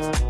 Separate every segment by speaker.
Speaker 1: love.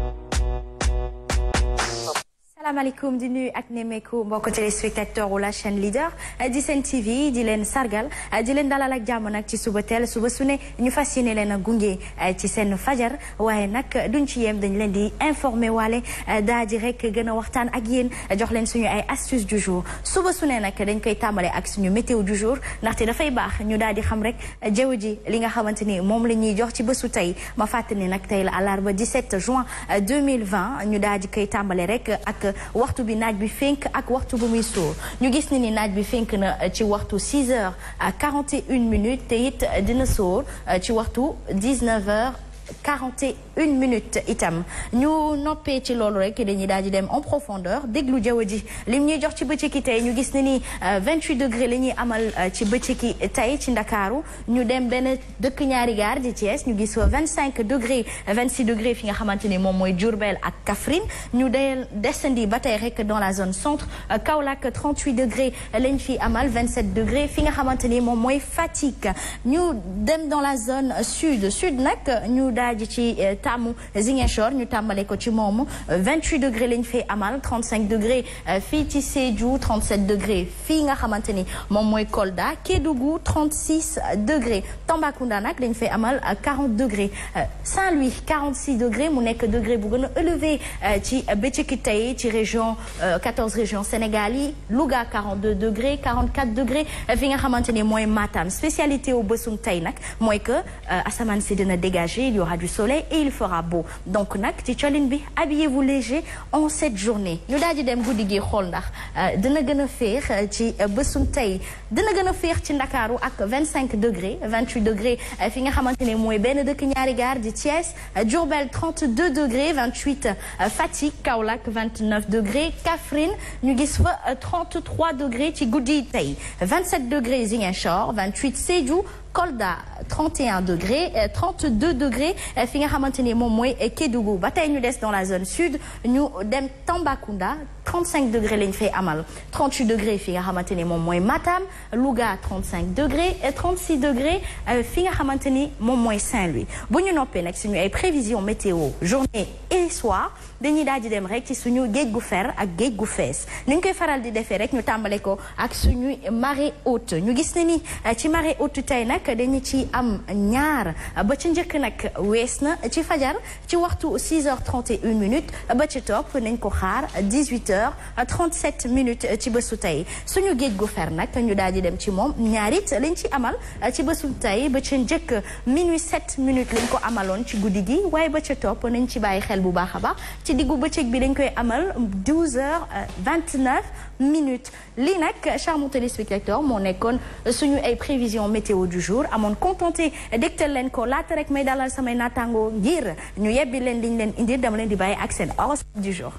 Speaker 2: asalaamaaleykum di nuyu ak nemmeeku mbokk téléspectateur wu la chaîne leader di seen TV di leen sargal di leen dalal ak jàmm ci suba teel suba su ne ñu fas yéene leen a gunge ci seen fajar waaye nag duñ ci yem dañ leen di informer waale daa di rek gën a waxtaan ak yéen jox leen suñu ay astuce du jour suba su ne nag dañ koy tàmbale ak suñu météo du jour ndaxte dafay baax ñu daal di xam rek jaww ji li nga xamante ni moom la ñuy jox ci bésu tey ma fàttali nag tey la àllarba 17 juin 2020 ñu daal di koy tàmbale rek ak. waxtu bi naaj bi fénk ak waxtu bu muy suur ñu gis ni ni naaj bi fénk na euh, ci waxtu 6 heures à 41 minutes te it euh, dina suur euh, ci waxtu 19 heures 41 une minute itam ñu noppee ci loolu rek dañuy daal di dem en profondeur déglu jaww ji lim ñuy jox ci bëccëki tey ñu gis ne ni 28 euh, degré la ñuy amal euh, ci bëccëki tey ci Ndakaaru ñu dem benn dëkk ñaari gaar di Thiès ñu gis 25 degré 26 degré fi nga xamante ni moom mooy Diourbel ak Kaffrine ñu dee descendi ba tey rek dans la zone centre euh, Kaolack 38 degré lañ fi amal 27 degré fi nga xamante ni moom mooy Fatick ñu dem dans la zone sud sud nag ñu daal di ci tàmmu Ziguinchor ñu tàmbale ko ci moom 28 degré lañ fee amal 35 degré euh, fii ci Sédhiou 37 degré fii nga xamante ni moom mooy Kolda Kédougou 36 degré Tambacounda nag dañ fee amal 40 euh, degré euh, Saint-Louis 46 degré mu nekk degré bu gën a élevé ci bëccëg tey ci région 14 régions Sénégal yi Louga 42 degré 44 degré fi nga xamante ni mooy Matam spécialité au bésum tey nag mooy que asamaan si dina fera beau donc nag ci colin bi habillez-vous léger en cette journée ñu daal di dem guddi gi xool ndax euh, dina gën a féex euh, ci euh, bésum tey dina gën a féex ci Ndakaaru ak 25 degré 28 degré fi nga xamante ne mooy benn dëkk ñaari gaar di Thiès Diourbel 32 degré 28 Fatick Kaolack 29 degré Kaffrine ñu gis fa 33 degré ci guddi tey 27 degré Ziguinchor 28 Sédhiou Kolda 31 degré 32 degré fi nga xamante ni moom mooy Kédougou ba tey ñu des dans la zone sud ñu dem Tambacounda 35 degré lañ fay amal 38 degré fi nga xamante ni moom mooy Matam Louga 35 degré 36 degré euh, fi nga xamante ni moom mooy Saint-Louis bu ñu noppee nag suñu ay prévisions météo dañuy daal di dem rek ci suñu géej gu fer ak géej gu fees ni ñu koy faral di defee rek ñu tàmbale ko ak suñuy marée haute ñu gis na ni eh, ci marée haute tey nag dañu ci am ñaar ba ci njëkk nag wees na ci fajar ci waxtu 6h31 minutes ba ci topp nañ ko xaar 18h37 minutes ci bésu tey suñu géej gu fer nag ñu daal di dem ci moom ñaarit lañ ci amal eh, ci bésu tey ba ci njëkk minuit 7 minutes lañ ko amaloon ci guddi gi waaye ba ci topp nañ ci bàyyi xel bu baax a baax ci diggu bëccëg bi dañ koy amal 12h29 euh, minutes lii nag charmant téléspectateur moo nekkoon suñu ay prévision météo du jour amoon contenté dégtal leen ko laata rek may dalal samay naataango ngir ñu yebbi leen liñ leen indi dama leen di bàyyi ak seen horoscope du jour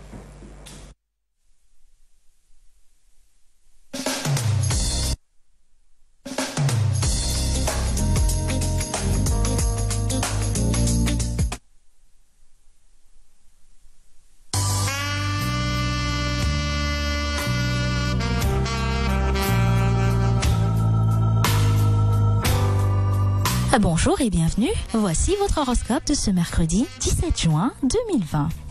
Speaker 2: Bonjour et bienvenue. Voici votre horoscope de ce mercredi juin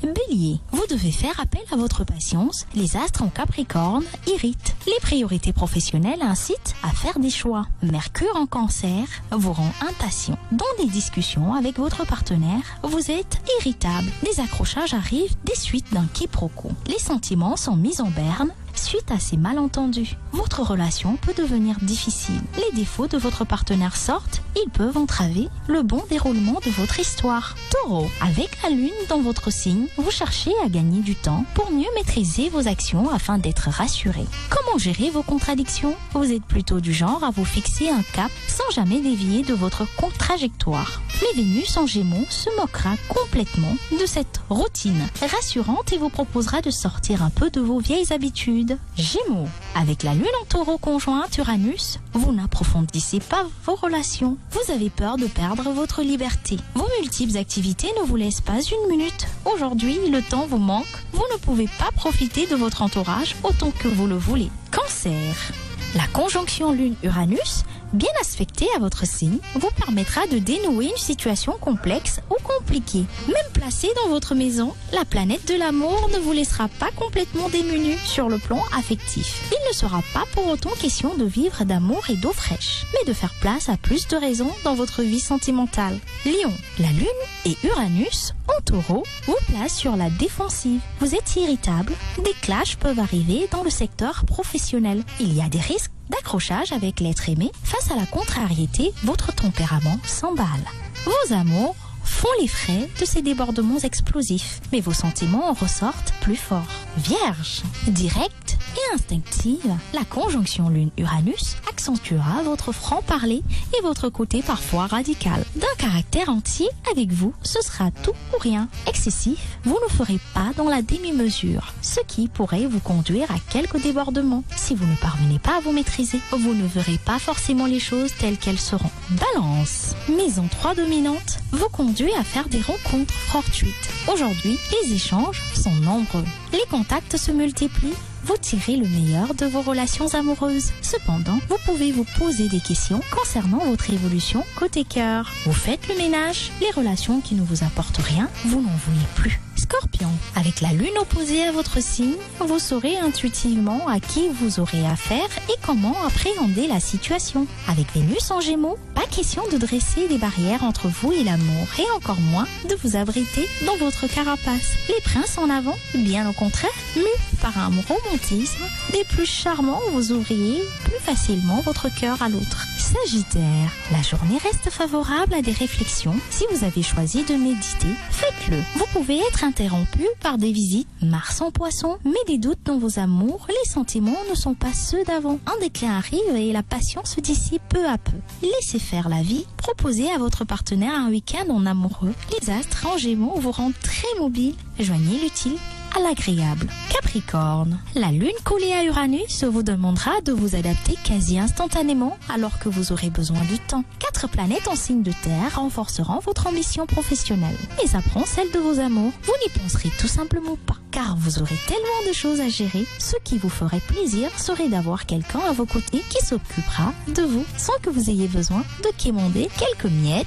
Speaker 2: Bélier, vous devez faire appel à votre patience. Les astres en Capricorne irritent. Les priorités professionnelles incitent à faire des choix. Mercure en Cancer vous rend impatient. Dans des discussions avec votre partenaire, vous êtes irritable. Des accrochages arrivent des suites d'un quiproquo. Les sentiments sont mis en berne Suite à ces malentendus, votre relation peut devenir difficile. Les défauts de votre partenaire sortent, ils peuvent entraver le bon déroulement de votre histoire. Taureau, avec la lune dans votre signe, vous cherchez à gagner du temps pour mieux maîtriser vos actions afin d'être rassuré. Comment gérer vos contradictions Vous êtes plutôt du genre à vous fixer un cap sans jamais dévier de votre trajectoire. Mais Vénus en Gémeaux se moquera complètement de solide. Gémeaux. Avec la lune en taureau conjointe Uranus, vous n'approfondissez pas vos relations. Vous avez peur de perdre votre liberté. Vos multiples activités ne vous laissent pas une minute. Aujourd'hui, le temps vous manque. Vous ne pouvez pas profiter de votre entourage autant que vous le voulez. Cancer. La conjonction lune-Uranus bien aspecté à votre signe vous permettra de dénouer une situation complexe ou compliquée. Même placée dans votre maison, la planète de l'amour ne vous laissera pas complètement démunie sur le plan affectif. Il ne sera pas pour autant question de vivre d'amour et d'eau fraîche, mais de faire place à plus de raisons dans votre vie sentimentale. Lion, la Lune et Uranus en taureau vous placent sur la défensive. Vous êtes irritable, des clashs peuvent a des d'accrochage avec l'être aimé, face à la contrariété, votre tempérament s'emballe. Vos amours font les frais de ces débordements explosifs, mais vos sentiments en ressortent plus forts. Vierge, directe et instinctive, la conjonction Lune-Uranus accentuera votre franc-parler et votre côté parfois radical. D'un caractère entier avec vous, ce sera tout ou rien. Excessif, vous ne ferez pas dans la demi-mesure, ce qui pourrait vous conduire à quelques débordements. Si vous ne parvenez pas à vous maîtriser, vous ne verrez pas forcément les choses telles qu'elles aujourd'hui à faire des rencontres fortuites. Aujourd'hui, les échanges sont nombreux. Les contacts se multiplient vous tirez le meilleur de vos relations amoureuses. Cependant, vous pouvez vous poser des questions concernant votre évolution côté cœur. Vous faites le ménage, les relations qui ne vous apportent rien, vous n'en voulez plus. Scorpion, avec la lune opposée à votre signe, vous saurez intuitivement à qui vous aurez affaire et comment appréhender la situation. Avec Vénus en gémeaux, pas question de dresser des barrières entre vous et l'amour et encore moins romantisme, des plus charmants vous ouvriez plus facilement votre cœur à l'autre. Sagittaire, la journée reste favorable à des réflexions. Si vous avez choisi de méditer, faites-le. Vous pouvez être interrompu par des visites Mars en poisson, mais des doutes dans vos amours, les sentiments ne sont pas ceux d'avant. Un déclin arrive et la passion se peu à peu. Laissez faire la vie, proposez à votre partenaire un week-end en amoureux. Les astres en gémeaux vous rendent à l'agréable. Capricorne, la lune coulée à Uranus vous demandera de vous adapter quasi instantanément alors que vous aurez besoin du temps. Quatre planètes en signe de terre renforceront votre ambition professionnelle, mais apprend celle de vos amours. Vous n'y penserez tout simplement pas car vous aurez tellement de choses à gérer, ce qui vous ferait plaisir serait d'avoir quelqu'un à vos côtés qui s'occupera de vous sans que vous ayez besoin de quémander quelques miettes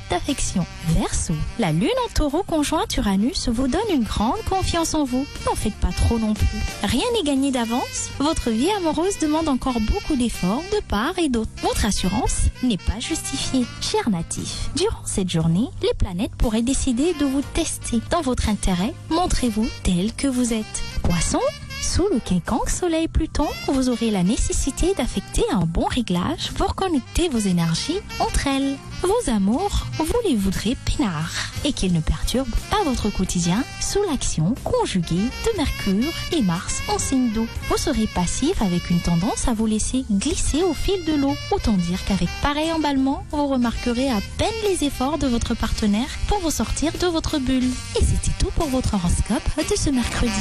Speaker 2: n'en faites pas trop non plus. Rien n'est gagné d'avance, votre vie amoureuse demande encore beaucoup d'efforts de part et d'autre. Votre assurance n'est pas justifiée. Cher natif, durant cette journée, les planètes pourraient décider de vous tester. Dans votre intérêt, montrez-vous tel que vous êtes. Poisson sous le quinconque Soleil Pluton, vous aurez la nécessité d'affecter un bon réglage pour connecter vos énergies entre elles. vos amours, vous les voudrez peinards et qu'ils ne perturbent pas votre quotidien sous l'action conjuguée de Mercure et Mars en signe d'eau. Vous serez passif avec une tendance à vous laisser glisser au fil de l'eau. Autant dire qu'avec pareil emballement, vous remarquerez à peine les efforts de votre partenaire pour vous sortir de votre bulle. Et c'était tout pour votre horoscope de ce mercredi.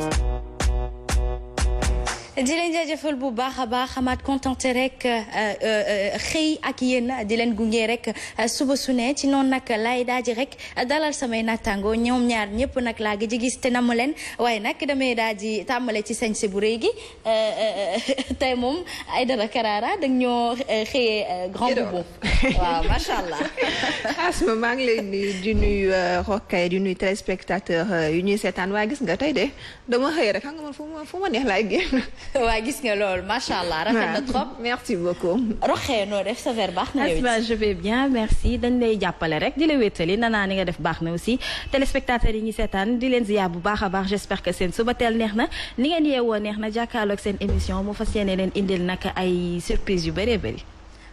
Speaker 2: up. di leen jaajëfal bu baax a baax xamaat contenté rek euh, euh, euh, xëy ak yéen di leen gunge rek suba su ne ci noonu nag laay daaji rek dalal samay naataango ñoom ñaar ñëpp nag laa gi gis te namm leen waaye nag damay daa ji tàmbale ci sañse bu rëy gi tey moom ay dara karaara dag ñoo xëyee grand boubou
Speaker 1: waaw macha allah.
Speaker 3: Ah, Asma maa ngi lay nuyu di nuyu rokkay di nuyu spectateur yu ñuy seetaan waa gis nga tey de dama xëy rek xam nga man fu ma neex laay génn.
Speaker 2: waa gis nga loolu macha allah rafet na trop merci beaucoup. roxee noo def sa verre baax na yow it. je vais bien merci dañ lay jàppale rek di la wétali nanaa ni nga def baax na aussi téléspectateurs yi ñu seetaan di leen ziar bu baax a baax j' espère que seen suba teel neex na ni ngeen yeewoo neex na jàkkaarloog seen émission mu fas yéene leen indil nag ay surprise yu bëree bëri.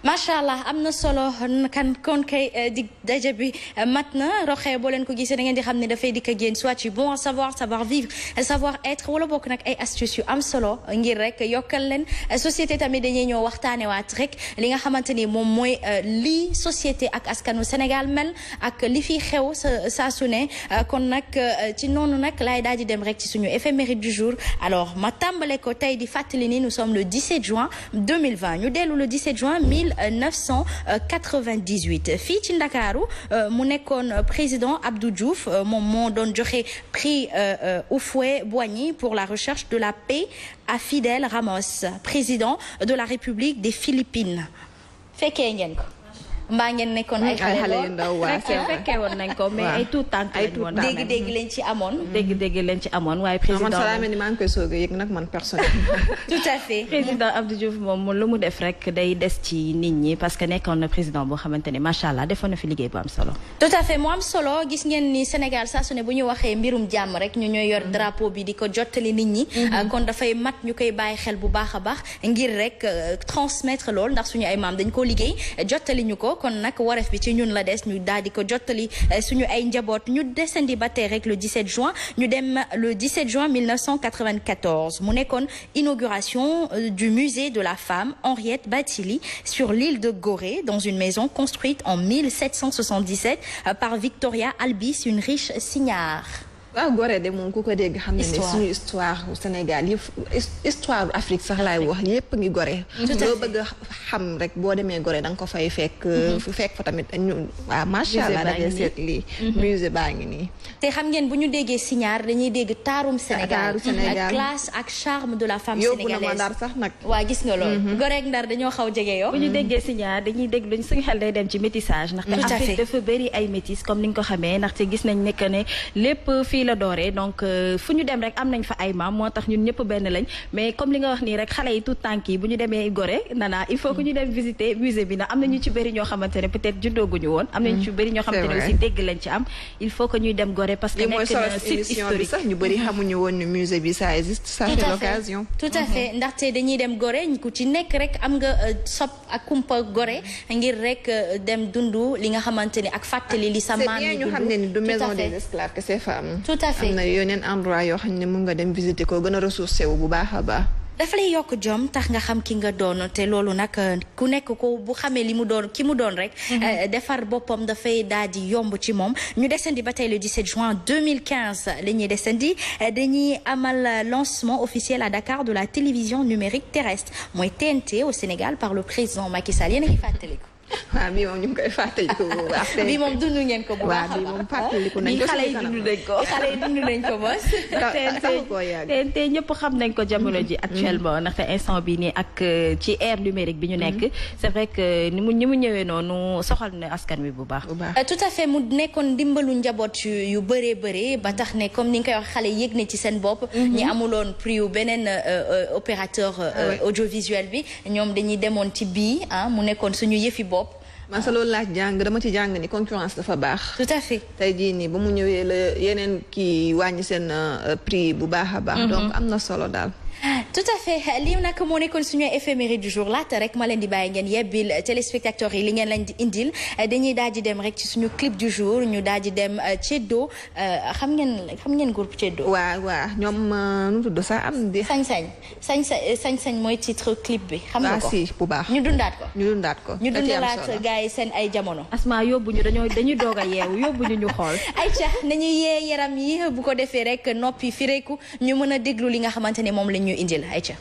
Speaker 2: macha allah am na solo kan kon kay eh, di daje bi eh, mat na roxee boo leen ko gisee da ngeen di xam ne dafay dikk ak yéen soit yi bon savoir savoir vivre eh, savoir être wala bokk nag ay astuces yu am solo ngir rek yokkal leen société tamit dañuy ñëw waxtaanee waat rek li nga xamante ni moom mooy lii société ak askanu Sénégal mel ak li fi xew sa saa su ne kon nag ci noonu nag laay daal di dem rek ci suñu éphéméride du jour alors ma tàmbale ko tey di fàttali nu nous sommes le 17 juin 2020 ñu dellu 1998 fii ci Ndakaaru euh, mu nekkoon président Abdou Diouf euh, moom moo doon joxe prix Houphouët-Boigny euh, pour la recherche de la paix à Fidel Ramos président de la République des Philippines fekkee ngeen ko mbaa ngeen nekkoon ay xale yu fekkee woon nañ koo mais ay tout tànk ay tout dégg dégg leen ci amoon mm. dégg dégg leen ci amoon waaye président man salaamee koy soog a yëg tout à président Abdou Diouf moom lu mu def rek day des ci nit ñi parce que nekkoon na président boo xamante ne macha allah defoon na fi liggéey bu am solo tout à mu am solo gis ngeen ni Sénégal saa su ne bu ñu waxee mbirum jàmm rek ñu ñooy yor mm. drapeau bi di ko jottali nit ñi mm-hmm. ah, kon dafay mat ñu koy bàyyi xel bu baax a baax ngir rek euh, transmettre lool ndax suñu ay maam dañ koo liggéey jottali ñu ko kon nag wareef bi ci ñun la des ñu daal di ko jottali eh, suñu ay njaboot ñu desandi ba tey rek le 17 juin ñu dem le 17 juin 1994 mu nekkoon inauguration euh, du musée de la femme Henriette Bathily sur l'île de Gorée dans une maison construite en 1777 euh, par Victoria Albis une riche signare waaw Gorée de moom ku ko dégg xam ne ne suñu histoire Sénégal yëpp histoire Afrique sax laay wax yëpp
Speaker 3: ngi Gorée loo bëgg xam rek boo demee Gorée da nga ko fay fekk mhm. fekk fa tamit ñu waaw macha allah da lii mhm. baa ngi nii
Speaker 2: te xam ngeen bu ñu déggee Siñaar dañuy dégg taarum ah, Sénégal ak classe ak charme de la femme sénégalaise yóbbu na ma Ndar sax nag waaw gis nga loolu mhm. Gorée ak Ndar dañoo xaw jege yoo bu ñu déggee Siñaar dañuy dégg dañ suñu xel day dem ci métissage ndaxte Afrique dafa bëri ay métis comme ni nga ko xamee ndax ndaxte gis nañ nekk ne lépp fii la dooree donc euh, fu ñu am nañ fa ay maam moo tax ñun ñëpp benn lañ mais comme li nga wax nii rek xale yi tout tànk yi bu ñu demee Gorée nana il faut que ñu ne peut être juddooguñu woon am nañu ci bëri ñoo xamante ne aussi dégg lañ ci am il faut que ñuy dem Gorée parce fait tout à fait ndaxte dañuy dem Gorée ko ci nekk rek am nga euh, sop ak kumpa Gorée ngir rek euh, dem dundu li nga xamante ne ak fàttali li sa maam yi dundu c'est bien ñu xam ne tout à fait am na
Speaker 3: yeneen endroit yoo xam ne mun nga dem visiter ko gën a ressourcé wu bu baax a baax.
Speaker 2: dafa lay yokk jom tax nga xam ki nga doon te loolu nag ku nekk ko bu xamee li mu doon ki mu doon rek. Mhm. Eh, defar boppam dafay daal di yomb ci moom ñu desandi ba tey le 17 juin 2015 la ñuy desandi eh, dañuy amal lancement officiel à Dakar de la télévision numérique terrestre mooy TNT au Sénégal par le président Macky Sall yéen a ngi fàttaliku. waaw bii moom ñu ngi koy ngeen ko bu baax a baax waaw bii moom fàttaliku nañ ko xale yi nañ ko xale yi dund nañ ñëpp xam nañ ko jamono ji mm-hmm. actuellement ndaxte instant bi nii ak euh, ci ère bi ñu nekk. Mm-hmm. c'est vrai que ni mu ni mu ñëwee noonu soxal na askan wi bu baax. Euh, tout à fait mu nekkoon dimbalu njaboot yu bëree bëree ba tax ne comme ni nga koy wax xale yëg ne ci seen bopp. Mm-hmm. ñi amuloon prix yu beneen euh, opérateur ah audiovisuel bi ñoom dañuy demoon ci bii ah, mu nekkoon suñu yëfi bopp man sa loolu laaj jàng dama ci
Speaker 3: jàng ni concurrence dafa baax. tout à fait tey jii nii ba mu ñëwee la yeneen kii wàññi seen euh, prix bu baax a baax. Mm-hmm. donc am na solo daal.
Speaker 2: tout à fait lii nag moo nekkoon suñu éphéméride du jour laata rek ma leen di bàyyi ngeen yebbil téléspectateurs yi li ngeen lañ di indil dañuy daal di dem rek ci suñu clip du jour ñu daal di dem euh, Ceddo euh, xam ngeen xam ngeen groupe Ceddo. waaw waaw ñoom euh, nu mu tudd sax am di. sañ-sañ sañ-sañ sañ-sañ mooy titre clip bi. xam nga ah, ko si bu baax ñu dundaat ko. ñu dundaat ko ñu dundalaat gars yi seen ay jamono. asma yóbbu ñu dañoo dañuy doog a yeewu yóbbu ñu ñu xool. ayca nañuy yee yaram yi bu ko defee rek noppi fireeku ñu mën a déglu li nga xamante ne moom lañ ñu indil ay ca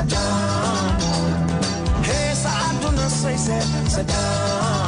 Speaker 4: sa jàmm. hey sa àdduna say seet sa jàmm.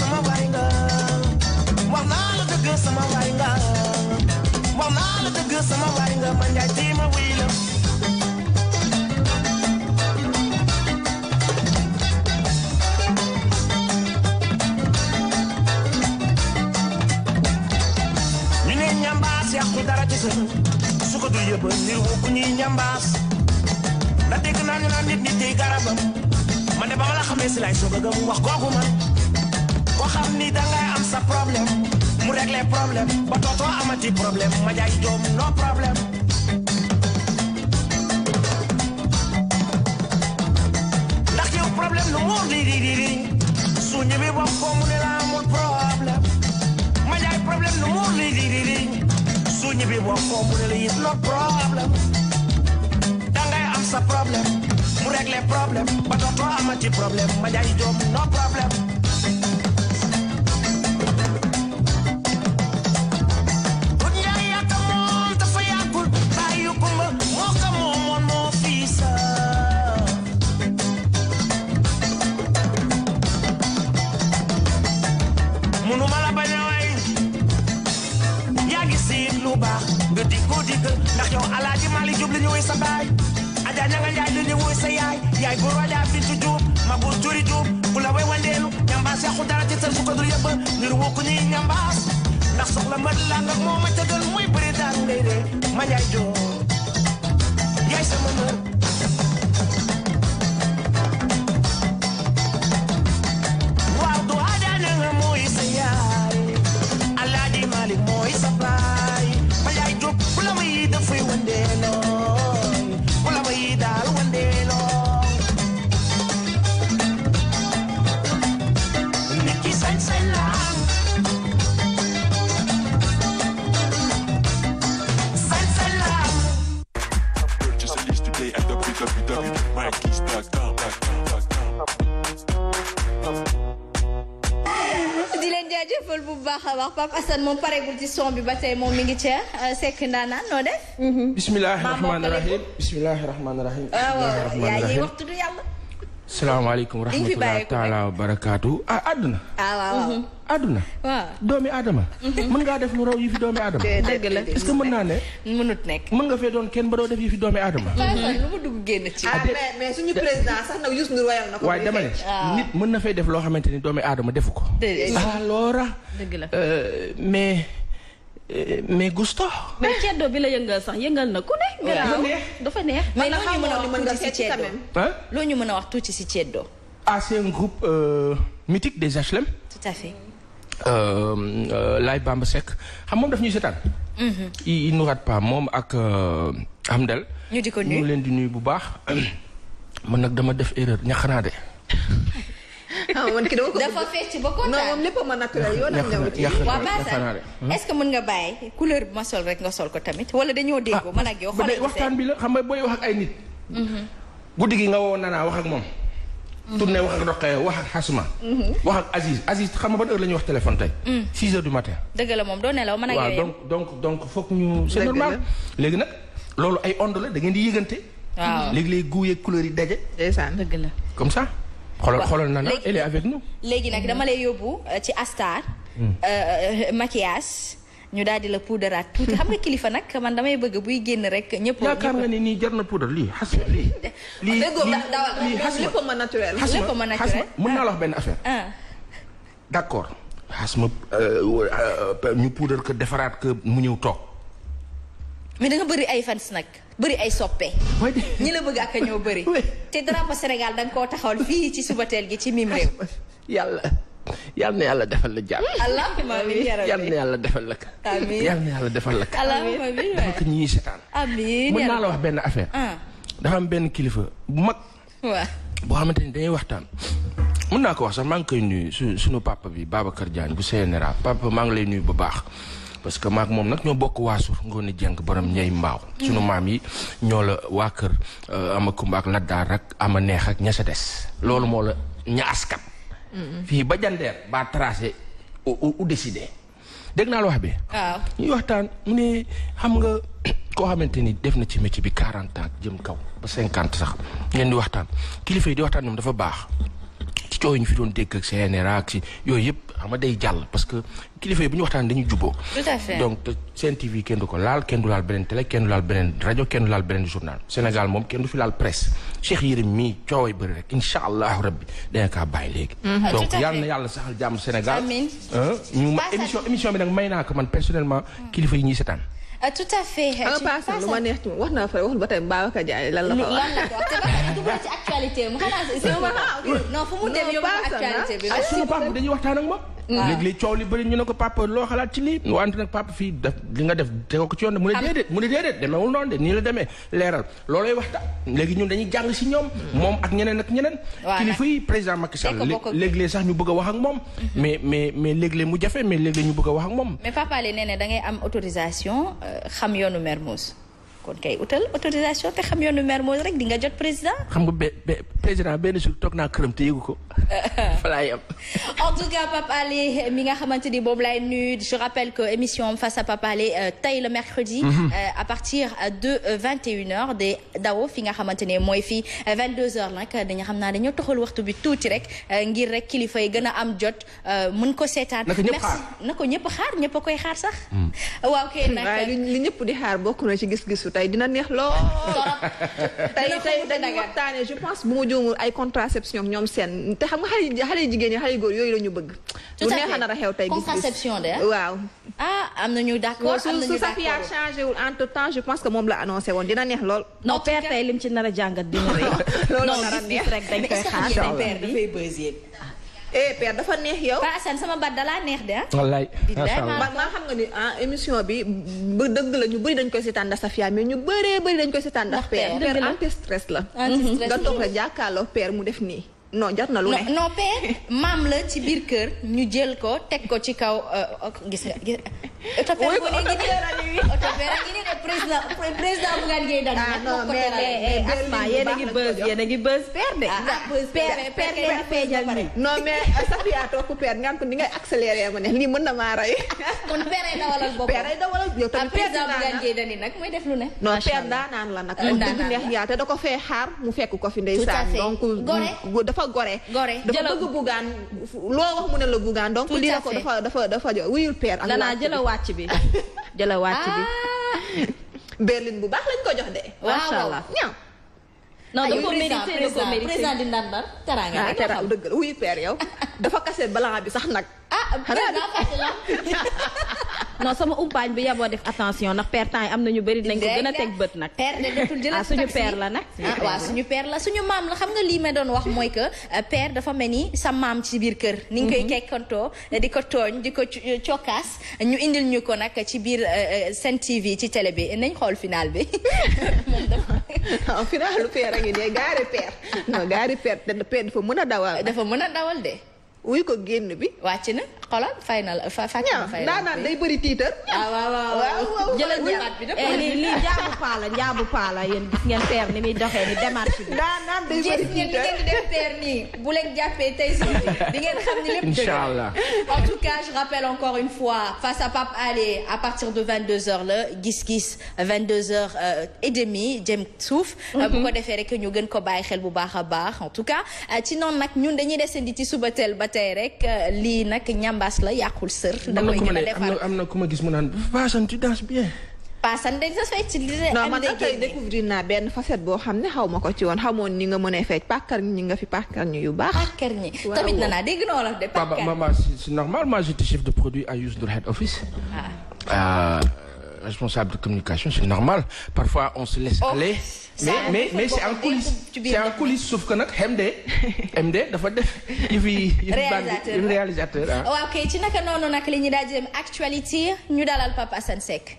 Speaker 4: sama waay nga wax naa la dëgg sama waay nga wax naa la dëgg sama waay nga man jaay tii ma wuy la ñu ne dara ci sa su ko dul yëbal nir wu ku ñuy ñambaas ndax dégg naa tey garabam man de ba ma la xamee si laay soog a wax kooku problème mu régler problème ba dootoo amati problème ma jaay joom no problème. ndax yow problème lu mu di di di di su ñëwee wax ko mu ne la amul problème ma jaay problème lu mu di di di di su ñëwee wax ko mu ne la it no problème dangay am sa problème mu régler problème ba dootoo yow alaaji Mali jub li ñu wuy sa baay Adja Ñanga Njaay li ñu wuy sa yaay yaay bu roja bintu juub ma bu juri juub ku la way wandeelu ñambaas yàqu dara ci seen sukkandul yëpp ngir wokku ñuy ñambaas ndax soxla mën la nga moo ma tëgal muy bëri daan ngay ma njaay juub yaay sama
Speaker 2: Pape Assane moom pareegul ci son bi ba tey moom mi ngi ci euh, sekk ndaanaan noo def. Mhm. bismillahi rahmaani
Speaker 1: rahim
Speaker 5: bismillahi rahmaani rahim. Ah, waaw yaa ngi waxtu du yàlla. salaamaaleykum wa rahmatulah taala wa barakaatu ah àdduna. ah waaw waaw. Mhm. àdduna. waaw doomi aadama. Mhm. mën ngaa def lu raw yi fi doomi aadama. dëgg la est-ce que mën naa ne. mënut nekk mën nga fee doon kenn ba doo def yi fi doomi aadama.
Speaker 3: lu ma dugg génn ci. ah mais mais suñu président sax nag Youssou Ndour wayal na ko. ne ah.
Speaker 5: mën na fay def loo xamante ni doomi aadama defu ko.
Speaker 2: alors ah, dëgg la
Speaker 5: euh, mais. Euh, mais gusto.
Speaker 2: mais ceddo bi la yëngal sax yëngal na ku ne. dafa neex. mais loo ñu mën a wax tuuti si ceddo loo ñu mën a wax tuuti si ceddo.
Speaker 5: ah c'est un groupe euh, mythique des HLM.
Speaker 2: tout à fait.
Speaker 5: Euh, euh, Laye Bamba Seck xam moom daf ñuy seetaan. Mm-hmm. il nous rate pas moom ak euh, Hamdel. ñu di ko nuyu leen di nuyu bu baax. man nag dama def erreur ñax naa de.
Speaker 2: ah man ki dama ko dafa fecc ba kontaan non moom lépp ma naturel
Speaker 3: yoon am ñaw ci waa Basan hmm?
Speaker 2: est mën nga bàyyi couleur bi ma sol rek nga sol ko tamit wala dañoo déggoo ah, man ak yow. xale waxtaan
Speaker 5: bi la xam nga booy wax ak ay nit. Mm-hmm. guddi gi nga woo nanaa wax ak moom. tourné wax ak Roqe wax ak Xasuma. Mhm. wax ak Aziz Aziz xam nga ban heure la ñuy wax téléphone tey. 6 mm. heures du matin.
Speaker 2: dëgg la moom doo nelaw mën a. waaw donc
Speaker 5: donc donc foog ñu. c'est normal léegi nag loolu ay ond la da ngeen di yëgante. waaw léegi lay goût yeeg couleur yi daje. ndeysaan dëgg la. comme ça. xolol xoolal na na elle est avec nous.
Speaker 2: léegi nag dama lay yóbbu euh, ci Astar. Mm. Euh, euh, maquillage. ñu daal di la puudaraat tuuti xam nga kilifa nag man damay bëgg buy génn rek ñëpp yaakaar nga ni
Speaker 5: nii jar na puudar lii xas ma lii
Speaker 2: lii lii xas ma naturel lépp
Speaker 5: mën naa la wax benn affaire ah. euh, ñu puudar ko defaraat mu ñëw toog
Speaker 2: mais da nga bëri ay fans nag bëri ay soppe ñi la bëgg ak a ñëw bëri te drapeau Sénégal da nga koo taxawal fii ci subateel gi ci mim réew
Speaker 5: yàlla yal na yàlla defal la jàmm. yàlla defal la ko.
Speaker 3: amiin
Speaker 5: defal la ko. allahumma
Speaker 2: amiin
Speaker 3: naa la
Speaker 5: wax benn affaire. Ah. dafa am benn kilifa bu mag. boo xamante ni dañuy waxtaan. mën naa ko wax sax maa ngi koy nuyu su suñu papa bi kër Diagne bu CNRA papa maa ngi lay nuyu bu baax. parce que maak moom nag ñoo bokk waasur ngoone jeng borom ñey mbaaw hmm. sunu maam yi ñoo la waa kër euh, ama kumba ak laddaar ak ama neex ak ña sa des loolu moo la ña askat fii ba jandeer ba tracé ou décidé dégg naa la wax bi waaw ñuy waxtaan mu ne xam nga koo xamante ni def na ci métier bi quarante ans jëm kaw ba cinquante sax ngeen di waxtaan kilifa yi di waxtaan ñoom dafa baax ci coow yi ñu fi doon dégg ak CNRA si yooyu yëpp xam nga day jàll parce que kilifa yi bu ñu waxtaan dañuy juboo
Speaker 1: tout à fait donc
Speaker 5: seen TV kenn du ko laal kenn du laal beneen télé kenn du laal beneen rajo kenn du journal Sénégal moom kenn du fi laal presse Cheikh Yérim mii cooway bëri rek incha allahu rabbi danga kaa bàyyi léegi
Speaker 1: mhm, donc yal
Speaker 5: yàlla saxal jàmm Sénégal euh, ñu émission bi nag may naa ko man personnellement mm. kilifa yi ñuy setaan
Speaker 3: Ah, tout à fait. en passant lu ma neex ci moom wax na fa wax ba tey Babacar Diagne lan la fa wax. lan la wax te Babacar dugg
Speaker 2: na ci actualité mu xanaa. non fu mu dem yóbbu
Speaker 5: actualité ah, bi. dañuy waxtaan ak moom. Mm. léegi li coow li bëri ñu ne ko papa loo xalaat ci lii wante nag papa fii def li nga def tegoo ko ci yoon de mu ne déedéet mu ne déedéet demeewul de nii la demee leeral loolooy waxtaan léegi ñun dañuy jàng si ñoom moom ak ñeneen ak ñeneen kilifa yi président Macky Sall léeg-léeg sax ñu bëgg a wax ak moom mm-hmm. mais mais mais léeg mu jafe mais léeg-léeg ñu bëgg a wax ak moom
Speaker 2: mais papa li nee ne da ngay am autorisation euh, xam yoonu Mermoz kon kay utal autorisation te xam yoonu maire mooy rek di nga jot président.
Speaker 5: xam nga be be président benn toog naa këram te yëgu ko.
Speaker 2: fa laa yem. en tout cas Pape Alé mi nga xamante boobu laay nuyu je rappelle que émission face à Pape Alé euh, tey mercredi. Mhm. Euh, à partir de 21 de dawo fi nga xamante ne mooy fii 22h nag dañu xam naa dañoo toxal waxtu bi tuuti rek euh, ngir rek kilifa yi gën a am jot mën ko seetaan. na ko ñëpp xaar merci a koy xaar sax. Mm. waaw kay nag li ñëpp di tey dina neex lool.
Speaker 3: tey tey dañuy waxtaanee je pense bu ma juumul ay contraception ñoom seen te xam nga xale yi xale jigéen ñi xale góor yooyu lañu ñu bëgg. bu neex a nar a gis-gis contraception de ah? waaw.
Speaker 2: ah am nañu d'accord am nañu d'accord su Safia
Speaker 3: changé wul entre temps je pense que moom la annoncé woon dina neex lool. non père
Speaker 2: tey lim ci nar a jàngat dina rëy. loolu nar a rek dañ koy xaar
Speaker 3: dafay
Speaker 2: eh dafa neex yow. Pa Assane sama baat dalaa neex de ah.
Speaker 6: wallaay macha allah
Speaker 2: xam nga ni
Speaker 3: ah émission bi ba dëgg la ñu bëri dañ koy seetaan ndax Safia mais ñu bëree bëri dañ koy seetaan ndax. père père anti stress la. anti stress nga toog la
Speaker 2: jàkkaarloo père
Speaker 3: mu def nii. non
Speaker 2: jot na lu ne non père maam la ci biir kër ñu jël ko teg ko ci kaw euh, gis nga gis nga. wuy ah, ko eh, a ngi ah, ah, nii a ngi
Speaker 3: a a ne lii mën na
Speaker 2: nag mooy def lu ne. la nag.
Speaker 3: da ko fee xaar mu fekk ko fi ndeysaan donc dafa gore. gore dafa bëgg bugaan loo wax mu ne la bugaan donc lii ko dafa dafa dafa jo wuyul peer. ak danaa jëla wàcc bi jëla wàcc bi. Ah. berline bu baax lañ ko jox de. macha ah, allah waaw
Speaker 2: non da ko président di ndàndal ah, teraanga.
Speaker 3: dëgg la wuyu peer
Speaker 2: yow dafa kase balaa bi sax nag. ah sama umpaañ bi yaboo def attention ndax père temps yi am na ñu bari nañ ko a teg bët nag. père de dootul jëlaat ah, suñu père la nag. ah suñu per la suñu maam la xam nga lii ma doon wax mooy que euh, per dafa mel ni sa maam ci biir kër. ni nga koy mhm. kekkantoo di ko tooñ di ko cokkaas ñu indil ñu ko nag ci biir euh, euh, Sen TV ci télé bi nañ xool final bi. moom dafa ah finalu père a ngi ne gaari père gaari père mën a dawal. dafa mën a dawal de. wuy ko génn bi. wàcc na xoolal fay na la fàcc
Speaker 3: fay na naan day
Speaker 2: bëri tiitar. Ah, waaw waaw waaw jëlal ñëwaat bi eh, li njaabu paa njaabu paa la yéen ngeen père ni muy doxee ni démarche bi. daan naan day bëri tiitar gis ngeen li ngeen di def père nii bu leen jàppee tey si di ngeen xam ni lépp. incha en tout cas je rappelle encore une fois face à Pape Alé à partir de 22h la gis-gis 22h euh, et demi jëm suuf. Mhm. Euh, bu ko defee rek ñu gën ko bàyyi xel bu baax a baax en tout cas euh, ci noonu nag ñun dañuy desandi ci suba teel te rek euh, lii nag ñambaas la yàqul sër. da koy gën a
Speaker 5: am na ku ma gis mu naan
Speaker 2: Fassane tu danses bien. Fassane dañ sa fecc li non man découvrir naa benn facette
Speaker 3: boo xam ne xaw ma ko ci woon xamoon ni nga mënee fecc pàkkar ñi nga fi pàkkar ñu yu baax. pàkkar ñi tamit
Speaker 2: na naa dégg noonu la de pàkkar.
Speaker 3: papa
Speaker 5: maman c'est normal moi de produit a Youssou Ndour head office.
Speaker 2: Ah.
Speaker 5: Euh, responsable de communication c'est normal parfois on se laisse oh, aller. mais c'est en coulisse c'est en coulisse sauf que nag MD. MD dafa def yëfi
Speaker 7: yëfi bandi réalisateur ah. waaw
Speaker 2: kay ci naka noonu nag li ñu daal di dem actualité ñu dalal Pape Assane Seck.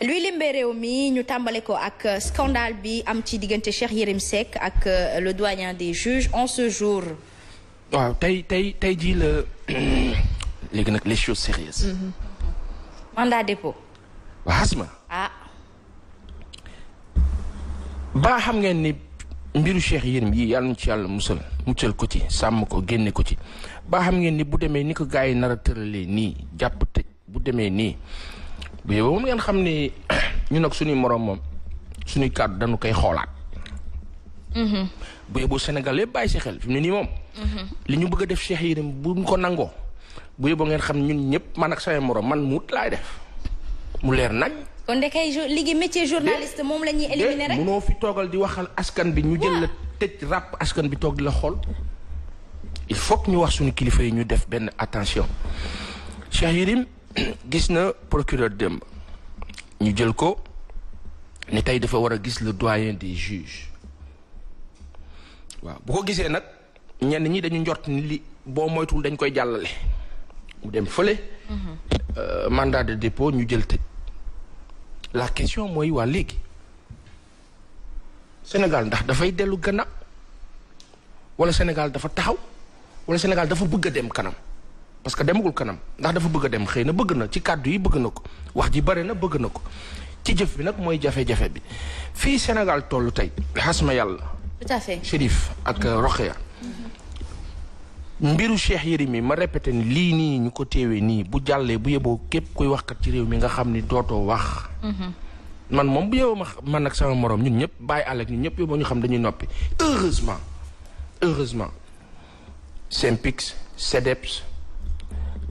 Speaker 2: luy limbe réew mi ñu tàmbale ko ak euh, scandale bi am ci diggante Cheikh Yérim Seck ak euh, le doyen des juges en ce jour.
Speaker 5: waaw tey tey tey jii la léegi nag les choses sérieuses.
Speaker 2: Mhm. mandat dépôt. waaw asma. ah.
Speaker 5: ba xam ngeen ni mbiru Cheikh Yérim yi yàlla na ci yàlla musal muccal ko ci sàmm ko génne ko ci ba xam ngeen ni bu demee ni ko gaa yi nar a tëralee nii jàpp tëj bu demee nii bu yóbbu moom ngeen xam ni ñu ak suñuy morom moom suñuy kàdd dañu koy xoolaat. Mhm. bu yóbbu Sénégal yëpp bàyyi si xel fi ne nii moom. li ñu bëgg a def Cheikh bu buñ ko nangoo bu yóbboo ngeen xam ñun ñëpp man ak sama morom man muut laay def mu leer nañ.
Speaker 2: kon de kay liggéey métier journaliste moom la ñuy éliminer rek.
Speaker 5: munoo fi toogal di waxal askan bi. ñu jël la tëj ràpp askan bi toog di la xool. il faut ñu wax suñu kilifa yi ñu def benn attention Cheikh gis na procureur démb ñu jël ko ne tey dafa war a gis le doyen des juges waaw bu ko gisee nag. ñenn ñi dañu njot ni li boo moytuwul dañ koy jàllale mu dem fële. Euh, mandat de dépôt ñu jël tëj la question mooy waa léegi Sénégal ndax dafay dellu gannaaw wala Sénégal dafa taxaw walla Sénégal dafa bëgg a dem kanam parce que demagul kanam ndax dafa bëgg a dem xëy na bëgg na ci kàddu yi bëgg na ko wax ji bare na bëgg na ko ci jëf bi nag mooy jafe-jafe bi fii Sénégal tollu tey xas ma yàlla.
Speaker 1: tout
Speaker 5: ak Rokhaya. mbiru Cheikh Yérim mi ma répété ni lii nii ñu ko téewee nii bu jàllee bu yeboo képp kuy waxkat ci réew mi nga xam ni tootoo wax. Mhm. man moom bu yeboo ma man ak sama moroom ñun ñëpp bàyyi àll ak ñun ñëpp yeboo ñu xam dañuy noppi heureusement heureusement SYNPICS CDEPS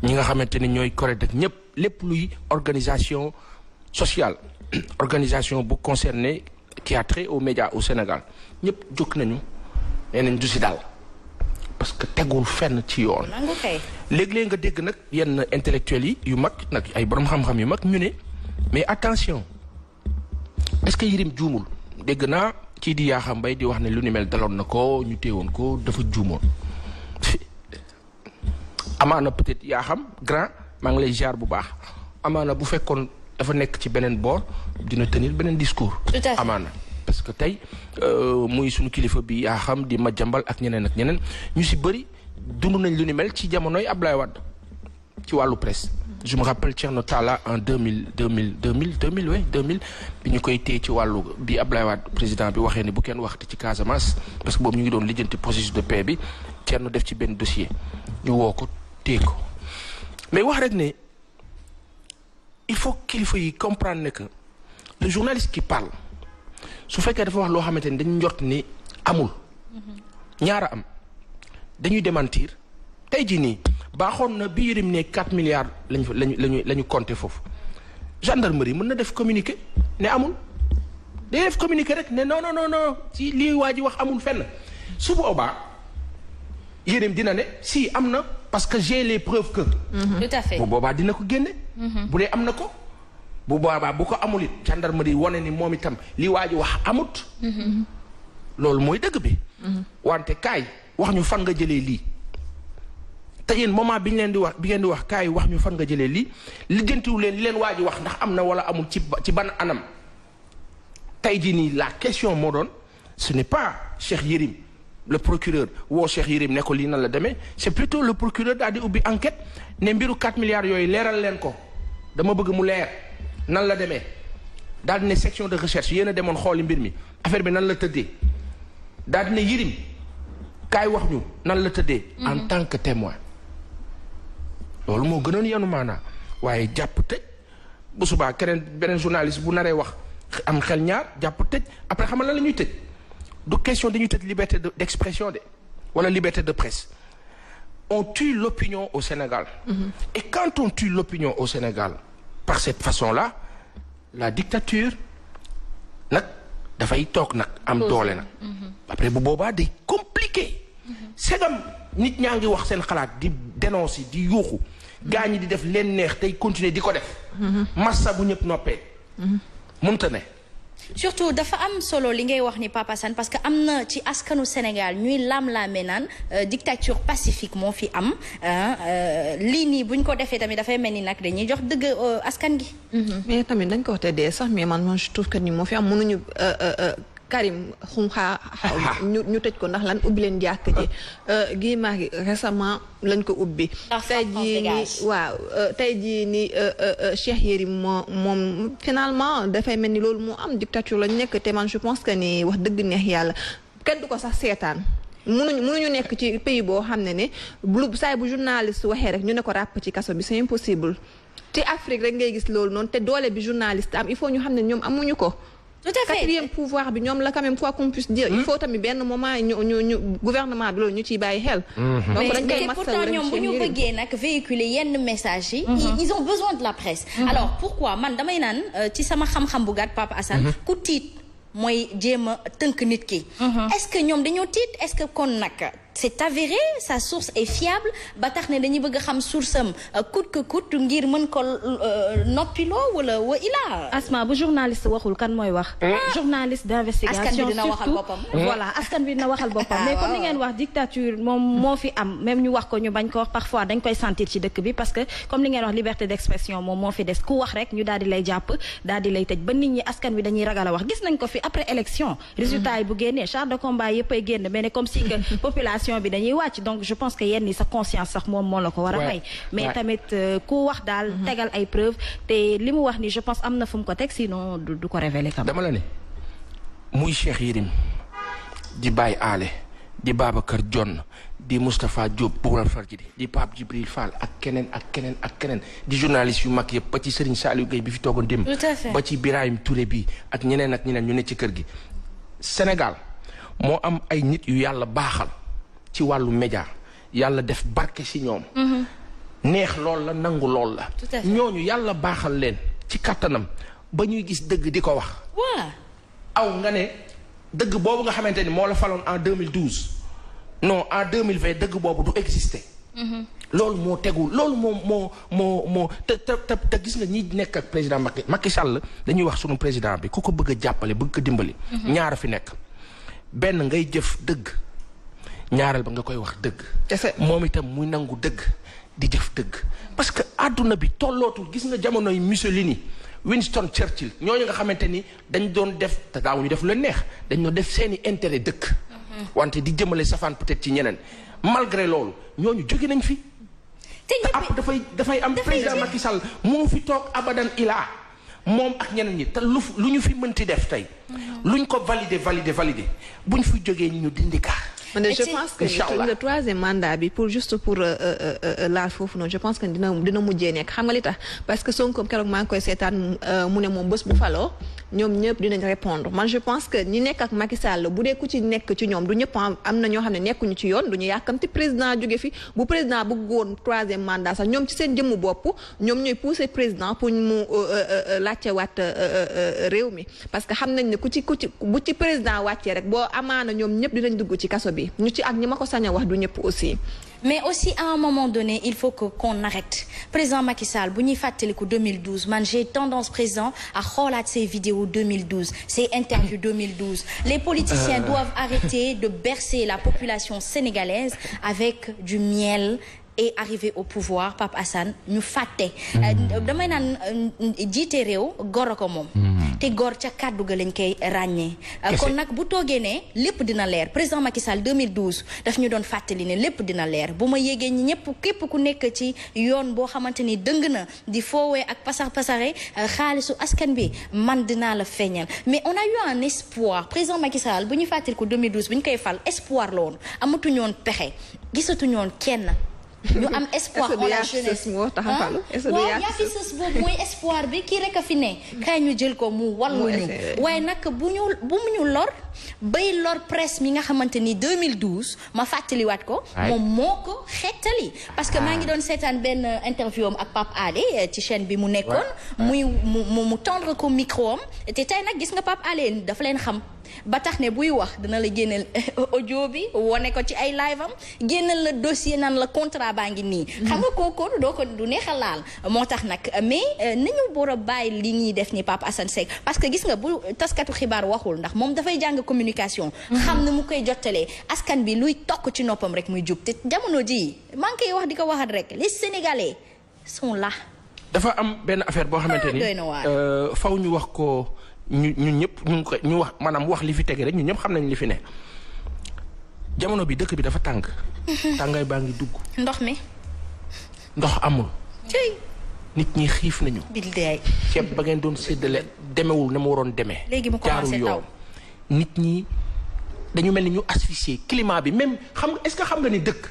Speaker 5: ñi nga xamante ni ñooy CORED ak ñëpp lépp luy organisation sociale organisation bu concerné qui au trait au Sénégal ñëpp jóg nañu nee nañ du si daal. parce que tegul fenn ci yoon. léeg-léeg nga dégg nag yenn intellectuels yi yu mag nag ay boroom xam-xam yu mag ñu ne mais attention est-ce que Yérim juumul dégg naa kii di yaaxam Mbaye di wax ne lu ni mel daloon na ko ñu woon ko dafa juumoon. amaana peut-être Yakham grand maa ngi lay jaar bu baax amaana bu fekkoon dafa nekk ci beneen boor dina tenir beneen discours. amaana. parce que tey euh, muy suñu kilifa bi yaa xam di ma jambal ak ñeneen ak ñeneen ñu si bëri dund nañ lu ni mel ci jamonoy Abdoulaye waat ci wàllu presse. je me rappelle Thierno Talla en deux mille mille deux mille deux mille oui deux mille bi ñu koy téye ci wàllu bi Abdoulaye Wade président bi waxee ni bu kenn waxati ci Casamance parce que boobu ñu ngi doon lijjanti processus de paix bi Thierno def ci benn dossier ñu woo ko téye ko mais wax rek ne il faut kilifa yi comprendre ne que le journaliste qui parle. su fekkee dafa wax loo xamante ne dañu njort ni amul. ñaara am dañuy démentir tey jii nii baaxoon na bi yërim ne 4 milliards lañu fa lañu lañu lañu compté foofu gendarmerie mën na def communiqué ne amul. day def communiqué rek ne non non non non ci lii waa ji wax amul fenn su boobaa yërim dina ne sii am na parce que j'ai les preuves que. tout boobaa dina ko génne. Mhm. bu dee am na ko. bu boobaa bu ko amul it gendarmerie wane ni moom itam li waa wax amut. loolu mooy dëgg bi. wante kaay wax ñu fan nga jëlee lii. te yéen moment bi ñu leen di wax bi ngeen di wax kaay wax ñu fan nga jëlee lii lijjantiwu leen li leen waa ji wax ndax am na wala amul ci ci ban anam. tey jii nii la question moo doon ce n'est pas Cheikh Yérim le procureur woo seex Yérim ne lii na la demee c'est plutôt le procureur daal di ubbi enquête ne mbiru 4 milliards yooyu leeral leen ko dama bëgg mu leer. nan la demee daal ne section de recherche yéen a demoon xooli mbir mi affaire bi nan la tëddee daal di ne yirim kaay wax ñu nan la tëddee. en mhm. tant que témoin. loolu moo gënoon yenu maanaa waaye jàpp tëj bu subaa keneen beneen journaliste bu naree wax am xel ñaar jàpp tëj après xam lan la ñuy tëj du question dañuy tëj liberté d' expression de wala liberté de presse. on tue l'opinion au Sénégal. Mm -hmm. Et on tue l'opinion au Sénégal par cette façon la la dictature nag dafay toog nag am doole na mhm. après bu boobaa day compliqué. segam mhm. nit ñaa ngi wax seen xalaat di dénoncer di yuuxu gaa ñi di def leen neex tey continuer di ko def. Mhm. massa bu ñëpp noppee. mënta ne.
Speaker 2: surtout dafa am solo li ngay wax ni Papa Sane parce que am na ci askanu Sénégal ñuy laam-laame naan euh, dictature pacifique moo fi am euh, lii nii buñ ko defee tamit dafay mel ni nag dañuy jox dëgg euh, askan gi mm-hmm. mais tamit dañ ko wax dee sax mais man man je trouve que nii moo fi am mun mënuñu
Speaker 3: Karim Xumxa ñu ñu tëj ko ndax lan ubbi leen jàkk ji euh, Guy Marius récemment lañ ko ubbi tey jii ni waaw euh, tey jii ni euh, Cheikh Yérim moo moom finalement dafay mel ni loolu moo am dictature lañ nekk te man je pense que ni wax dëgg neex yàlla kenn du ko sax seetaan mënuñu mënuñu nekk ci pays boo xam ne ne bu saay bu journaliste waxee rek ñu ne ko ràpp ci kaso bi c'est impossible ci Afrique rek ngay gis loolu noon te doole bi journaliste am il faut ñu xam ne ñoom amuñu ko tout pouvoir bi ñoom la quand même quoi qu'on puisse dire. il hmm? faut tamit benn moment ñu ñu gouvernement bi loolu ñu ciy bàyyi xel. Hmm.
Speaker 1: donc dañ ñoom bu ñu bëggee
Speaker 2: nag véhiculer yenn messages yi. Hmm. ils ont besoin de la presse. alors pourquoi man damay naan euh, ci sama xam-xam bu gàtt Papa Assane. ku tiit mooy jéem a tënk nit ki. est-ce que ñoom dañoo tiit est-ce que kon nag. c'est avéré sa source est fiable ba tax ne dañuy bëgg a xam source am euh, coûte que coûte ngir mën ko euh, noppiloo wala wa ilaa. asma bu journaliste waxul kan mooy wax. Ah. journaliste d'investigation surtout ah. voilà askan bi dina waxal boppam. Ah, mais comme ni ngeen wax dictature moom moo fi am même ñu wax ko ñu bañ ko parfois dañ koy sentir ci dëkk bi parce que comme li ngeen wax liberté d'expression moom moo fi des ku wax rek ñu daal di lay jàpp daal lay tëj ba nit dañuy ragal a wax gis nañ ko fi après élection. résultat yi bu génnee char de combat yëppay vaccination bi dañuy wàcc donc je pense que yenn ni sa conscience sax moom moo la ko war a may mais tamit euh, ku wax daal mhm. tegal ay preuve te li mu wax ni je pense am na fu mu ko teg sinon du ko révéler kam dama la ne
Speaker 5: muy Cheikh Yérim di bàyyi Alé di Babacar John di Moustapha Diop bu waral far ji di Pape Djibril Fall ak keneen ak keneen ak keneen di journaliste yu mag yëpp ba ci Serigne Saliou Gueye bi fi toogoon dem ba ci Birahim Touré bi ak ñeneen ak ñeneen ñu ne ci kër gi Sénégal moo am ay nit yu yàlla baaxal ci wàllu média yàlla def barke si ñoom. Mhm. neex lool la nangu lool la. ñooñu yàlla baaxal leen ci kàttanam ba ñuy gis dëgg di ko wax. aw nga ne dëgg boobu nga xamante ni moo la faloon en 2012 non en 2020 dëgg boobu du exister. Mhm. loolu moo tegu loolu moo moo moo moo te te te gis nga ñi nekk ak président Macky Macky Sall dañuy wax sunu président bi ku ko bëgg a jàppale bëgg ko dimbali. Mhm. ñaar fi nekk benn ngay jëf dëgg. ñaareel ba nga koy wax dëgg. moom itam muy nangu dëgg di jëf dëgg. parce que àdduna bi tollootu gis nga jamonoy Mussolini Winston Churchill ñooñu nga xamante ni dañ doon def te daawuñu def lu neex dañ doon def seeni intérêt dëkk. Mhm. wante di jëmale safaan peut-être ci ñeneen malgré loolu ñooñu jóge nañ fi. te àpp dafay dafay am président Macky Sall moo fi toog abadan ilaa moom ak ñeneen ñi te lu lu ñu fi mënti def tey.
Speaker 3: lu
Speaker 1: mhm.
Speaker 5: luñ ko valider valider bu buñ fi jógee ñu dindi man de je pense que le
Speaker 3: troisième mandat bi pour juste pour euh, euh, euh, laal foofu noonu je pense que dina dina mujjee nekk xam nga li tax parce que Sonko keroog maa ngi koy seetaan mu ne moom bés bu faloo ñoom ñëpp dinañ répondre man je pense que ñi nekk ak Macky Sall bu dee nekk ci ñoom du ñëpp am na ñoo xam ne nekkuñu ci yoon du ñu yàkkamti président jóge fi bu président bëggoon troisième mandat sax ñoom ci seen jëmmu bopp ñoom ñooy pousser président pour mu laajte waat réew mi parce que xam nañ ne ku ci ku ci bu
Speaker 2: ci président wàccee rek boo amaana ñoom ñëpp dinañ dugg ci kaso bi bi ñu ci ak ñi ma ko sañ a wax du ñëpp aussi. mais aussi à un moment donné il faut qu'on arrête président Macky Sall bu man j'ai tendance présent à xoolaat ces vidéos 2012 ces les politiciens euh. doivent arrêter de bercer la population sénégalaise avec du miel est arrivé au pouvoir Pape ñu fàtte. Mm. Euh, damay naan euh, jiite réew gor a ko moom. Mm. te gor ca kàddu ga lañ koy ràññee. Euh, kon nag bu toogee ne lépp dina leer président Macky Sall 2012 daf ñu doon fàttali ne lépp dina leer bu ma yégee ñi ñëpp képp ku nekk ci yoon boo xamante ni dëng na di foowee ak pasar pasare xaalisu askan bi man dinaa la feeñal mais on a eu un espoir président Macky bu ñu fàttali ko 2012 bu ñu koy fal espoir la woon amatuñu pexe gisatuñoon woon kenn. ñu am espoir on la jeunesse moo tax mooy espoir bi kii rek a fi ne kaay ñu jël ko mu walluñu waaye nag bu ñu bu ñu lor bay lor presse mi nga xamante ni 2012 ma fàttaliwaat ko moom moo ko xettali parce que maa ngi doon seetaan benn interview am ak Pape Alé euh, ci chaîne bi mu nekkoon muy mu mu tendre ko micro te tey nag gis nga Pape Alé dafa leen xam ba tax ne buy wax dana la génneel eh, audio bi wone ko ci ay live am génneel la dossier nan la contrat baa ngi nii. Mm-hmm. xam nga kooku doo ko du neex a moo tax nag mais eh, nañu boor a bàyyi li ñuy def ni Pape Assane Seck parce que gis nga bu taskatu xibaar waxul ndax moom dafay jàng communication. Mm-hmm. xam ne mu koy jottalee askan bi luy tokk ci noppam rek muy jub te jamono jii maa ngi koy wax di ko waxat rek les sénégalais sont là.
Speaker 5: dafa am benn affaire boo xamante ni ah, euh, faw ñu wax ko. ñu ñun ñëpp ñu ngi ko ñu wax maanaam wax li fi tege rek ñu ñëpp xam nañ li fi ne jamono bi dëkk bi dafa tàng. Mhm. tàngaay baa ngi dugg. ndox mi. ndox amul. nit ñi xiif nañu. billaay ceeb ba ngeen doon séddale demewul na mu waroon demee. léegi mu commencé jaarul yoon nit ñi dañu mel ni ñu asphyxié climat bi même xam est-ce que xam nga ni dëkk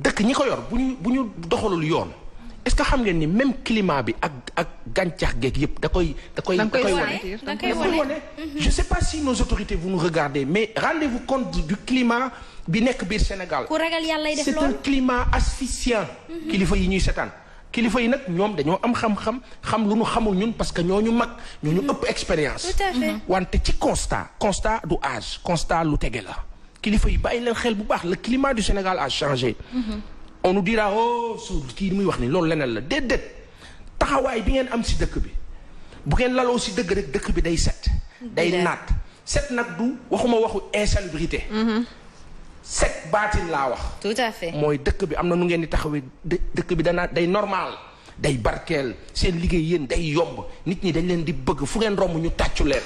Speaker 5: dëkk ñi ko yor bu ñu doxalul yoon. est-ce que xam ngeen ni même climat bi ak ak gàncax geeg yëpp da koy da koy da koy wane da koy wane je sais pas si nos autorités vous nous regardez mais rendez-vous compte du climat bi nekk biir Sénégal ku ragal yàlla def loolu climat asphyxiant mhm. kilifa yi ñuy setaan kilifa yi nag ñoom dañoo am xam-xam xam lu ñu xamul ñun parce que ñoo ñu mag ñoo ñu mhm. ëpp expérience mhm. wante ci constat constat du âge constat lu tege la kilifa yi bàyyi leen xel bu baax la climat du Sénégal a changé on nous dira oh su kii muy wax ni loolu leneen la déedéet taxawaay bi ngeen am si dëkk bi bu ngeen laloo si dëgg rek dëkk bi day set.
Speaker 1: day naat
Speaker 5: set nag du waxuma waxu insalubrité. Mhm. set baatin laa wax.
Speaker 2: tout à mooy
Speaker 5: dëkk bi am na nu ngeen di taxawee dëkk bi danaa day normal. day barkeel seen liggéey yéen day yomb nit ñi dañ leen di bëgg fu ngeen romb ñu tàccu leen.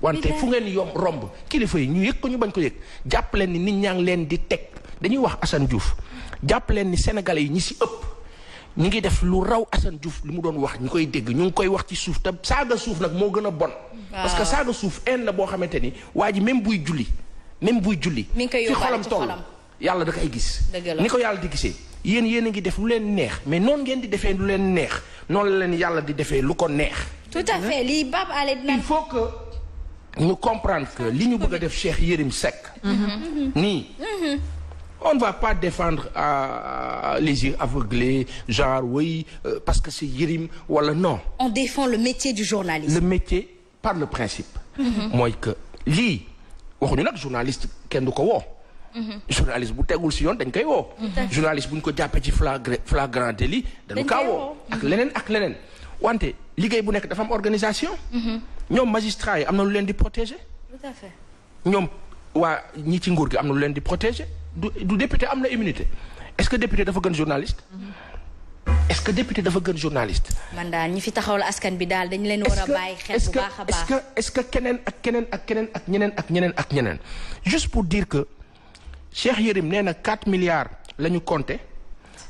Speaker 5: wante fu ngeen yomb romb kilifa yi ñu yëg ko ñu bañ ko yëg jàpp leen ni nit ñaa ngi leen di teg dañuy wax Assane Diouf. jàpp leen ni sénégalais yi ñi si ëpp ñu ngi def lu raw Assane Diouf lu mu doon wax ñu koy dégg ñu ngi koy wax ci suuf te saaga suuf nag moo gën a bon. parce saaga suuf en la boo xamante ni waa ji même buy julli même buy julli. fi xolam toll yàlla da koy gis. ni ko yàlla di gisee. yéen yéen a ngi def lu leen neex mais noonu ngeen di defee lu leen neex noonu la leen yàlla di defee lu ko neex.
Speaker 2: tout à fait lii Bab Alé dina. il faut que
Speaker 5: ñu comprendre que li ñu bëgg a def Cheikh Yérim Seck.
Speaker 1: Mm-hmm. nii.
Speaker 2: Mm-hmm.
Speaker 5: on ne va pas défendre à euh, les yeux aveuglés genre oui euh, parce que c'est Yérim wala non.
Speaker 2: on défend le métier du journaliste. le
Speaker 5: métier par le principe. Mhm. mooy que lii waxuñu nag journaliste kenn du ko woo. Mhm. journaliste bu tegul si yoon dañ koy woo. journaliste bu ñu ko jàppee ci flagrant flagrant délit dañu kaa woo ak leneen ak leneen wante liggéey bu nekk dafa m organisation. Mhm. ñoom magistrat yi am na lu leen di protéger. tout à fait ñoom waa ñi ci nguur gi am na lu leen di protéger. du du député am na immunité est-ce que député dafa gën journaliste. est-ce que député dafa gën journaliste.
Speaker 2: man daal ñi fi taxawal askan bi daal dañu leen war a bàyyi xel bu baax a baax est-ce que est-ce
Speaker 5: keneen ak keneen ak keneen ak ñeneen ak ñeneen ak ñeneen. juste pour diir que Cheikh Yérim nee na 4 milliards la ñu compté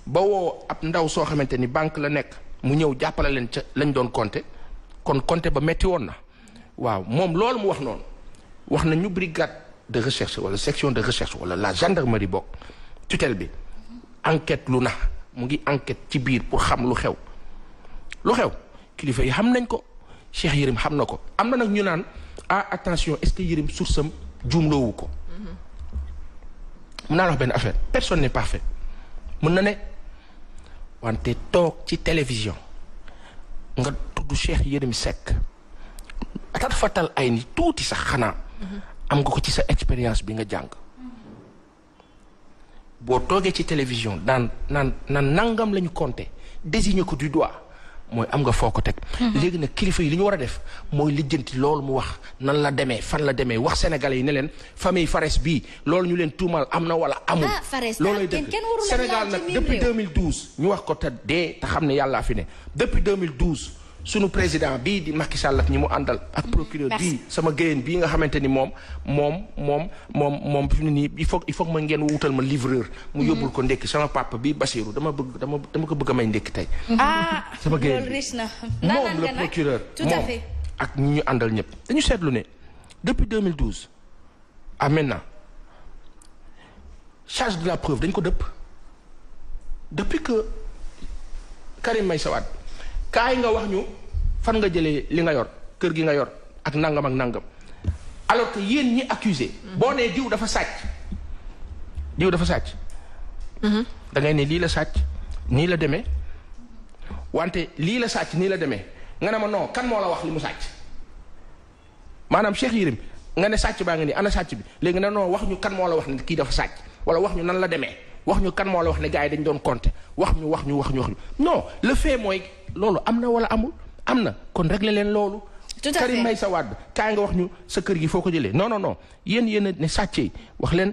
Speaker 5: ba woo ab ndaw soo xamante ni banque la nekk mu ñëw jàppale leen ca lañ doon compté kon compté ba metti woon na waaw moom loolu mu wax noonu wax na ñu de recherche wala section de recherche wala la gendarmerie bokk tutelle bi enquête lu na mu ngi enquête ci biir pour xam lu xew lu xew kilifa yi xam nañ ko Cheikh Yérim xam na ko am na nag ñu naan ah attention est-ce que Yérim ko mun naa wax benn affaire personne n'est parfait mun na ne wante toog ci télévision nga tudd Cheikh Yérim Seck tatafatal ay ni tuuti sax xanaa am nga ko ci sa expérience bi nga jàng boo toogee ci télévision naan naan naan nangam lañu ñu compté désigné ko du doit mooy am nga foo ko teg. Mhm. léegi nag kilifa yi li ñu war a def mooy lijjanti loolu mu wax nan la demee fan la demee wax sénégal yi ne leen famille Fares bii loolu ñu leen tuumal am na wala amul. Ah, loolooy ah, dëgg Sénégal nag depuis 2012. ñu wax ko te dee te xam ne yàllaa fi ne depuis 2012. sunu président bii di Macky Sall ak ñi mu àndal. ak procureur bii sama géyeen bii nga xamante ni moom moom moom moom moom fi mu nii il faut il faut ma ngeen wutal ma livreur. mu mhm. yóbbul ko ndekki sama papa bi Basirou dama bëgg dama dama ko bëgg may ndekki tey.
Speaker 1: Ah,
Speaker 2: sama géyeen bi moom la procureur moom
Speaker 5: ak ñi ñu àndal ñëpp. dañu seetlu ne depuis 2012 à maintenant charge de la preuve dañ ko dëpp depuis que Karim Meïssa Wade kaay nga wax ñu fan nga jëlee li nga yor kër gi nga yor ak nangam ak nangam alors que yéen ñi accusé boo nee diw dafa sàcc diw dafa sàcc mm-hmm. da ngay ne lii la sàcc nii la demee wante lii la sàcc nii la demee nga ne ma non kan moo wax li mu sàcc maanaam Cheikh Yérim nga ne sàcc baa nga ni ana sàcc bi léegi na non wax ñu kan moo la wax ne kii dafa sàcc wala wax ñu nan la demee wax ñu kan moo la wax ne gars dañ doon compter wax ñu wax ñu wax ñu wax ñu non mooy loolu am na wala amul am na kon la leen loolu. tout à fait Karim Meïssa kaay nga wax ñu sa kër gi foo ko jëlee non non non yéen yéen a ne sàccee wax leen.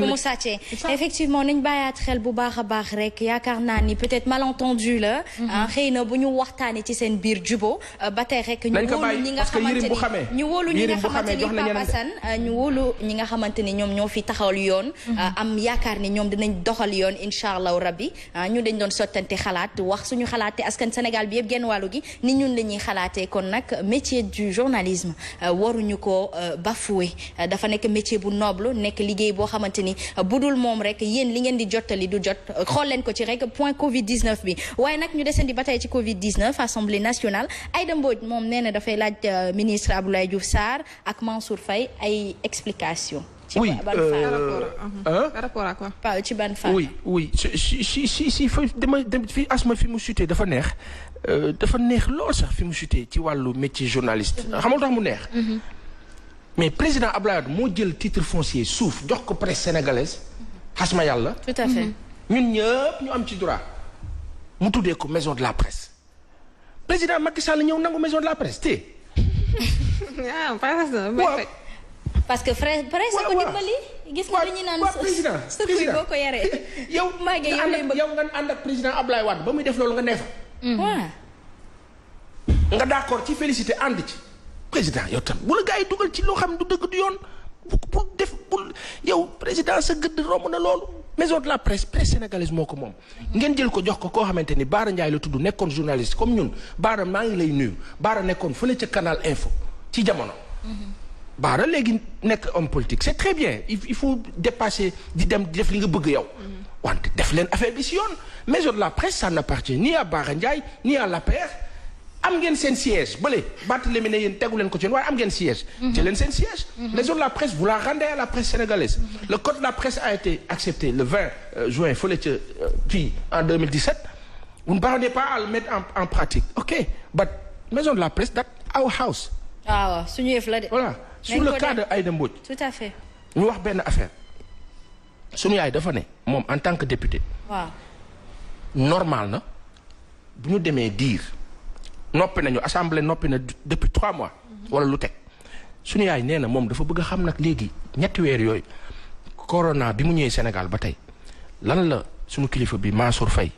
Speaker 5: bu mu
Speaker 2: sàccee effectivement nañ bàyyaat xel bu baax a baax rek yaakaar naa ni peut-être malentendu la mm-hmm. ah, xëy na bu ñu waxtaanee ci seen biir jubo ah, ba tey rek ñu wóolu ñi nga xamante ni ñu wóolu ñi nga xamante ni Pape ah, ñu wóolu ñi nga xamante ni ñoom ñoo fi taxawal yoon mm-hmm. am yaakaar ni ñoom danañ doxal yoon incha allahu rabbi ñu dañ doon sottante xalaat wax suñu xalaatee askan Sénégal bi yëpp genn wàllu gi ni ñun la ñuy xalaatee kon nag métier du journalisme waruñu ko bafoué dafa nekk métier bu noble nekk liggéey boo xamante ni euh, bu dul moom rek yéen li ngeen di jottali du jot euh, xool leen ko ci rek point Covid 19 bi waaye nag ñu desandi ba tey ci Covid 19 assemblée nationale Aïda Mbodj moom nee na dafay laaj euh, ministre Abdoulaye Diouf Sarr ak Mansour Faye ay explications. oui par rapport à ci ban faa oui
Speaker 5: oui si si si si fa dama fi mu sutee dafa neex dafa neex lool sax fi mu sutee ci wàllu métier journaliste. Mhm. xam tax mu neex. Mhm. mais président Abdoulaye Wade moo jël titre foncier suuf jox ko presse sénégalaise xas ma yàlla. tout à mm-hmm. ñun ñëpp ñu am ci droit mu tuddee ko maison de la presse président Macky Sall ñëw nangu maison la presse te.
Speaker 2: Ah, parce que frais presse ko dimbali. gis nga dañuy naan sa président président boo ko yaree. yow yow nga ànd ak président Abdoulaye waat ba muy def loolu nga neefa.
Speaker 1: Mm-hmm.
Speaker 5: nga d'accord ci félicité ànd ci. président yow tam bu la gars yi dugal ci loo xam du dëgg du yoon bu bu def bul yow président sa gëdd romb na loolu maison de la presse presse sénégalaise moo ko moom ngeen jël ko jox ko koo xamante ni Baara njaay la tudd nekkoon journaliste comme ñun Baara maa ngi lay nuyu Baara nekkoon fële ca Canal Info ci jamono Baara léegi nekk on politique c'est très bien il faut dépasser di dem di def li nga bëgg yow mm-hmm. wante def leen affaire bi si yoon maison la presse ça n'appartient ni à Baara Ndiaye ni à am ngeen seen siège bële Barthélémy ne yéen tegu leen ko ci yéen waaye am ngeen siège mhm. jël leen seen siège mhm. les de la presse vous la rendez à la presse sénégalaise mhm. le code de la presse a été accepté le 20 euh, juin fële ca euh, fii en 2017 vous ne parvenez pas à le mettre en en pratique ok but maison de la presse that our house
Speaker 2: waaw ah sur le cas
Speaker 5: de Aïda Mbodj tout à fait benn affaire suñu dafa ne moom en tant que député normal na bu ñu demee diir noppi nañu assemblée noppi na depuis trois mois. wala lu teg suñu yaay nee na moom dafa bëgg a xam nag léegi ñetti weer yooyu corona bi mu ñëwee Sénégal ba tey lan la suñu kilifa bi Mansour fay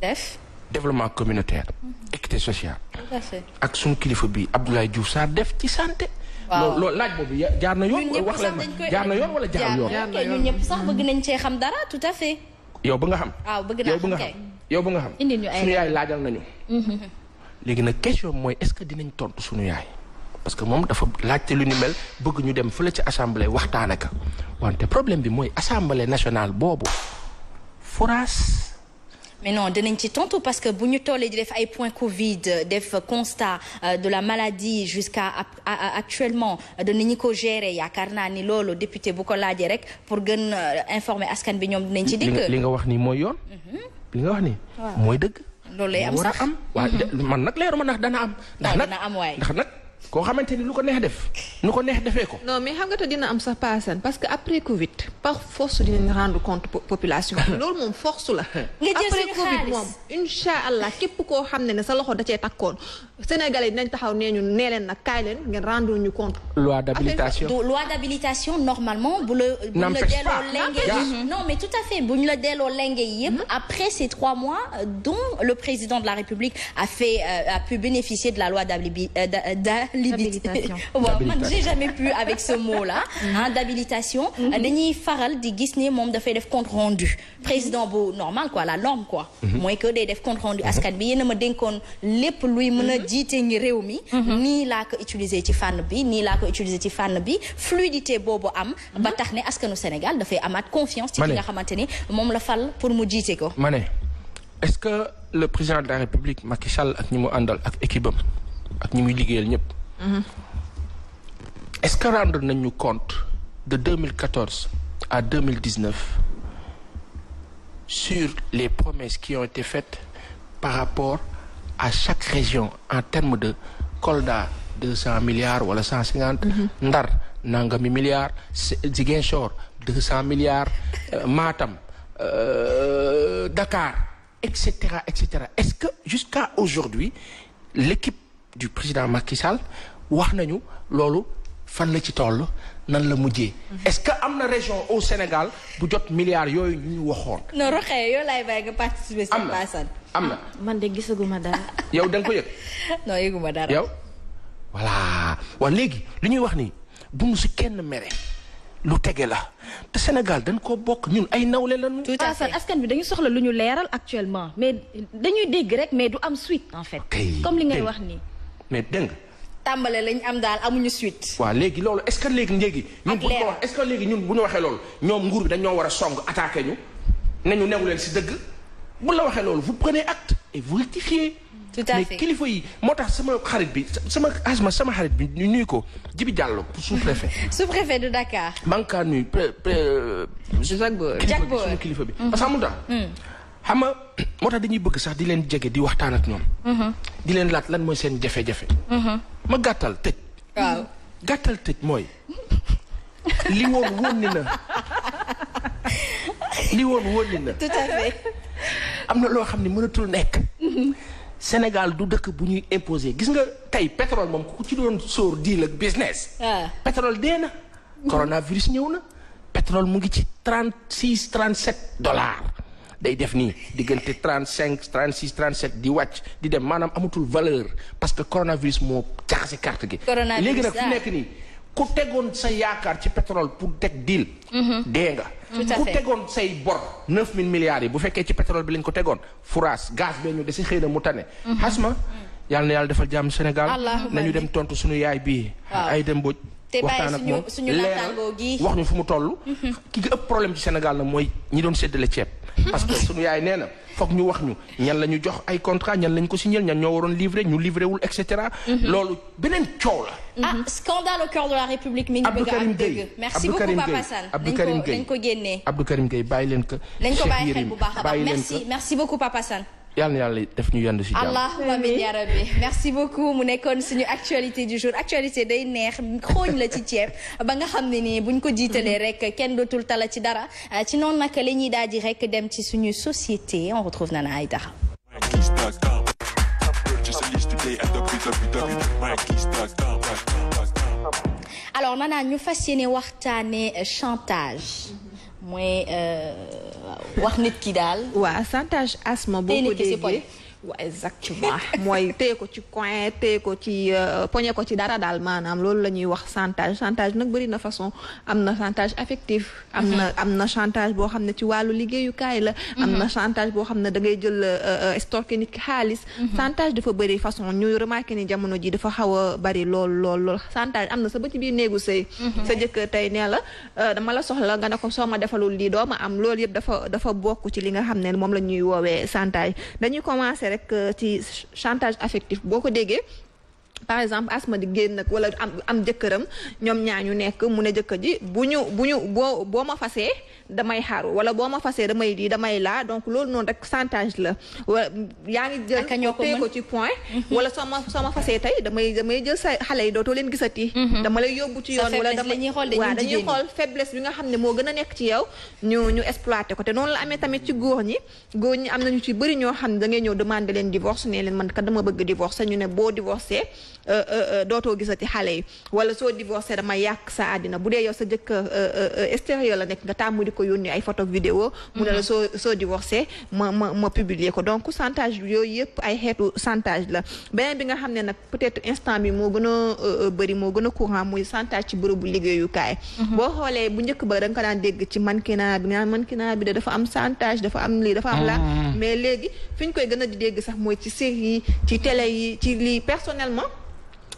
Speaker 5: def développement communautaire. Mhm. équité sociale. ak suñu kilifa bi Abdoulaye Diouf Sarr def ci sante loolu laaj boobu jaar na yoon. wax leen ma jaar na yoon wala jaar yoon. ñun ñëpp sax bëgg
Speaker 2: nañ cee xam dara tout à
Speaker 5: yow ba nga xam. waaw bëgg naa xam kay yow ba nga xam. indi ñu ay suñu yaay laajal nañu. léegi nag question mooy est-ce que dinañ tontu suñu yaay. parce que moom dafa laajte lu ni mel bëgg ñu dem fële ci assemblée waxtaan ak wante problème bi mooy assemblée nationale boobu
Speaker 2: forage. mais non dinañ ci tontu parce que bu ñu tollee di def ay point Covid def constat euh, de la maladie jusqu'à actuellement de ni ñu ko gérer yaakaar naa ni loolu député bu ko laajee rek pour gën euh, informer askan bi ñoom dinañ ci li nga
Speaker 5: wax ni mooy yoon. Mhm. li nga wax nii. mooy dëgg.
Speaker 2: loolu lay
Speaker 3: am sax am.
Speaker 5: waaw man nag leeru ma nax dana am. ndax nag ndax nag. koo xamante ni lu ko
Speaker 3: neex def nu ko neex defee ko. mais xam nga te dina am sax paasan parce que après Covid par force dinañ rendre compte population loolu moom force la. après Covid moom incha allah képp koo xam ne ne sa loxo da cee takkoon Sénégalais dinañ taxaw nee ñu nee na nag kaay leen ngeen rendre
Speaker 2: ñu compte.
Speaker 5: loi d'habilitation
Speaker 2: loi d'habilitation normalement bu la. bu la delloo lenge non hmm? après ces trois mois dont le président de la République a euh, pu bénéficier de la loi l'habilitation waaw man j'ai jamais pu avec ce mot mhm. mhm. euh, faral di gis ne moom dafay def compte rendu mhm. bu normal quoi la norme mooy que day def compte rendu askan bi yéen a ma dénkoon lépp luy mën a jiite ngi réew mi nii utiliser ci fànn bi nii laa ci fànn bi fluidité boobu am ba tax ne askanu Sénégal dafay amaat confiance ci ki nga xamante ni moom la fal pour mu jiite ko ma
Speaker 5: ne est-ce que le président de la République Macky Sall ak ñi mu àndal ak équipe am ak ñi muy liggéeyal ñëpp Mm-hmm. est-ce que rendre nañu compte de 2014 à 2019 sur les promesses qui ont été faites par rapport à chaque région en termes de Kolda 200 milliards wala 150. Mm-hmm. Ndar nangami milliards Ziguinchor 200 milliards euh, Matam euh, Dakar et cetera et cetera est-ce que jusqu'à aujourd'hui l'équipe du président Macky Sall wax nañu loolu fan la ci toll nan la mujjee. Mhm. est-ce que am na région au Sénégal bu jot milliards yooyu ñu waxoon.
Speaker 2: non Roxaya yow laay bàyyi nga participer. si paasan am na ah, man de gisaguma dara.
Speaker 5: yow da nga ko yëg.
Speaker 2: non yëguma dara yow.
Speaker 5: voilà waaw léegi li ñuy wax nii
Speaker 2: bu mu si kenn mere
Speaker 5: lu tege la te Sénégal dañ koo bokk ñun ay nawle
Speaker 2: lañu. tout à fait askan bi dañu soxla lu ñu leeral actuellement mais dañuy dégg rek mais du am suite en fait. mais dégg nga. tàmbale lañ am daal amuñu suite.
Speaker 5: waaw léegi loolu est-ce que léegi léegi. ñun bu ñu ko wax est-ce que léegi ñun bu ñu waxee loolu ñoom nguur bi dañoo war a song attaqué ñu nañu newu leen si dëgg bu la waxee loolu vous prenez acte et vous
Speaker 2: rectifiez. tout
Speaker 1: à fait kilifa
Speaker 5: yi moo tax sama xarit bi sama asma sama xarit bi ñu nuyu ko Jibi Diallo sous-préfet.
Speaker 2: sous-préfet de Dakar.
Speaker 5: maa ngi kaa nuyu pré pré. Jacques Boor kilifa bi parce que amul xam nga dañuy bëgg sax di leen jege di waxtaan ak ñoom. Mhm. di leen laaj lan mooy seen jafe-jafe. Mhm. ma gàttal gàttal tëj mooy li woon wónni na na. am na loo xam ne mënatul nekk. Mhm. Sénégal du dëkk bu ñuy imposer gis nga tey pétrole moom ku ci doon sóor deal ak business. Ah. pétrole dee na. coronavirus ñëw na. pétrole mu ngi ci trente six trente sept dollars. day def nii diggante trente cinq trente six trente sept di wàcc di dem maanaam amatul valeur parce que coronavirus moo jaxase carte gi. léegi nag ah. fu nekk nii ku tegoon sa yaakaar ci pétrole pour teg deal. Mhm. dee nga. ku tegoon say bor neuf mille milliards yi bu fekkee ci pétrole bi lañ ko tegoon fouraas gaz bee ñu desi xëy na mu tane. Mhm. xasma yàlla na yàlla defal jàmm Sénégal. nañu dem tontu suñu yaay bi ay dem Mbodj. te bàyyi suñu suñu naataangoo gi waxtaan ak moom leeral wax ñu fu mu toll. Mhm. ki nga ëpp problème ci Sénégal mooy ñi doon séddale ceeb. parce que sunu yaay nee na foog ñu wax ñu ñan lañu jox ay contrat ñan lañ ko signé ñan ñoo waroon livré ñu livré wul et cetera. Mhm. loolu beneen coow la.
Speaker 1: ah mhm.
Speaker 2: scandale au cœur de la République mi ñu a am dëgg. merci beaucoup Papa Sall Abdou Karim Gueye dañ ko dañ ko génnee.
Speaker 5: Abdou Karim Gueye bàyyi leen ko. nañ ko bàyyi xel bu baax a baax merci merci yàlla na yàlla def ñu yànd si jàmm. allahumma
Speaker 2: amiin merci beaucoup mu nekkoon suñu actualité du jour actualité day neex xooñ la ci ceeb ba nga xam ne nii buñ ko jiitalee rek kenn dootul tala ci dara euh, ci noonu nag la ñuy daal di rek dem ci suñu société on retrouve Nana Aïdara. alors Nana ñu fas yéene waxtaanee chantage. mooy euh, wax nit ki daal. waaw chantage asthme boo ko déggee wa
Speaker 3: exactement mooy téye ko ci coin téye ko ci euh, poñe ko ci dara daal maanaam loolu la ñuy wax chantage chantage nag bëri na façon am na chantage affectif am na mhm. am na chantage boo xam ne ci wàllu liggéeyukaay la am na mhm. chantage boo xam ne da ngay jël estorqué euh, euh, nit xaalis mhm. chantage dafa bëri façon ñu remarqué ni jamono ji dafa xaw a bëri lool lool lool chantage am na sa ba bii néegu sëy sa jëkkër tey nee la dama la soxla nga ne ko soo ma defalul lii doo am loolu yëpp dafa dafa bokk ci li nga xam ne moom la ñuy woowee chantage dañuy rek euh, ci chantage affectif boo ko déggee par exemple asma di génn nag wala am am jëkkëram ñoom ñaa ñu nekk mu ne jëkkër ji bu ñu bu ñu boo boo ma fasee damay xaaru wala boo ma fasee damay lii damay laa donc loolu noonu rek chantage la wa yaa ngi jël tee ko ci point mhm. wala soo ma soo tey damay damay jël sa xale yi dootoo leen gisati mhm. dama lay yóbbu ci yoon wala dama waaw dañuy xool faiblesse bi nga xam ne moo gën a nekk ci yow ñu ñu exploité ko te noonu la amee tamit ci góor ñi góor ñi am nañu ci bëri ñoo xam ne da ngay ñëw demander leen divorce ne leen man kat dama bëgg divorce ñu ne boo divorcé Euh, euh, euh, dootoo gisati xale yi wala soo divorcé dama yàq sa àddina bu dee yow sa jëkkër extérieur la nekk nga tàmm di ko yónni ay photo vidéo mu ne la mm-hmm. soo soo divorcé ma ma ma publier ko donc chantage yooyu yëpp ay xeetu chantage la beneen bi nga xam ne nag peut-être instant bi moo gën a bëri moo gën a courant muy chantage ci bërëbu liggéeyukaay mm-hmm. boo xoolee bu njëkk ba da nga ko daan dégg ci mannequinat bi nga mannequinat bi dafa am chantage dafa am lii dafa am laa mm-hmm. mais léegi fi ñu koy gën a di dégg sax mooy ci série yi ci télé yi ci lii personnellement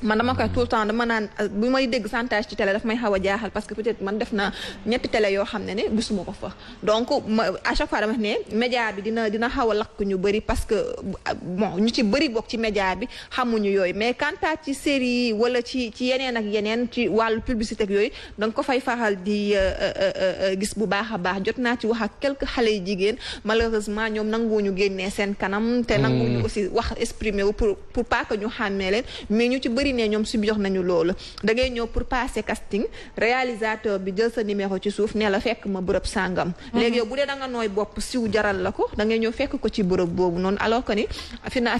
Speaker 3: man dama koy tout le temps dama naan euh, bu may dégg chantage ci télé daf may xaw a jaaxal parce que peut-être man def na ñetti télé yoo xam ne ne gisuma ko fa donc ma à chaque fois dama ne média bi dina dina xaw a lakk ñu bëri parce que euh, bon ñu ci bëri bokk ci média bi xamuñu yooyu mais quant à ci série wala ci ci yeneen ak yeneen ci wàllu publicité ak yooyu danga ko fay faral di euh, gis bu baax a baax jot naa ci wax ak quelque xale yi jigéen malheureusement ñoom ñu génnee seen kanam te hmm. nanguwuñu aussi wax exprimer pour pour pas ñu xàmmee leen mais ñu ci bëri bëri ne ñoom jox nañu loolu da ngay ñëw pour passer casting réalisateur bi jël sa numéro ci suuf ne la fekk ma bërëb sàngam mhm. léegi yow bu dee da nga nooy bopp siw jaral la ko da ngay ñëw fekk ko ci bërëb boobu noonu alors que ni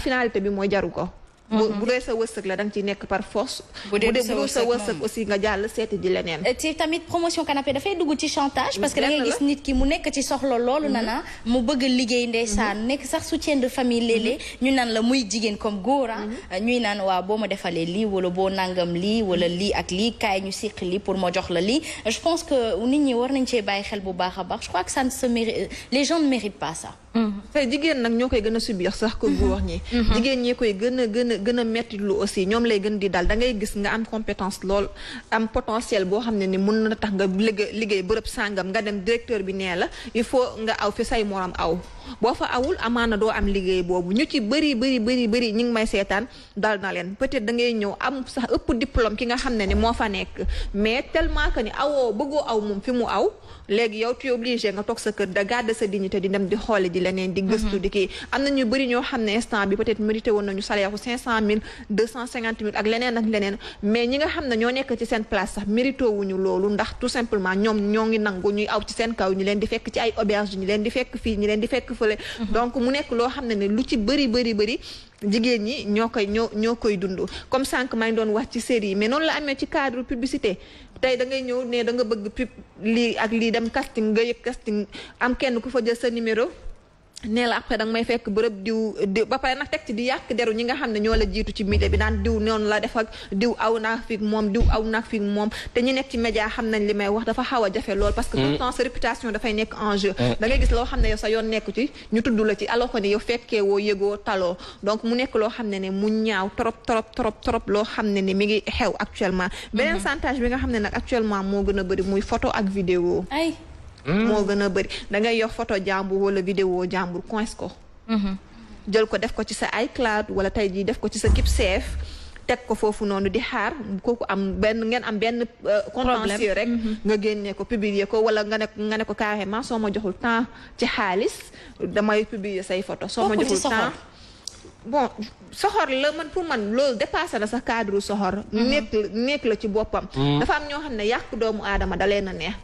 Speaker 3: finalité bi mooy jaru ko Mhm. bu dee sa wërsëg la danga nga ciy nekk par force. bu dee sa wërsëg
Speaker 2: aussi nga jàll seeti ji leneen. ci tamit promotion canapé dafay dugg ci chantage. parce que da ngay gis nit ki mu nekk ci soxla loolu mhm. nana mu bëgg liggéey ndeysaan mhm. nekk sax soutien de famille léeg-léeg ñu naan la muy jigéen comme góor euh, ñuy naan waa boo ma defalee lii wala boo nangam lii wala lii ak lii kaay ñu siq lii pour ma jox la lii je pense que nit ñi war nañ cee bàyyi xel bu baax a baax je crois que les gens ne méritent Mm-hmm. tey jigéen nag ñoo koy gën a subir sax ko mm-hmm. góor ñi
Speaker 3: mm-hmm. jigéen ñi koy gën a gën a gën a metti lu aussi ñoom lay gën di dal da ngay gis nga am compétence lool am potentiel boo xam ne ni mën na tax nga liggéey liggéey bërëb sàngam nga dem directeur bi nee la il faut nga aw fi say morom aw boo fa awul amaana doo am liggéey boobu ñu ci bëri bëri bëri bëri ñi ngi may seetaan dal na leen peut-être da ngay ñëw am sax ëpp diplôme ki nga xam ne ni moo fa nekk mais tellement que ni awoo bëggoo aw moom fi mu aw léegi yow tu es obligé nga toog sa mhm. ne ne ñoo nekk ci seen place sax mérité wuñu loolu ndax tout simplement ñoom ñoo ngi nangu ñuy aw ci seen kaw ñu leen di fekk ci ay auberge ñu leen di fekk fii ñu leen di fekk nekk fële. Mhm. donc mu nekk loo xam ne ne lu ci bëri bëri bëri jigéen ñi ñoo koy ñoo ñoo koy dund comme sànq maa ngi doon wax ci série yi mais noonu la amee ci cadre publicité tey da ngay ñëw ne danga bëgg pub lii ak lii dem casting nga yëg casting am kenn ku fa jël sa numéro. nee la après danga may fekk bërëb diw ba pare nag teg ci di yàq deru ñi nga xam ne ñoo la jiitu ci milieu bi daan diw noonu la def ak diw aw naag fiig moom diw aw naag fiig moom te ñu nekk ci média xam nañ li may wax dafa xaw a jafe lool parce que hmm. tout le dafay nekk en jeu hmm. da loo xam ne yow sa yoon nekku ci ñu tudd la ci alors que ne yow fekkee woo yëgoo taloo donc mu nekk loo xam ne ne mu ñaaw trop trop trop trop loo xam ne ne mi ngi xew actuellement beneen hmm. chantage bi nga xam ne nag actuellement moo gën a bëri muy photo ak vidéo ay Mm. moo gën a bëri da ngay yox photo jàmbur wala vidéo jàmbur coince ko mm-hmm. jël ko def ko ci sa iCloud wala tey jii def ko ci sa keep safe teg ko foofu noonu di xaar kooku am benn ngeen am benn euh, contentieux rek mm-hmm. nga génne ko publier ko wala nga ne nga ne ko carrément soo ma joxul temps ci xaalis damay publier say photo soo ma joxul temps bon soxor la man pour man loolu dépassé na sa cadre soxor mm-hmm. nekk nekk la ci boppam mm. dafa am ñoo xam ne yàq doomu aadama dalee na neex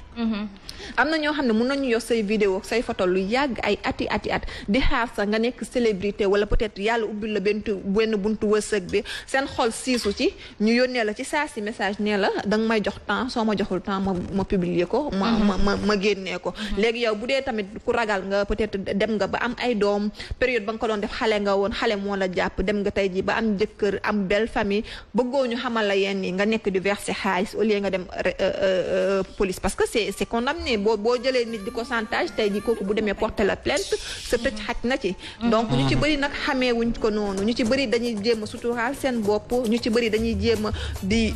Speaker 3: am na ñoo xam ne mun nañu yor say vidéo say photo lu yàgg ay ati ati at di xaar sax nga nekk célébrité wala peut-être yàlla ubbil la benn benn buntu wërsëg bi seen xol siisu ci ñu yónnee la ci saa si message nee la danga may jox temps soo ma joxul temps ma ma publier ko. ma mhm. ma ma ma génnee ko. Mhm. léegi yow bu dee tamit ku ragal nga peut-être dem nga ba am ay doom période ba nga ko doon def xale nga woon xale moo la jàpp dem nga tey ji ba am jëkkër am belle famille bëggoo ñu xamal la yenn yi nga nekk di verser xaalis au nga dem euh, euh, euh, condamné c' est condamné boo boo jëlee nit di ko chantage tey di kooku bu demee porter la plainte sa tëj xaj na ci donc ñu ci mm-hmm. bëri nag xamee wuñ ko noonu ñu ci bëri dañuy jéem a suturaal seen bopp ñu ci bëri dañuy jéema di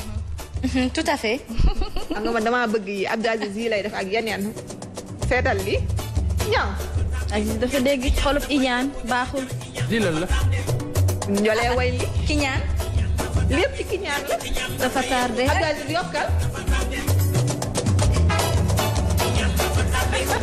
Speaker 3: mm-hmm. tout à fait xam nga man damaa bëgg yi Abdou Aziz yi lay def ak yeneen seetal li ñaw ak dafa dégg xolub iñaan baaxul di lan la ñolee way li ki ñaan ci ki ñaan la dafa tardé Abdou Aziz
Speaker 2: yokkal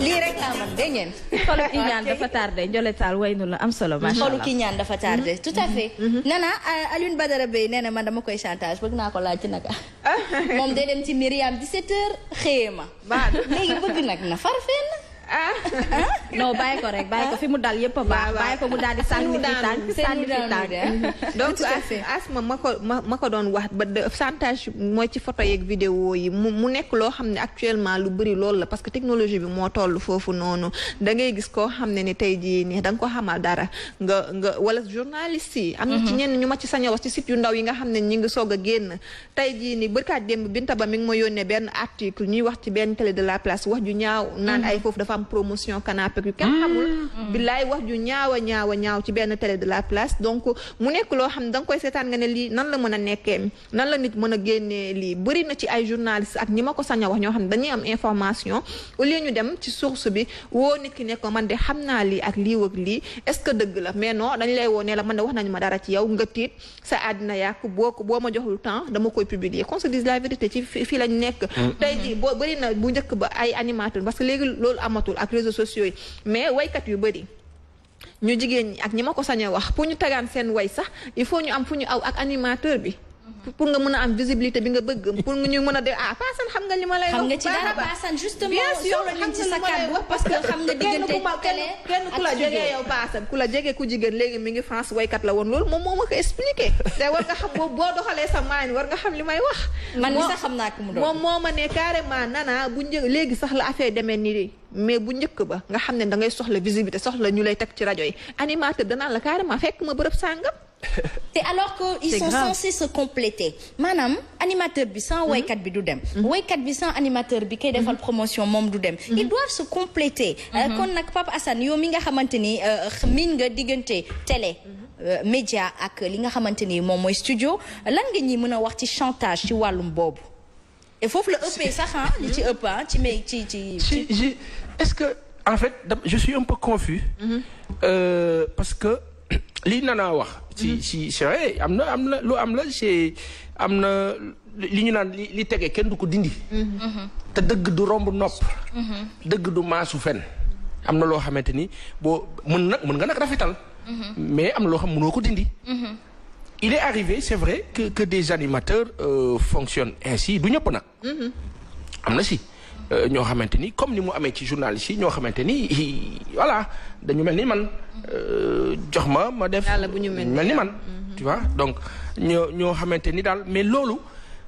Speaker 2: lii rek laa mën dégg ngeen. xolu ki ñaan dafa tardé Ndiolé Tall waynu la am solo macha allah ki ñaan dafa tardé. Mhm. tout mhm. Mhm. a fait. nana Alioune Badara Bey nee na man dama koy chantage bëgg naa ko laaj ci naka. moom day dem ci Myriam 17h xëyee ma. léegi bëgg nag na far fenn. ah non bàyyi ko rek bàyyi ko fi mu dal yëpp a baax bàyyi ko mu daal di sànni fi tànk sànni fi
Speaker 3: tànk donc asma ma ko ma ma ko doon wax ba chantage mooy ci photo yeeg vidéo yi mu mu nekk loo xam ne actuellement lu bëri loolu la parce que technologie bi moo toll foofu noonu da ngay gis koo xam ne ni tey jii nii da nga ko xamal dara nga nga wala journaliste yi am na ci mhm. ñenn ñu ma ci saña wax ci site yu ndaw yi nga xam ne ñi ngi soog a génn tey jii nii bërkaat démb binta ba mi ngi ma yónnee benn article ñuy wax ci benn télé de la place wax ju ñaaw naan mhm. ay foofu am promotion canapé yu kenn mm. xamul mm. billaay wax ju ñaaw ñaaw ci benn télé de la place donc mu nekk loo xam ne da nga koy seetaan nga ne lii nan la mën a nekkee nan la nit mën a génnee lii bëri na ci ay journaliste ak ñi ma ko sañ wax ñoo xam ne dañuy am information au lieu ñu dem ci woo nit ki ne man de xam naa lii ak lii ak lii est la mais non dañ la man de ma dara ci yow nga tiit sa àddina yàq boo ko boo ma joxul temps dama koy publier qu'on se la vérité ci fii lañ nekk mm. tey doxatul ak réseaux sociaux yi mais waykat yu bëri ñu jigéen ñi ak ñi ma ko sañ wax pour ñu tagaan seen way sax il faut ñu am fu ñu aw ak animateur bi mm-hmm. pour nga mën a am visibilité bi nga bëgg pour nga ñu mën a de ah Paasan xam nga li ma lay wax. xam nga ci dara Paasan justement. sa parce que xam nga diggante télé ku la jege yow jigéen léegi mi ngi France waykat la woon loolu moom moo ma ko expliqué. te war nga boo boo sa maan war nga li may wax. man mi sax xam naa ko mu doon moom moo ma ne carrément nana bu njëkk léegi sax la affaire demee nii mais bu njëkk ba nga xam ne da ngay soxla visibilité soxla ñu lay teg ci rajo yi animateur danaan la carrément fekk ma bërëb sàngam.
Speaker 2: te alors que ils sont censés se compléter maanaam animateur bi sans mhm. woykat bi du dem mhm. woykat bi sans animateur bi kay defal mhm. promotion moom du dem ils doivent se compléter euh, kon nag Pape Assane yow mi nga xamante ni euh, miin nga diggante télé euh, média ak li nga xamante ni moom mooy studio lan nga ñi mën a wax ci chantage ci wàllum boobu et foofu la ëppee sax ah li ci ëpp ah ci mais ci ci. ci est-ce que en fait
Speaker 5: je suis un peu confus. Mm-hmm. Euh, parce que lii nanaa wax. ci ci mm-hmm. c'est am na am na lu am la c'est am na li ñu naan li li tege kenn du ko dindi. Mm-hmm. te dëgg du romb nopp. dëgg du maasu fen am na loo xamante ni boo mën nag mën nga nag rafetal. mais am na loo xam mënoo ko dindi. il est arrivé c'est vrai que que des animateurs euh, fonctionnent ainsi du ñëpp nag. Mm-hmm. am na si euh, ñoo xamante ni comme ni mu amee ci journaliste yi ñoo xamante ni voilà dañu mel ni man euh, jox ma ma def. ñu mel ni man. Mm-hmm. tu donc ñoo xamante ni daal mais loolu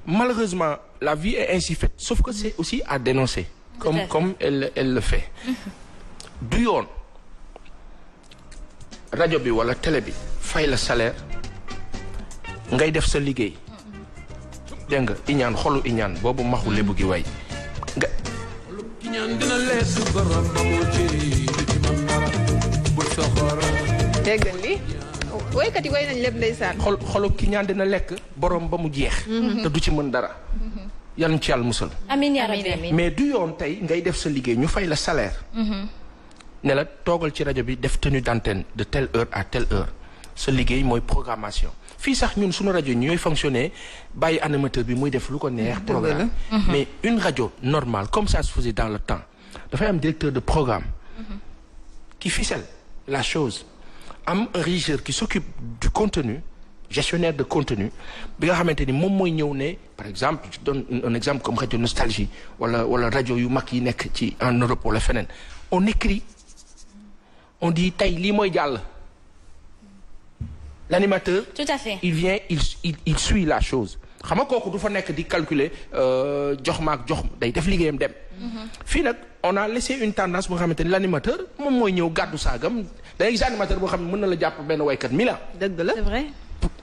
Speaker 5: malheureusement la vie est ainsi faite sauf que c'est aussi à dénoncer. comme comme elle elle le fait. du yoon rajo bi wala télé bi fay la salaire. ngay def sa liggéey dégg nga iñaan xolu iñaan boobu maxu lébu gi way nga
Speaker 3: dégg li woykat yi
Speaker 5: xolu ki dina lekk borom ba mu jeex mhm. te du ci mën dara mhm. yal ci yàlla musal mais du yoon tey ngay def sa liggéey ñu fay la salaire mhm. ne la toogal ci rajo bi def tenue d'antenne de telle heure à telle heure sa liggéey mooy programmation fii sax ñun suñu rajo ñooy fonctionner bàyyi animateur bi muy def lu ko neex programme mais une radio normale comme ça se faisait dans le temps dafay am directeur de programme qui ficelle la chose am un régisseur qui s'occupe du contenu gestionnaire de contenu bi nga xamante ni moom mooy ñëw ne par exemple je donne un exemple comme radio nostalgie wala wala rajo yu mag yi nekk ci en Europe wala feneen on écrit on dit tey lii mooy jàll l'animateur tout à fait il vient la chose xam nga kooku du fa nekk di calculer jox euh, maak jox ma day def liggéeyam dem. Mhm. fii nag on a laissé une tendance boo xamante ni l'animateur moom mooy ñëw gàddu saagam day gis boo xam ne mën na la jàpp benn waykat mi la. dëgg la
Speaker 1: c'est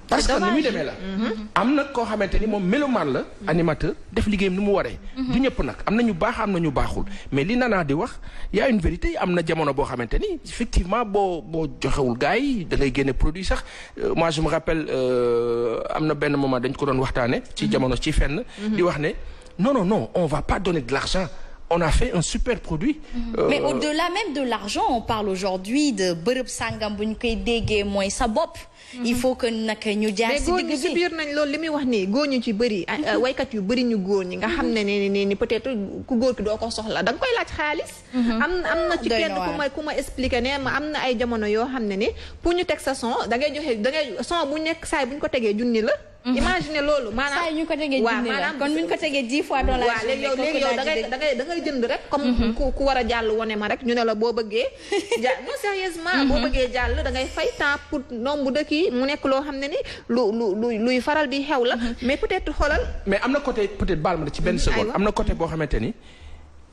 Speaker 1: parce que ni muy demee la mhm.
Speaker 5: am na koo xamante ni moom mélomaan la mhm. animateur def liggéeyam nu mu waree mhm. du ñëpp nag am na ñu baax am na ñu baaxul mais li nanaa di wax y a une vérité am na jamono boo xamante ni effectivement boo boo joxewul gars yi da ngay génne produit sax euh, moi je me rappelle euh, am na benn moment dañ ko doon waxtaane ci jamono ci fenn di wax ne non non non on va pas donner de l'argent on a fait un super produit. Mhm. mais euh, au-delà
Speaker 2: même de l'argent on parle aujourd'hui de bërëb sàngam bu ñu koy déggee mooy sa bopp. Mhm. il faut que nag ñu jaar si digg si biir nañ loolu li muy wax nii góor ñu ci bëri. Ah, ah, waykat yu bëri ñu góor
Speaker 3: ñi nga xam ne ne ni peut-être ku góor ki doo ko soxla danga koy laaj xaalis. Mhm. am am na ci kenn ku ma ku ma expliqué ne ma am na ay jamono yoo xam ne ni pour ñu teg sa son dangay joxe da ngay son bu nekk saay bu ñu ko tegee junni la. Mhm. imagine loolu. maanaam saa ñu ko tegee waa la kon ñu ko tegee dix fois dollars. waaw léegi yow léegi yow ngay da jënd rek. comme mhm. ku ku war a jàll wone ma rek ñu ne la boo bëggee. ja non sérieusement boo mhm. bëggee jàll dangay ngay fay temps pour nombre de kii mu nekk loo xam ne ni lu lu luy faral di xew la. mais peut-être xoolal.
Speaker 5: mais am na côté peut-être baal ma ci benn seconde. am na côté boo xamante ni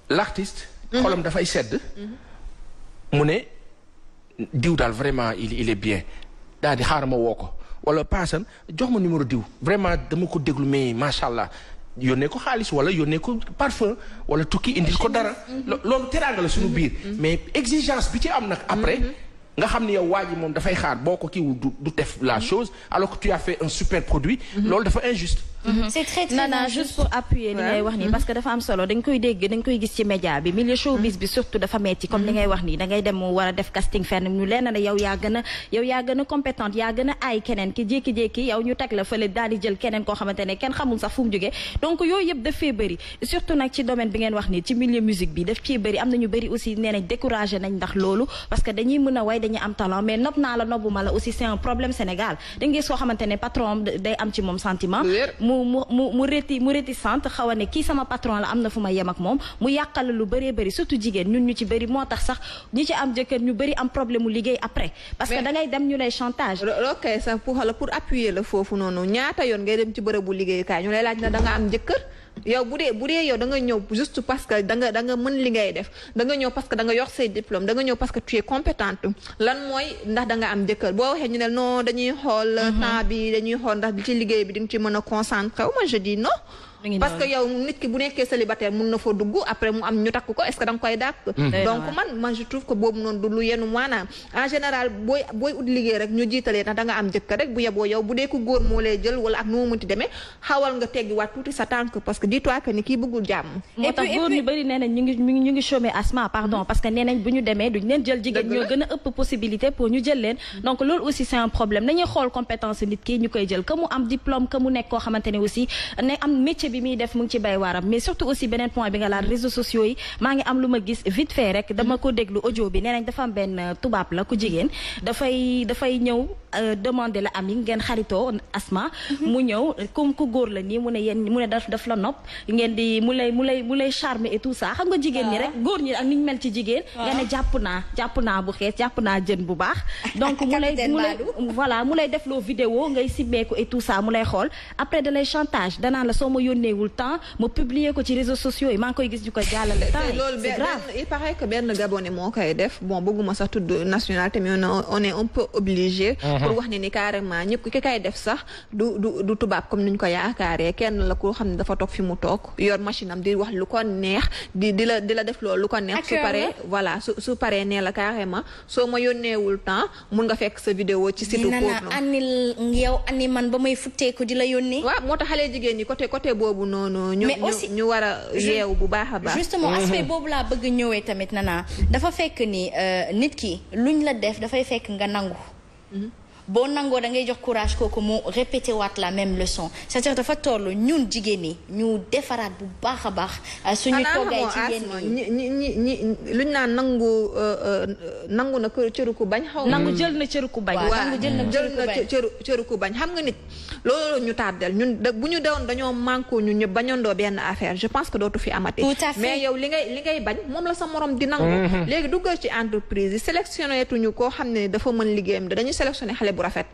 Speaker 5: l'artiste. xolam dafay sedd. mu ne diw daal vraiment il il bien daal di xaaral ma woo ko. wala paasan jox ma numéro diw vraiment dama ko déglu mais macha allah yónnee ko xaalis wala yónnee ko parfum wala tukki indil ko dara. loolu teraanga la suñu biir. Mm-hmm. mais exigence bi ci am nag après. Mm-hmm. nga xam ni yow waa moom dafay xaar boo ko kiiwu du def la chose alors que tu as fait un super produit mhm. loolu dafa injuste
Speaker 2: mhm. pour appuyer li ngay wax nii mhm. parce que dafa am solo dañ koy dégg dañ gis ci média bi milieu showbiz da ngay dem a def casting fenn ñu leen na yow yaa gën a yow yaa gën a compétente yaa gën a aay keneen ki jékki-jékki yow ñu teg la fële daal di jël keneen koo xamante kenn xamul sax fu mu jógee donc yooyu yëpp daf fee bëri surtout nag ci domaine bi ngeen wax nii ci milieu musique bi daf dañuy am talent mais nopp naa la nobbu ma la aussi c'est un problème Sénégal da ngeen soo xamante ne patron day am ci moom sentiment mu mu mu réti mu réticente a ne kii sama patron la am na fu ma yem ak moom mu yàqal lu bëree bëri surtout jigéen ñun ñu ci bëri moo tax sax ñi ci am jëkkër ñu bëri am problème mu liggéey après parce que da dem ñu lay chantage ok sax
Speaker 3: pour pour appuyer la foofu noonu ñaata yoon ngay dem ci bërëbu liggéeykaay ñu lay laaj yow bu dee bu dee yow da nga ñëw juste parce que da nga da mën li ngay def da nga ñëw parce que da nga say diplôme da nga ñëw parce que tu es compétente lan mooy ndax danga am jëkkër boo waxee ñu ne noo dañuy xool mhm. temps bi dañuy xool ndax ci liggéey bi di nga ci mën a concentré wu ma je dis parce que yow nit ki bu nekkee célibataire mun na fa dugg après mu am ñu takk ko est-ce que da koy dàq mm. donc man man je trouve que boobu noonu lu yenu maanaam en général booy booy demee xawal nga teggi waat tuuti sa tànk parce que dis-toi que ni kii bëggul jàmm moo tax góor ñu
Speaker 2: bëri nee ñu ngi ñu ngi pardon parce que nee bu ñu demee duñ leen jël jigéen ñoo gën a ëpp possibilité pour ñu jël leen mm. donc loolu aussi c'est un problème nañuy xool compétence bi muy def mu ngi ci bay waaram mais surtout beneen point bi nga laal réseaux sociaux yi maa ngi am lu ma gis vite fait rek dama ko déglu audio bi nee dafa benn euh, tubaab la ku jigéen dafay dafay ñëw euh, demande la am yi ngeen xaritoo asma mhm. mu ñëw comme ku góor la nii mu ne yéen mu ne daf daf la nopp ngeen di mu lay mu lay mu lay charmer et tout xam nga jigéen ñi rek góor ñi ak ni ñu mel ci jigéen nga ne jàpp naa jàpp naa bu xees jàpp naa jën bu baax donc mu lay mu lay voilà def loo vidéo ngay simmeeku et tout mu lay xool après da chantage danaan la soo ma yónneewul temps mu publier ko ci réseaux sociaux yi maa koy gis ñu koy jàllale temps c'est grave il paraît que benn gabonais moo
Speaker 3: koy def bon bëgguma sax tudd nationalité mais on est un peu obligé mhm. pour wax ne ni carrément ñëpp ki kay def sax du du du tubaab comme niñ ko yaakaaree kenn la ko xam ne dafa toog fi mu toog yor machine am di wax lu ko neex di di la di la def loolu lu ko neex su paree voilà su su paree nee la carrément soo ma yónneewul temps mun nga fekk sa vidéo ci si boobu
Speaker 2: noonu yow ani boobu noonu. ñu war a yeew bu baax a baax. justement mm-hmm. aspect boobu laa bëgg ñëwee tamit nana dafa fekk ni euh, nit ki luñ la def dafay fekk nga nangu. Mm-hmm. boo nangoo da ngay jox courage kooku mu répété waat la même leçon c'est-à-dire dafa toll ñun jigéen ñi ñu defaraat bu baax a baax. Euh, suñu toggaay ci yenn ñi
Speaker 3: ñi ñi ñi luñ naan nangu euh, euh, nangu na cëru ku bañ. xaw nangu jël na cëru ku bañ. nangu jël na cëru ku bañ jël na cëru ku bañ xam nga nit. loolu ñu tardel ñun bu ñu doon dañoo manko ñun ñëpp bañandoo benn affaire je pense que dootu fi amati. mais yow li ngay li ngay bañ moom la sa morom di nangu. Mm-hmm. léegi duggal ci entreprise yi sélectionné tuñu koo xam ne dafa mën liggéeyam dañuy sélectionné xale bu rafet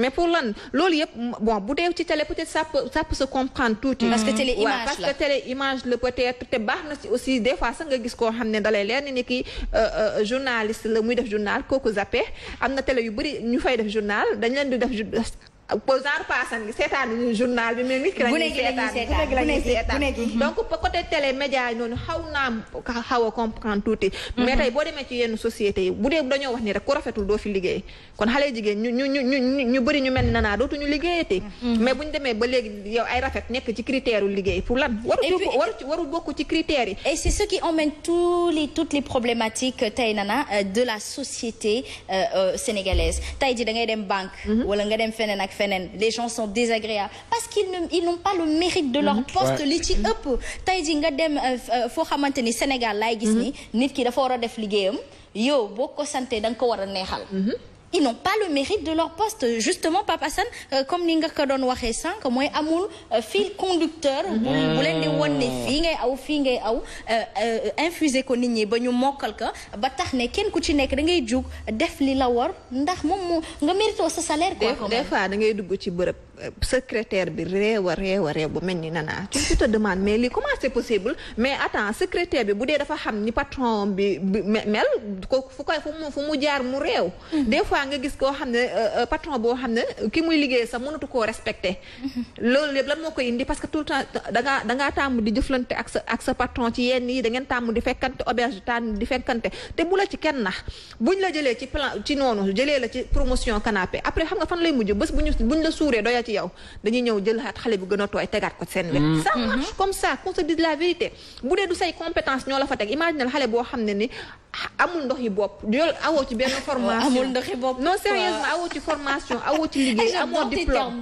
Speaker 3: mais pour lan loolu yëpp bon bu dee ci télé peut-être sa peut comprendre tuuti. parce que télé image la waaw image la peut te baax na ci aussi des fois sax nga gis koo xam ne dalay leer ni kii euh, euh, journaliste la muy def journal kooku zappé am na télé yu bëri ñu fay def journal dañ leen di def. genre paasan gi seetaan nañu journal bi mais nit ki lañuy seetaan bu nekk seetaan donc côté télé média yi noonu xaw naa xaw comprendre tuuti mhm. mais tey boo demee ci yenn société yi bu dee dañoo wax ni rek ku rafetul doo fi liggéey kon xale jigéen ñu ñu ñu ñu ñu bëri ñu mel ni nanaa dootuñu liggéeyate mhm. mais bu ñu demee ba léegi yow ay rafet nekk ci critère liggéey pour lan waru waru
Speaker 2: waru bokk ci critères yi et c'est ce qui emmène tous les toutes les problématiques euh, tey nana euh, de la société euh, sénégalaise tey ji da dem banque mhm. wala nga dem feneen ak feneen les gens sont désagréables parce qu'ils ne ils n'ont pas le mérite de leur mhm. poste li ci ëpp tey ji nga dem euh, euh, foo xamante ni Sénégal laay gis mhm. ni nit ki dafa war a def liggéeyam yow boo ko santee da ko war a neexal mhm. ils n'ont pas le mérite de leur poste justement Pape Assane euh, comme ni nga ko doon waxee sànq mooy amul euh, fil conducteur bu mm. mm. bu leen di won ne fii ngay aw fii ngay aw euh, infuser ko nit ñi ba ñu mokkal ko ba tax ne kenn ku ci nekk da ngay jug def li la war ndax moom mu nga méritoo sa salaire quoi des
Speaker 3: fois da dugg ci bërëb secrétaire bi réew a réew a réew bu mel ni nana tu te demandes mais lii comment c'est possible mais attends secrétaire bi bu dee dafa xam ni patron bi mel ko fu koy fu mu jaar mu réew mm-hmm. des fois nga gis koo xam ne euh, euh, patron boo xam ne ki muy liggéey sax mënatu koo respecter mm-hmm. loolu lépp lan moo koy indi parce que tout le temps dangaa dangaa tàmm di jëflante ak sa ak sa patron ci yenn yi da ngeen tàmm di fekkante auberge tàmm di fekkante te bu la ci kenn nax buñ la jëlee ci plan ci noonu jëlee la ci promotion canapé après xam nga fan lay mujj bés buñu la suuree doya ci yow dañuy ñëw jëlaat xale bu gën a tooy tegaat ko seen wet mm. ça mm-hmm. marche comme ça qu'on se dise la vérité bu dee du say compétence ñoo la fa teg imaginal xale boo xam ne ni amul ndox yi bopp yoolu awoo ci benn formation amul ndox yi bopp non sérieusement awoo ci formation awoo ci liggéey amoo diplôme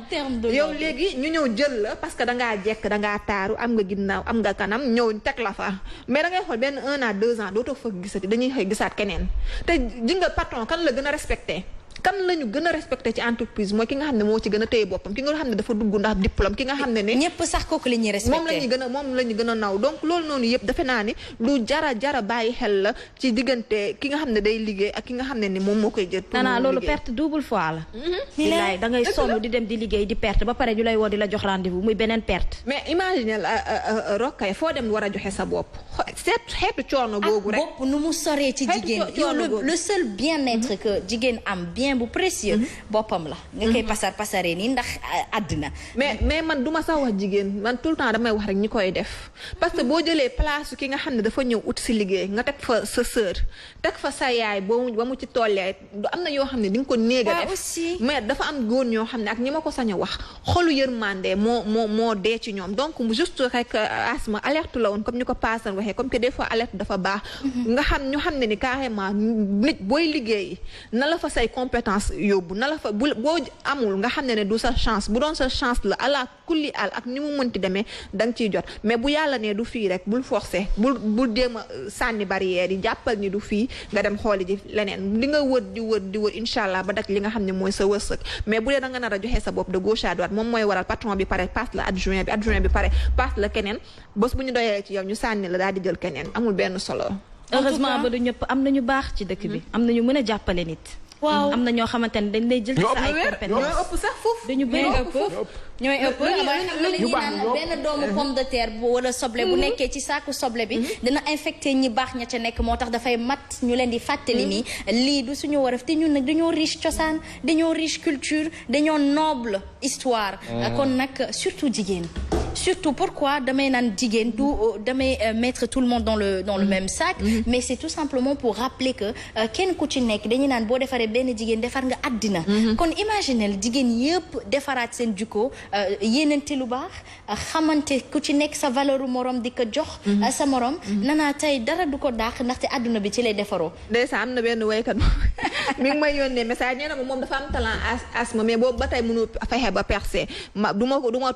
Speaker 3: yow léegi ñu ñëw jël la parce que dangaa jekk dangaa taaru am nga ginnaaw am nga kanam ñëw teg la fa mais da ngay xool benn un à deux ans dootoo fa gisati dañuy xëy gisaat keneen te ji nga patron kan la gën a respecté kan la ñu gën a respecté ci entreprise mooy ki nga xam ne moo ci gën a téye boppam ki nga xam ne dafa dugg ndax diplôme ki nga xam ne ne. ñëpp sax kooku la moom la ñu gën a moom la ñu gën naw donc loolu noonu yëpp defe naa ni lu jara jara bàyyi xel la ci diggante ki nga
Speaker 2: xam ne day liggéey ak ki nga xam ne ni moom moo koy jël. pour
Speaker 3: lu loolu perte
Speaker 2: double fois la.
Speaker 1: Mhm. ni ngay
Speaker 2: sonn di dem di liggéey di perte ba pare ñu lay woo di la jox rendez-vous muy beneen perte. mais
Speaker 3: imagine euh, euh, euh,
Speaker 2: rokkay foo dem war a joxe sa bopp seet xeetu coono googu rek bopp nu mu soree ci jigéen yow le seul bien-être mhm. jigéen am bien bu précieux mhm. boppam la nga koy mhm. pasar pasaree nii ndax euh, àddina mais mais man duma ma sax wax jigéen man tout le temps damay wax rek ñi koy def
Speaker 3: parce que boo jëlee place ki nga xam ne dafa ñëw ut si liggéey nga teg fa sa sœur teg fa sa yaay boo ba mu ci tollee du am na yoo xam ne di nga ko néeg a def mais dafa am góor ñoo xam ne ak ñi ma ko sañ a wax xolu yërmande moo moo moo dee ci ñoom donc juste rek euh, asma alerte la woon comme ñu ko paasan wax waxee comme que des fois alerte dafa baax. Mhm. nga xam ñu xam ne ni carrément nit booy liggéey na la fa say compétence yóbbu na la fa bu boo amul nga xam ne ne du sa chance bu doon sa chance la ala kulli al ak ni mu mënti demee da nga ciy jot mais bu yàlla nee du fii rek bul forcer bul bul déem a euh, sànni barrière yi jàppal ni du fii nga dem xooli ji leneen li nga wër di wër di wër incha allah ba daj li nga xam ne mooy sa wërsëg mais bu dee da nar a joxe sa bopp de gauche moom mooy waral patron bi pare keneen bés bu ñu doyee di jël keneen benn solo. heureusement ba du ñëpp am nañu baax
Speaker 2: ci dëkk bi. am nañu mën a jàppale nit. waaw am na ñoo xamante ne dañ lay jël. sa ëpp sax foofu. dañu bëri ñooy ëpp ñu baax ñu benn doomu pomme de terre wala soble bu mhm. nekkee ci saaku soble bi. Mhm. dina infecté ñi baax ña ca nekk moo tax dafay mat ñu leen di fàttali nii. Mhm. lii du suñu waraf te ñun nag dañoo riche cosaan dañoo riche culture dañoo noble histoire. kon nag surtout jigéen. surtout pourquoi damay naan jigéen du euh, damay euh, mettre tout le monde dans le mm-hmm. même sac mm-hmm. mais c'est tout simplement pour rappeler que euh, kenn ku ci nekk dañuy naan boo defaree benn jigéen defar nga àddina mm-hmm. kon imaginel jigéen yëpp defaraat seen jikko yéenante lu baax xamante ku ci nekk sa valeur u morom di jox. Mhm. sa morom. nana mhm. tey dara du ko dàq ndaxte àdduna bi ci lay defaroo. sa am na benn waykat mi ngi may yónnee message nee na moom dafa am talent as asma mais boobu ba tey
Speaker 3: mënu fexe ba percé ma du ma du ma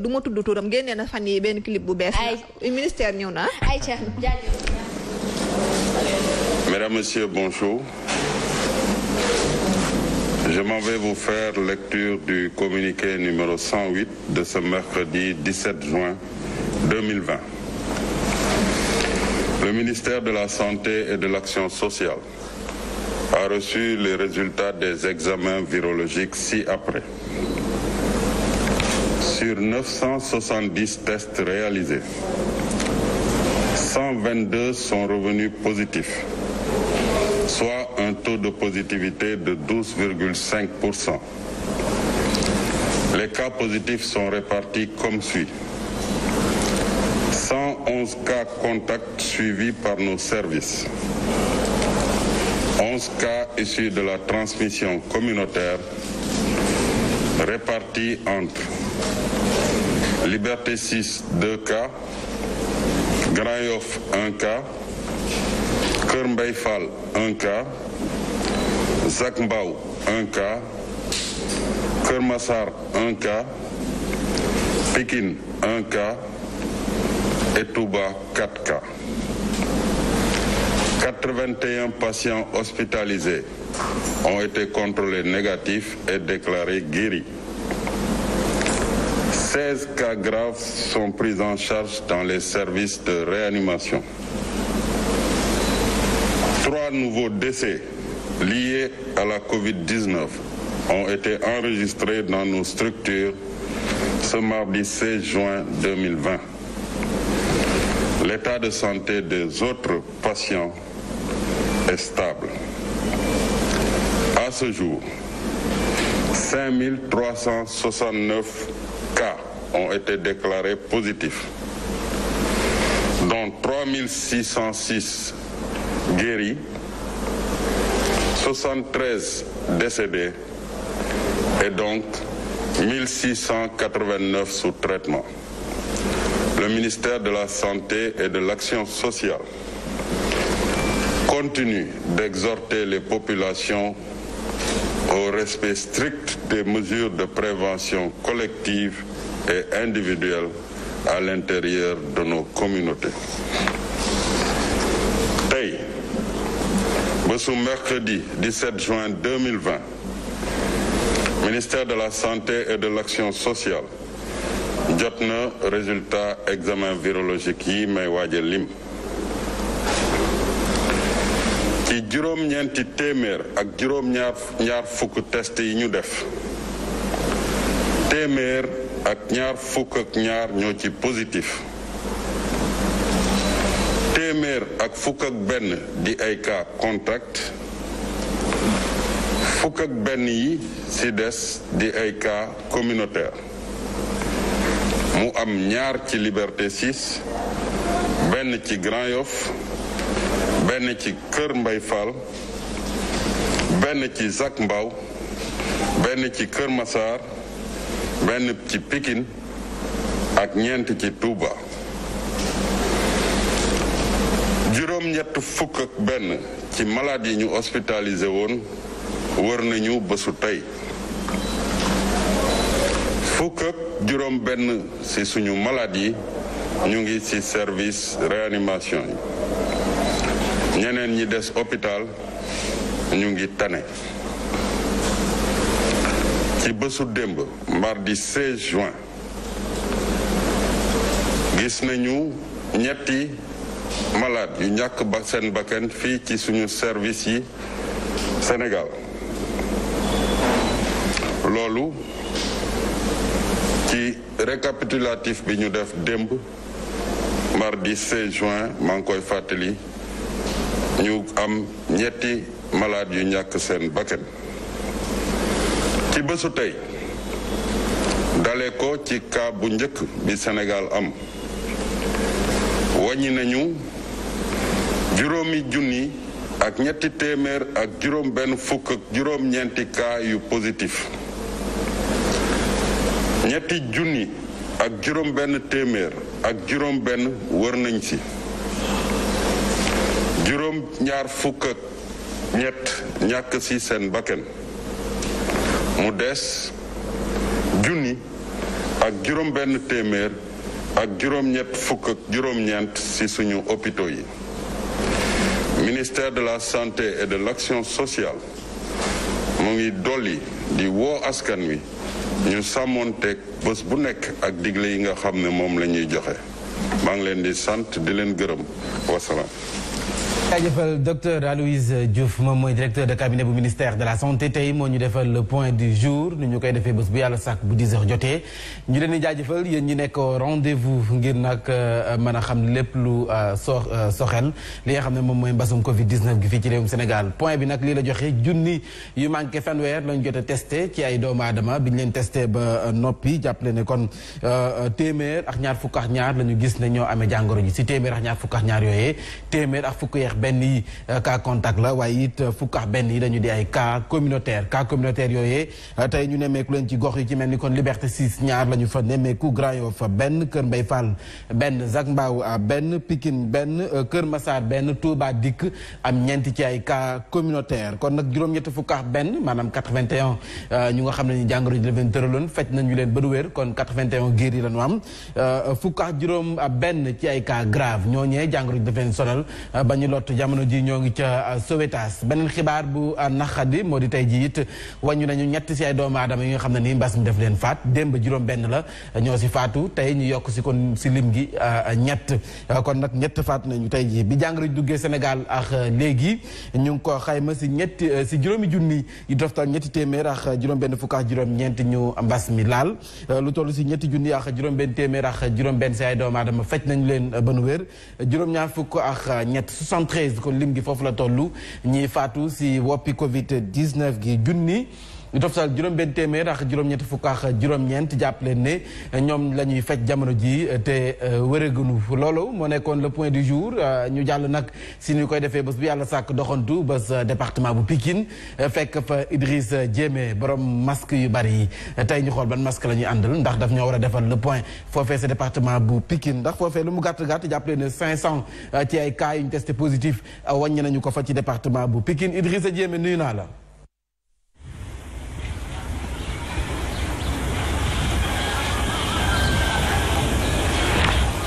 Speaker 3: du ma tudd turam génne na fan yi benn clip bu bees. ay ministère ñëw na. ay Cheikh
Speaker 8: Mesdames, Messieurs, bonjour. Je m'en vais vous du communiqué numéro 108 de ce mercredi 17 juin 2020. Le ministère de la Santé et de sociale a les résultats des examens virologiques ci-après. Sur 970 tests réalisés, 122 sont revenus positifs. soit un taux de positivité de 12,5 pour cent. Les cas positifs sont répartis comme cent 111 cas contacts suivis par nos services. 11 cas issus de la transmission communautaire répartis entre Liberté 6, 2 cas, Grand Yoff, 1 cas. Kër Mbaye Fall un cas Zac Mbao un cas Kër Massar un cas Pikine un cas et Touba patients hospitalisés ont été contrôlés négatifs et déclarés guéris. 16 cas graves sont pris en charge dans les services de réanimation. Trois nouveaux décès à la Covid-19 ont été enregistrés dans nos structures ce mardi 16 juin 2020. L'état de santé des autres patients est stable. À ce jour, 5369 cas ont été déclarés positifs, dont 3606 guéris, 73 décédés et donc 1689 sous traitement. Le ministère de la Santé et de l'Action sociale continue d'exhorter les populations au respect des mesures de prévention collective et individuelle à l'intérieur de nos communautés. ce mercredi 17 juin 2020, ministère de la santé et de l'action sociale jot na résultat examen virologique yi may waaja lim ci juróom-ñeenti téeméer ak juróom-ñaar fukk test yi ñu def téeméer ak ñaar fukk ñaar ñoo ci positif téeméer ak fukk ak benn di ay kaa contact fukk ak benn yi ci des di ay cas communautaire mu am ñaar ci Liberté 6 benn ci Grand Yoff benn ci Kër Mbay Fall benn ci Zac Mbao benn ci Kër Massar benn ci Pikine ak ñeent ci tuuba juróom-ñett fukk ak benn ci malade yi ñu hospitalisé woon wër nañu bésu tey fukk ak juróom benn ci suñu malade yi ñu ngi ci service réanimation yi ñeneen ñi des hôpital ñu ngi tane ci bésu démb mardi 16 juin gis nañu ñetti malade yu ñàkk ba seen bakkan fii ci suñu service yi Sénégal loolu ci récapitulatif bi ñu def démb mardi 16 juin maa ngi koy fàttali ñu am ñetti malade yu ñàkk seen bakkan ci bésu tey dale ko ci cas bu njëkk bi Sénégal am wàññi nañu juróomi junni ak ñetti téeméer ak juróom benn fukk ak juróom ñeenti cas yu positif ñetti junni ak juróom benn téeméer ak juróom benn wër nañ ci juróom ñaar fukk ak ñett ñàkk ci seen bakken mu des junni ak juróom benn téeméer ak juróom-ñett fukk ci suñu hôpitaux yi ministère de la santé et de l'action sociale mu ngi dolli di woo askan wi ñu sàmmoonteeg bés bu nekk ak digle yi nga xam ne moom lañuy joxe maa ngi leen di sant di leen gërëm wasalaam
Speaker 9: jaajëfal docteur Aloïse Diouf moom mooy directeur de cabinet bu ministère de la santé tey moo ñu defal le point du jour ni ñu koy defee bés bu yàlla sàkk bu 10 heures jotee ñu leen di jaajëfal yéen ñi nekk rendez-vous ngir nag euh, mën a xam lépp lu euh, so euh, soxel li nga xam ne moom mooy mbasum Covid 19 gi fii ci réewum Sénégal point bi nag lii la joxe junni yu manqué fanweer lañ jot a testé ci ay doomu aadama bi ñu leen testé ba noppi jàppale ne kon téeméer ak ñaar fukk ak ñaar la ñu gis ne ñoo amee jàngoro ji si téeméer ak ñaar fukk ak ñaar yooyee téeméer ak fukk yeex benn yi euh, cas contact la waaye it euh, fukk ak benn yi dañu di ay cas communautaire cas communautaire yooyee euh, tey ñu nemmeeku leen ci gox yi ci mel ni kon Liberté 6 ñaar la ñu fa nemmeeku Grand Yoff benn Kër Mbay Fall benn Zac mbaaw benn Pikine benn Kër Massar benn Touba Dikk am ñeenti ci ay kaa communautaire kon nag juróom-ñett fukk benn maanaam 81 ñu nga xam ne ni jàngoro ji la leen tëraloon faj nañu leen ba du wér kon 81 guéri yi la ñu am fukk ak juróom benn ci ay cas grave ñooñee jàngoro ji jot jamono ji ñoo ngi ca euh, Sowétas beneen xibaar bu euh, naqadi moo di tey ji it wàññu nañu ñett si ay doomu aadama yi nga xam ne nii mbas mi def leen faat démb juróom-benn la euh, ñoo si faatu tey ñu yokk si kon si lim gi ñett kon nag ñett faat nañu tey ji bi jàngoro duggee senegal ak léegi ñu ngi ko xayma si ñetti si juróomi junni yu doftal ñetti téeméer ak juróom-benn fukk ak juróom-ñeent ñu mbas mi laal lu toll si ñetti junni ak juróom-benn téeméer ak juróom-benn si ay doomu aadama faj leen ba nu wér treize kon lim gi foofu la toll ñiy faatu si woppi Covid 19 gi junni. ñu toftal juróom benn téeméer ak juróom-ñetti fukk ak ne ñoom la ñuy faj jamono ji te euh, wërëgunu loolu moo nekkoon le point du jour euh, ñu jàll nag si ñu koy defee bés bu yàlla sàkk doxantu bés euh, département bu Pikine fekk fa Idriss Diémé borom masque yu bari yi tey ñu xool ban masque la ñuy àndal ndax daf ñoo war a defal le point foofee sa département bu Pikine ndax foofee lu mu gàtt gàtt jàpp leen ne 500 ci ay cas yu ñu testé positif wàññi nañu ko fa ci département bu Pikine Idriss Diémé nuyu naa la.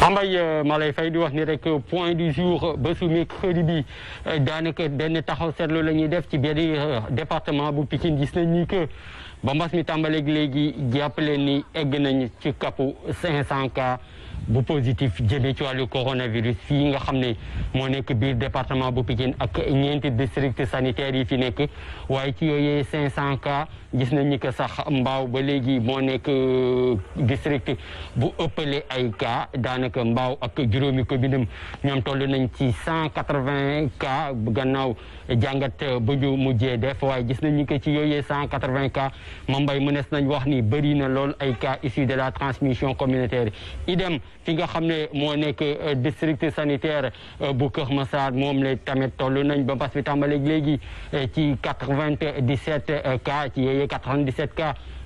Speaker 6: Mbaye euh, ma lay di wax ni rek euh, point du jour euh, ba su mercredi bi daanaka benn taxaw seetlu la ñuy def ci benn département bu Pikine gis nañ ni que ba mbas mi tàmbaleeg léegi jàppale ni egg nañ ci kapu cinq cas bu positif jëmee ci wàllu coronavirus fii nga xam ne moo nekk biir département bu Pikine ak ñeenti district sanitaires yi fi nekk waaye ci yooyee 500 cas gis nañ ni que sax mbaaw ba léegi moo nekk district bu ëppale ay cas daanaka mbaaw ak juróomi commune ñoom toll nañ ci cent quatre-vingts cas gannaaw jàngat bu ñu mujjee def waaye gis nañ ni que ci yooyee cent quatre-vingts cas moom mbay mënees nañ wax ni bëri na lool ay cas issus de la transmission communautaire idem fi nga xam ne moo nekk euh, district sanitaire euh, bu ma Massar moom la tamit toll nañ ba mbas bi tàmbaleeg léegi euh, ci quatre-vingt-dix-sept cas ci yooyee quatre vingt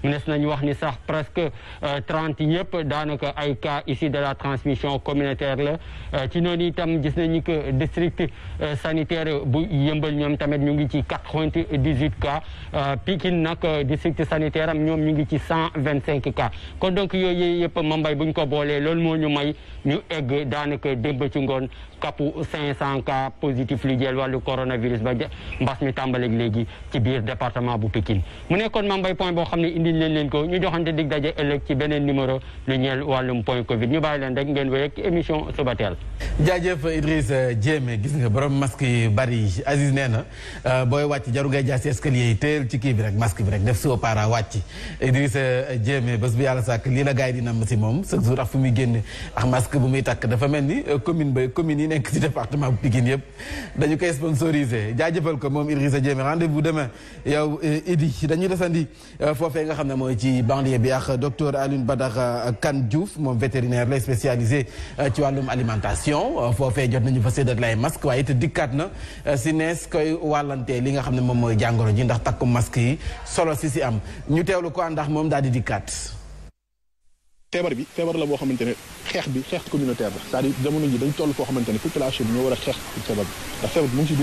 Speaker 6: mënees nañu wax ni sax presque euh, trente yëpp daanaka ay cas ici de la transmission communautaire la euh, ci noonu itam gis nañu que district euh, sanitaire bu yëmbal ñoom tamit ñu ngi ci quatre-vingt-dix-huit cas Pikine nag district sanitaire am ñoom ñu ngi ci cent vingt-cinq cas kon donc yooyu yëpp Mambay bu ñu ko boolee loolu moo ñu may ñu egg daanaka démb ci ngoon kapu 500 cas positif li jël wàllu coronavirus ba mbas mi tàmbaleeg léegi ci biir département bu Pikine mu nekkoon Mame Mbaye point boo xam ne indil leen leen ko ñu joxante dig daje ëllëg ci beneen numéro lu ñeel wàllum point Covid ñu bàyyi leen rek ngeen wéy émission suba teel.
Speaker 9: jaajëf Idriss Diémé gis nga borom masque bari Aziz nee euh, booy wàcc jaru ngay jaar si escalier yi teel ci kii bi rek masque bi rek def si au para wàcc Idriss Diémé bés la gars yi dina si moom chaque jour ak bu nekk ci département bu Pikine yëpp dañu koy sponsorisé jaajëfal ko moom Idrissa Diémé rendez-vous demain yow euh, Idi dañuy desandi euh, foofee nga xam ne mooy ci banlieue bi ak docteur Alioune Badara Kane Diouf moom vétérinaire lay spécialisé euh, ci wàllum alimentation foofee jot nañu fa séddale ay masque waaye it dikkaat na si nees koy wàllantee li nga xam ne moom mooy jàngoro ji ndax takku masque yi solo si si am ñu teewlu ko ndax moom daal di
Speaker 7: dikkaat feebar bi feebar la boo xamante ne xeex bi xeex communautaire la c'est-à-dire jamono ji dañ toll foo xamante population bi ñoo war a xeex feebar bi ndax feebar bi mu ngi si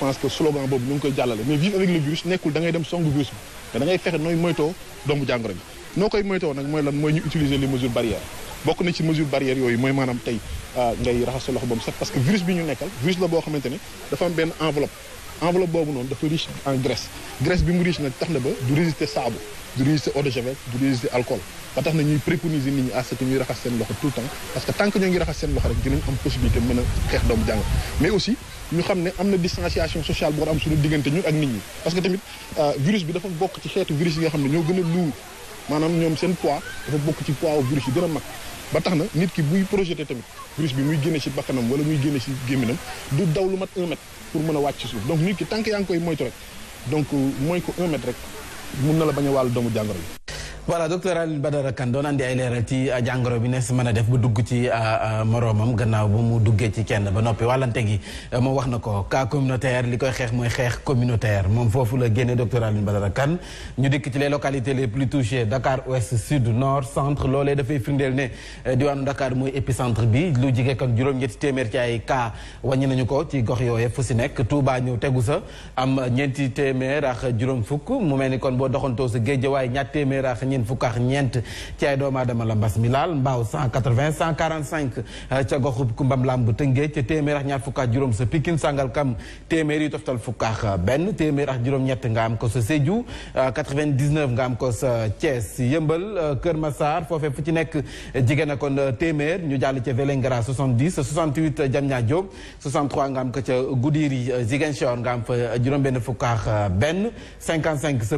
Speaker 7: ko muy mooy koy jàllale mais vivre avec le virus nekkul da dem songu virus bi te da fexe nooy moytoo doomu jàngoro bi noo koy moytoo nag mooy lan mooy ñu utiliser les mesures barrières bokk na ci mesure barrière yooyu mooy maanaam tey euh, ngay raxas sa loxo ba mu set parce que virus bi ñu nekkal enveloppe boobu noonu dafa riche en graisse graisse bi mu riche nag tax na ba du résister saabu du résister eau de javel du résister alcool ba tax na ñuy préconiser nit ñi à ce que ñuy raxas seen loxo tout le temps parce que tant ñoo ngi raxas seen loxo rek dinañ am possibilité mën a xeex doomu jàng mais aussi ñu xam ne am na distanciation sociale bu war am suñu diggante ñun ak nit ñi parce que tamit euh, virus bi dafa bokk ci xeetu virus yi nga xam ne ñoo a tax na nit ki buy projeté tamit virus bi muy génne ci bakkanam wala muy génne ci gémminam du daw lu mat un mètre pour mën a wàcc ci suuf donc nit ki tànk yaa ngi koy moytu rek donc mooy ko un mètre rek mun na la bañ a wàll doomu jàngoro bi.
Speaker 9: voilà docteur Alioune Badara Kane doon andi ay leeral ci ah, jàngoro bi nees mën def bu dugg ci ah, ah, moroomam gannaaw bu mu duggee ci kenn ba noppi wàllante gi moom wax na ko cas communautaire li koy xeex mooy xeex communautaire moom foofu la génne docteur Alioune Badara Kane ñu dikk ci les localités les plus touchées Dakar ouest sud nord centre loolee dafay firndeel ne eh, diwaanu Dakar mooy épicentre bi lu jigee kon juróom-ñetti téeméer ci ay cas wàññi nañu ko ci gox yooye fu si nekk Touba ñëw tegu sa am ñeenti téeméer ak boo doxantoo sa géejawaay ñaar téeméer ak ñeent fukk ak ñeent ci ay doomu aadama la mbas mi laal mbaaw 180 145 ca goxub kumbam lamb tëngee téeméer ak ñaar fukk juróom sa Pikine Sangalkam téeméer yi toftal fukk benn téeméer ak juróom-ñett nga am ko sa Sédhiou 99 euh, nga am ko sa Thiès yëmbal euh, Kër Massar foofee fu ci nekk jigéen a kon euh, téeméer ñu jàll ca Vélingara 70 68 Diamniadio 63 nga am ko ca Goudiri Ziguinchor nga am fa juróom-benn fukk benn sa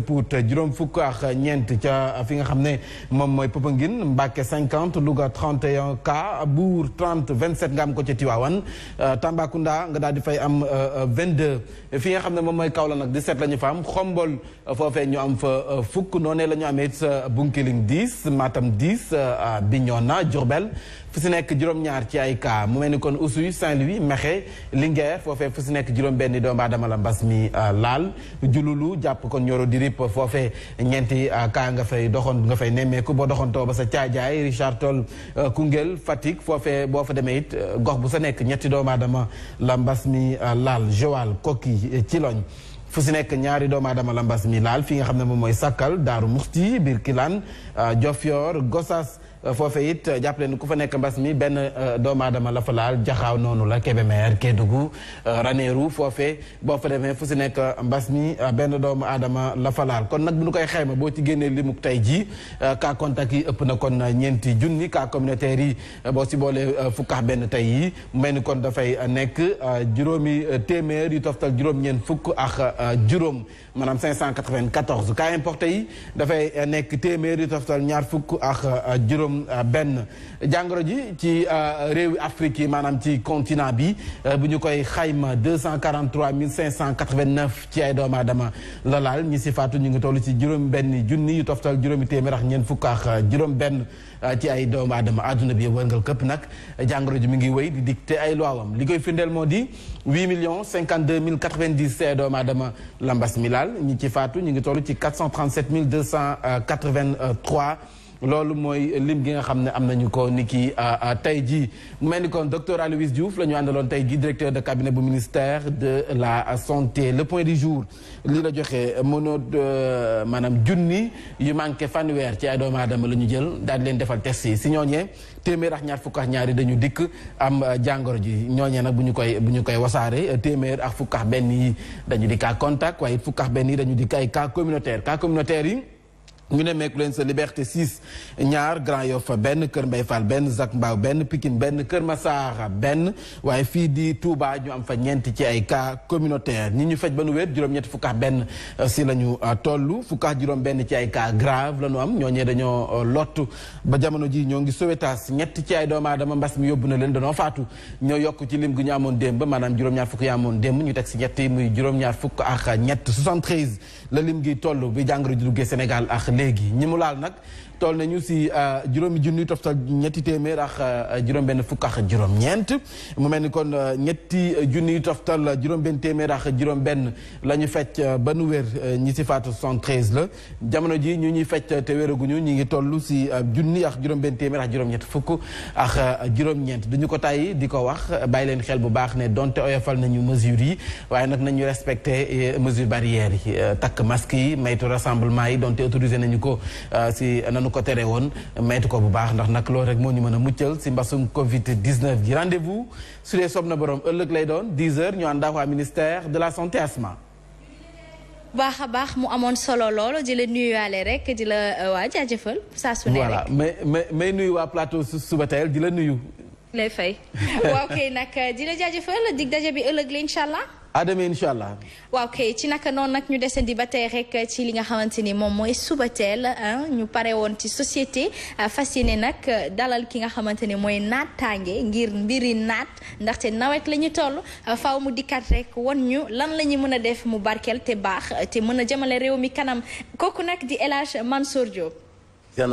Speaker 9: Pout juróom fukk ak ñeent ca fi nga xam ne moom mooy Popenguine Mbacke 50 Louga 31 cas Bour vingt 27 nga am ko ca Tivaouane euh, Tambacounda nga daal di fay am 22 euh, euh, fi nga xam ne moom mooy Kaolack nag 17 la ñu fa xombool Xombol foofee ñu am fa fukk noonee la ñu amee it Bunkiling 10 Matam 10 Bignona Diourbel fu si nekk juróom-ñaar ci ay cas mu mel ni kon Oussouye Saint-Louis Mekhe Linguère foofee si nekk juróom-benni doomu aadama la mbas mi euh, laal jululu jàpp kon ñoro di rip foofee ñeenti euh, cas nga fay doxoon nga fay nemmeeku boo doxantoo ba sa caajaay Richard Toll euh, Koungheul Fatick foofee boo fa demee it gox bu sa nekk ñetti doomu aadama la mbas mi laal Joal Koki Thilogne fu si nekk ñaari doomu aadama la mbas mi laal fi nga xam ne moom mooy Sakkal Daaru Muxti biir Kilaan Diofior foofe it euh, jàpp leen ku fa nekk mbas mi benn euh, doomu aadama la fa laal jaxaaw noonu la Kébémer Kédougou euh, Ranérou foofe boo fa demee fu si nekk mbas mi benn doomu adama la fa kon nag bu nu koy xayma boo ci génnee limuk tey jii cas contact yi ëpp na kon ñeenti junni cas communautaire yi boo si boolee fukkax benn tey yi mel ni kon dafay nekk juróomi téeméer yu toftal juróom-ñeent fukk ak juróom maanaam 594 cas importé yi dafay nekk téeméer yu toftal ñaar juróom euh, benn jàngoro ji ci euh, réew Afrique yi maanaam ci continent bi euh, bu ñu koy xayma 243 589 ci ay doomu aadama la laal ñi si faatu ñu ngi toll ci juróom benn junni yu toftal juróomi téeméer ak ñeent fukk juróom benn ci ay doomu aadama adduna bi wërngal këpp nag jàngoro ji mu ngi wéy di dicté ay loowam li koy firndeel moo di 8 millions 52 mille 90 ci ay doomu aadama la mbas mi laal ñi ci faatu ñu ngi toll ci 437 283 loolu mooy lim gi nga xam ne am nañu ko ni ki tey jii mu mel ni kon docteur Aloyse Diouf la ñu àndaloon tey jii directeur de cabinet bu ministère de la santé le point du jour lii la joxe mënoo euh, maanaam junni yu manqué fanweer ci ay doomu aadama la ñu jël daal leen defal test yi si ñooñee téeméer ak ñaar fukk ak ñaari dañu dikk am euh, jàngoro ji ñooñee nag bu ñu koy bu ñu koy wasaare euh, téeméer ak fukk ak benn yi dañu di cas contact waaye fukk ak benn yi dañu di ay cas communautaire cas yi ñu ne meeku leen sa liberté 6 ñaar Grand Yoff benn Kër Mbay Fall benn Zac Mbao benn Pikine benn Kër ma Massar benn waaye fii di tuubaa ñu am fa ñeenti ci ay cas communautaire ñi ñu faj ba nu wér juróom-ñetti fukk ak benn euh, si la ñu euh, toll fukk juróom-benn ci ay cas grave la ñu am ñooñee dañoo euh, lottu ba jamono ji ñoo ngi Sowétas ñett ci ay doomu aadama mbas mi yóbbu na leen danoo faatu ñoo yokk ci lim gi ñu amoon démb maanaam juróom-ñaar fukk amoon démb ñu teg si ñett yi ñaar fukk ak ñett 73 la lim gi toll bi jàngoro ji duggee Sénégal ak léegi ñi mu laal nag toll nañu si euh, juróomi junni toftal ñetti téeméer ak euh, juróom benn fukk ak juróom ñeent mu mel ni kon euh, ñetti junni toftal juróom benn téeméer ak juróom benn la ñu fecc ba nu ñi si faatu 73 la jamono ji ñu ñuy fecc te wéraguñu ñi ngi toll si junni ak juróom benn fukk ak juróom ñeent duñu ko tay di ko wax bàyyi leen xel bu baax ne donte oyofal nañu mesures yi waaye nag nañu respecté mesures barrières yi takk masque yi maytu rassemblement yi donte autorisé nañu ko si lanu ko tere woon maytu ko bu baax ndax nag loolu rek moo ñu mën a muccal si mbasum covid 19 gi rendez-vous su dee soob na borom ëllëg lay doon 10 heures ñu àndaa waa ministère de la santé asma
Speaker 2: baax a baax mu amoon solo lool di la nuyuwaale rek di la euh, waa jaajëfal saa su ne rek voilà
Speaker 9: may may nuyu waa plateau suba teel di la nuyu
Speaker 2: lay fay waaw kay nag di la jaajëfal dig daje ëllëg li incha allah
Speaker 9: adama incha allah.
Speaker 2: waaw kay ci naka noonu nag ñu desandi ba tey rek ci li nga xamante ni moom mooy suba teel ñu pare woon ci société euh, fas yéene nag euh, dalal ki nga xamante ni mooy naataange ngir mbiri naat ndaxte nawet la ñu toll euh, faw mu dikkat rek wan ñu lan la ñu mën a def mu barkeel te baax te mën a jëmale réew mi kanam kooku nag di El Hadj Mansour Diop.
Speaker 10: ziar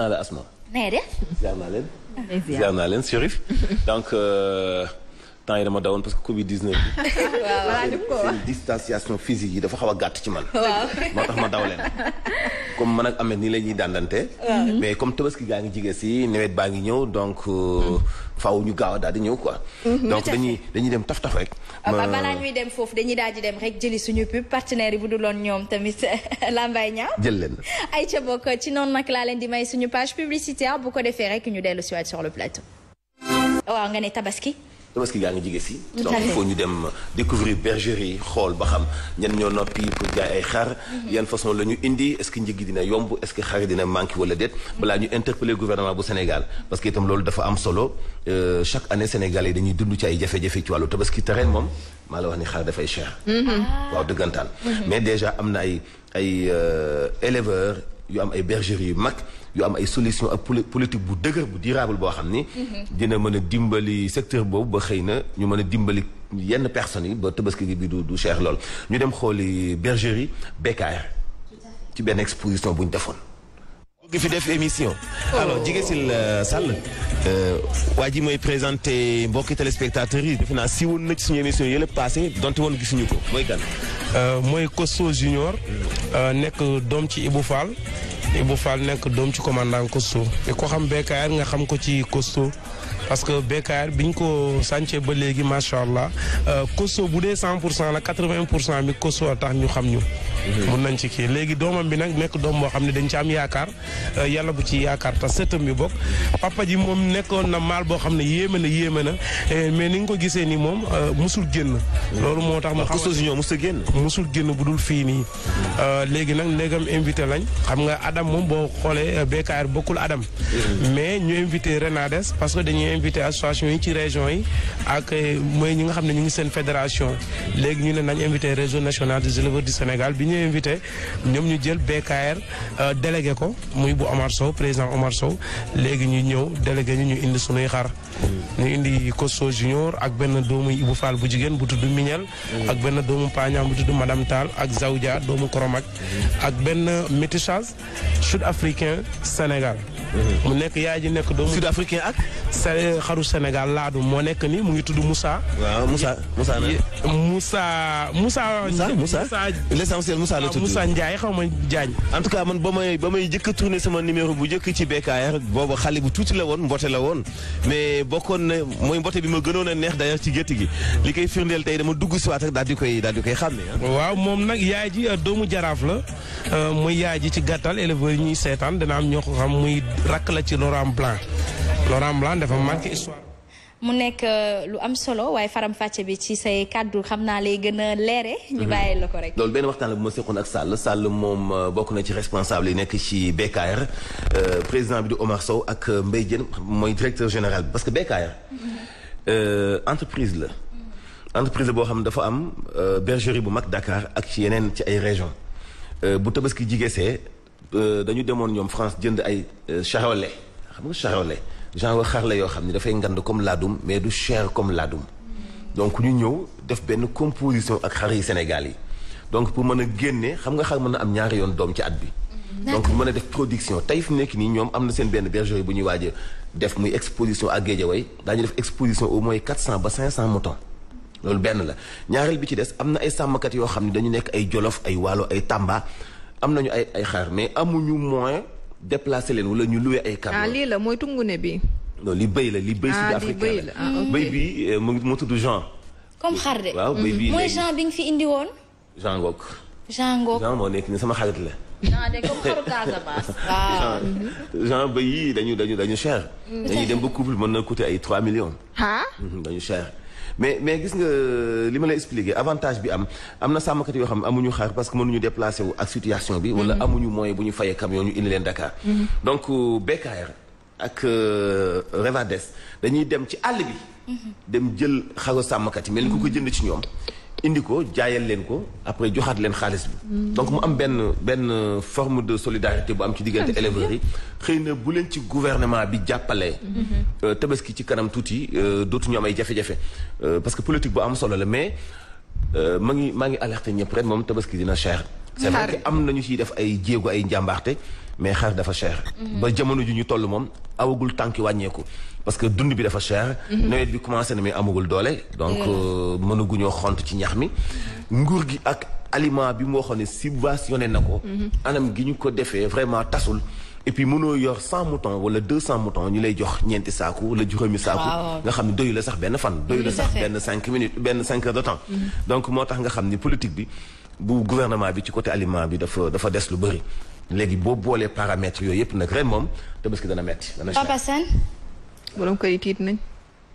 Speaker 10: temps yi dama dawoon parce que Covid 19 bi.
Speaker 1: waaw
Speaker 10: seen yi dafa xaw a gàtt ci man.
Speaker 1: moo tax ma daw leen
Speaker 10: comme man ak Ameth nii la ñuy dàndante. Mm-hmm. mais comme tabaski gaa ngi jige si nawet baa ngi ñëw donc euh, mm-hmm. faw ñu gaaw a daal di ñëw quoi. Mm-hmm. donc dañuy dañuy dem taf taf rek. Ah, ma balaa ñuy
Speaker 2: dem foofu dañuy daal di dem rek jëli suñu pub partenaire yi bu dul loon ñoom tamit lambay ñaaw. jël leen ay ca bokk ci noonu nag laa leen di may suñu page publicitaire bu ko defee rek ñu dellu si waat sur le plateau.
Speaker 10: tabaski gaa ngi jige si donc il faut ñu dem découvrir bergerie xool ba xam ñan ñoo noppi pour jaay ay xar mhm. yan façon la ñu indi est-ce que njëg gi dina yomb est-ce que xar dina manqué wala déet mhm. balaa ñu interpeller gouvernement bu Sénégal parce que itam loolu dafa am solo euh, chaque année Sénégal yi dañuy dund ci ay jafe-jafe ci wàllu tabaski te ren moom maa la wax ni xar dafay cher
Speaker 1: mhm. ah.
Speaker 10: waaw dëggantaan mais déjà am na ay ay euh, éleveurs yu am ay bergerie yu mag yu am ay solution ak politique bu dëgër bu durable boo xam ni mhm. dina mën a dimbali secteur boobu ba xëy na ñu mën a dimbali yenn personnes yi ba tabaski gi bi du du cher lool ñu dem xooli bergerie Bécaye ci benn exposition bu ñu defoon bëgg fi def émission oh. alors jigéen si euh, Sall euh, waa ji mooy présenté mbokki téléspectateurs yi def naa si woon na ci suñu émission yële passé donte woon gisuñu ko
Speaker 11: mooy gan euh, mooy Kosso Junior nekk doom ci Ibou Fall Ibou Fall nekk doom ci commandant costaud te ko xam BKR nga xam ko ci costaud parce que BKR bi ñu ko sàncee ba léegi macha allah costaud euh, bu dee 100 pour cent la 80 pour cent bi costaud a tax ñu xam ñu. Mhm. mun nañ ci kii léegi doomam bi nag nekk doom boo xam ne dañ ci am yaakaar euh, yàlla bu ci yaakaar te sëtam bi bokk papa ji moom nekkoon na maal boo xam ne yéeme na yéeme na euh, mais ni nga ko gisee nii moom musul génn. loolu moo tax mu costaud si ñoom musul génn. musul génn bu dul fii nii léegi nag ndegam invité lañ xam nga Adam moom boo xoolee BKR bokkul Adam. Mhm. mais invité association yi ci région yi ak eh, mooy ñi nga xam ne ñu ngi seen fédération léegi ñu ne nañ invité région national des éleveurs du Sénégal bi ñu invité ñoom ñu jël BKR euh, délégé ko muy bu Omar Sow président Omar léegi ñu ñëw délégé ñu ñu indi sunuy xar mm. ñu indi Kosso Junior ak benn doomu Ibou Fall bu jigéen bu tudd Mignel mm. ak benn doomu Pagnam bu tudd Madame Tall ak Zawdia doomu Koromak mm. ak benn métissage sud africain Sénégal mu nekk yaay ji nekk doomu. sud africain ak. Eh, xaru Sénégal laadu moo nekk ni mu ngi tudd Moussa. waaw Moussa Moussa Moussa Moussa. Moussa l'essentiel Moussa la ah, tudd Moussa Ndiaye xaw ma jaañ en tout cas man ba may ba may
Speaker 10: jëkk a sama numéro bu njëkk ci BKR booba xale bu tuuti la woon mbote la woon mais bokkoon na mooy mbote bi ma gënoon neex d'ailleurs ci gerte gi li koy firndeel tey dama dugg si waat rek daal di koy daal di koy xàmme.
Speaker 11: Ah. waaw moom nag yaay ji euh, doomu jaraaf la euh, muy yaay ji ci gàttal éleveurs yi ñuy seetaan dana am ñoo ko rakk la ci Laurent Blanc Laurent Blanc dafa marqué histoire.
Speaker 2: mu nekk euh, lu am solo waaye faram fàcce bi ci say kàddu xam naa lay gën a leere ñu mhm. bàyyi la ko rek.
Speaker 10: loolu benn waxtaan la bu ma seqoon ak sàll sàll moom euh, bokk na ci responsable yi nekk ci BKR euh, président bi di Omar Sow ak Mbaye Diène mooy directeur général bi parce que BKR. Mhm. entreprise la. entreprise la boo xam dafa am bergerie bu mag Dakar ak ci yeneen ci ay régions bu tabaski jigesee Euh, dañu demoon ñoom France jënd ay euh, charolais xam nga charolais genre xar la yoo xam ne dafay ngande comme laadum mais du cher comme laadum donc ñu ñëw def benn composition ak xar yi Sénégal yi donc pour mën a génne xam nga xar mën a am ñaari yoon doom ci at bi donc mën a def production tey fi nekk nii ñoom am na seen benn bergerie bu ñuy waaj def muy exposition ak Guédiawaye daañu def exposition au moins quatre cent ba cinq cent moutons loolu benn la ñaareel bi ci des am na ay sàmmkat yoo xam ne dañu nekk ay Jolof ay Waalo ay Tamba am nañu ay ay xar mais amuñu moyen déplacer leen wala ñu louer ay camion. Ah,
Speaker 3: lii la mooy tungune bi.
Speaker 10: non li béy la li béy. Ah, sud africain la ah, béy bi euh, mu ngi mu tudd Jean. comme xar de. waaw béy bii mhm. mooy
Speaker 2: Jean bi nga fi indi woon. Jean Ngok. Jean Ngok Jean
Speaker 10: moo sama xarit la. non de comme yi dañu dañu dañu cher. Mhm. dañuy dem ba couple mën na couté ay 3 millions. ah mhm, dañu cher. mais mais gis nga li ma la expliquer avantage bi am am na sàmmkat yoo xam amuñu xaar parce que mënuñu déplacé wu ak situation bi. wala mhm. amuñu moyen bu ñu fayee camion ñu indi leen Dakar. Mhm. donc euh, BKR ak euh, Revades dañuy dem ci àll bi. Mhm. dem jël xaru sàmmkat yi mel ni ku ko jënd ci ñoom. indi ko jaayal leen ko après joxaat leen xaalis bi. Mm. donc mu am benn benn forme de solidarité bu am ci diggante ah, éleveurs yi. xëy na bu leen ci gouvernement bi jàppale mm-hmm. euh, tabaski ci kanam tuuti euh, dootuñu am ay jafe-jafe. Euh, parce que politique bu am solo la mais ma ngi maa ngi alerté ñëpp rek moom tabaski dina cher. c'est vrai am na ñu ciy def ay jéego ay njàmbaarte. mais xar dafa cher. Mhm. ba jamono ji ñu toll moom awagul tànki wàññeeku parce que dund bi dafa cher. Mhm. nawet bi commencé na mi amagul doole. donc euh, mënaguñoo xont ci ñax mi. nguur gi ak aliment bi mu waxoon ne subventionné na ko. Mhm. anam gi ñu ko defee vraiment tasul. et puis mënoo yor cent moutons wala deux cent mouton ñu lay jox ñeenti saaku wala juróomi saaku nga xam ne doyu la sax benn fan doyu la sax benn cinq minutes benn cinq heures de temps donc moo tax nga xam ni politique bi bu gouvernement bi ci côté aliment bi dafa dafa des lu bëri léegi boo boolee paramètres yooyu yëpp nag ren moom tabaski dana metti Papa
Speaker 2: Sane. borom kër yi tiit nañ.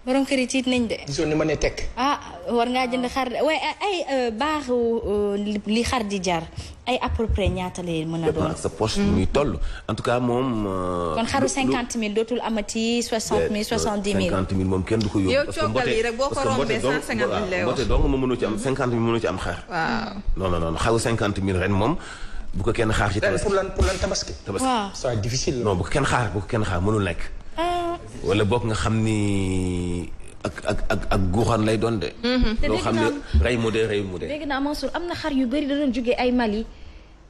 Speaker 2: borom kër yi tiit nañ de.
Speaker 10: gisoon ni ma ne tekk.
Speaker 2: ah war ngaa jënd xar waaye ay euh, baaxu euh, li xar di jar ay à peu près ñaata lay mën a doon. sa
Speaker 10: poche muy toll. en tout cas moom. Euh, kon xaru cinquante
Speaker 2: mille dootul amati soixante mille eh, soixante dix mille. cinquante
Speaker 10: mille moom kenn du ko yóbbu. parce que mboote rek boo ko rombee cent cinquante ci am cinquante mille mënoo ci am xar. waaw non non non xaru cinquante mille ren moom. bu ko kenn xaar ci tabaski pour lan
Speaker 4: pour lan tabaski. tabaski
Speaker 10: c'est bu kenn xaar bu ko kenn xaar mënul nekk. Euh. wala boog nga xam ni. ak ak ak ak guuxaan lay doon de. Mhm. loo xam ne rey mu dee rey mu dee.
Speaker 2: naa Mansour am na xar yu bëri da doon jóge ay Mali.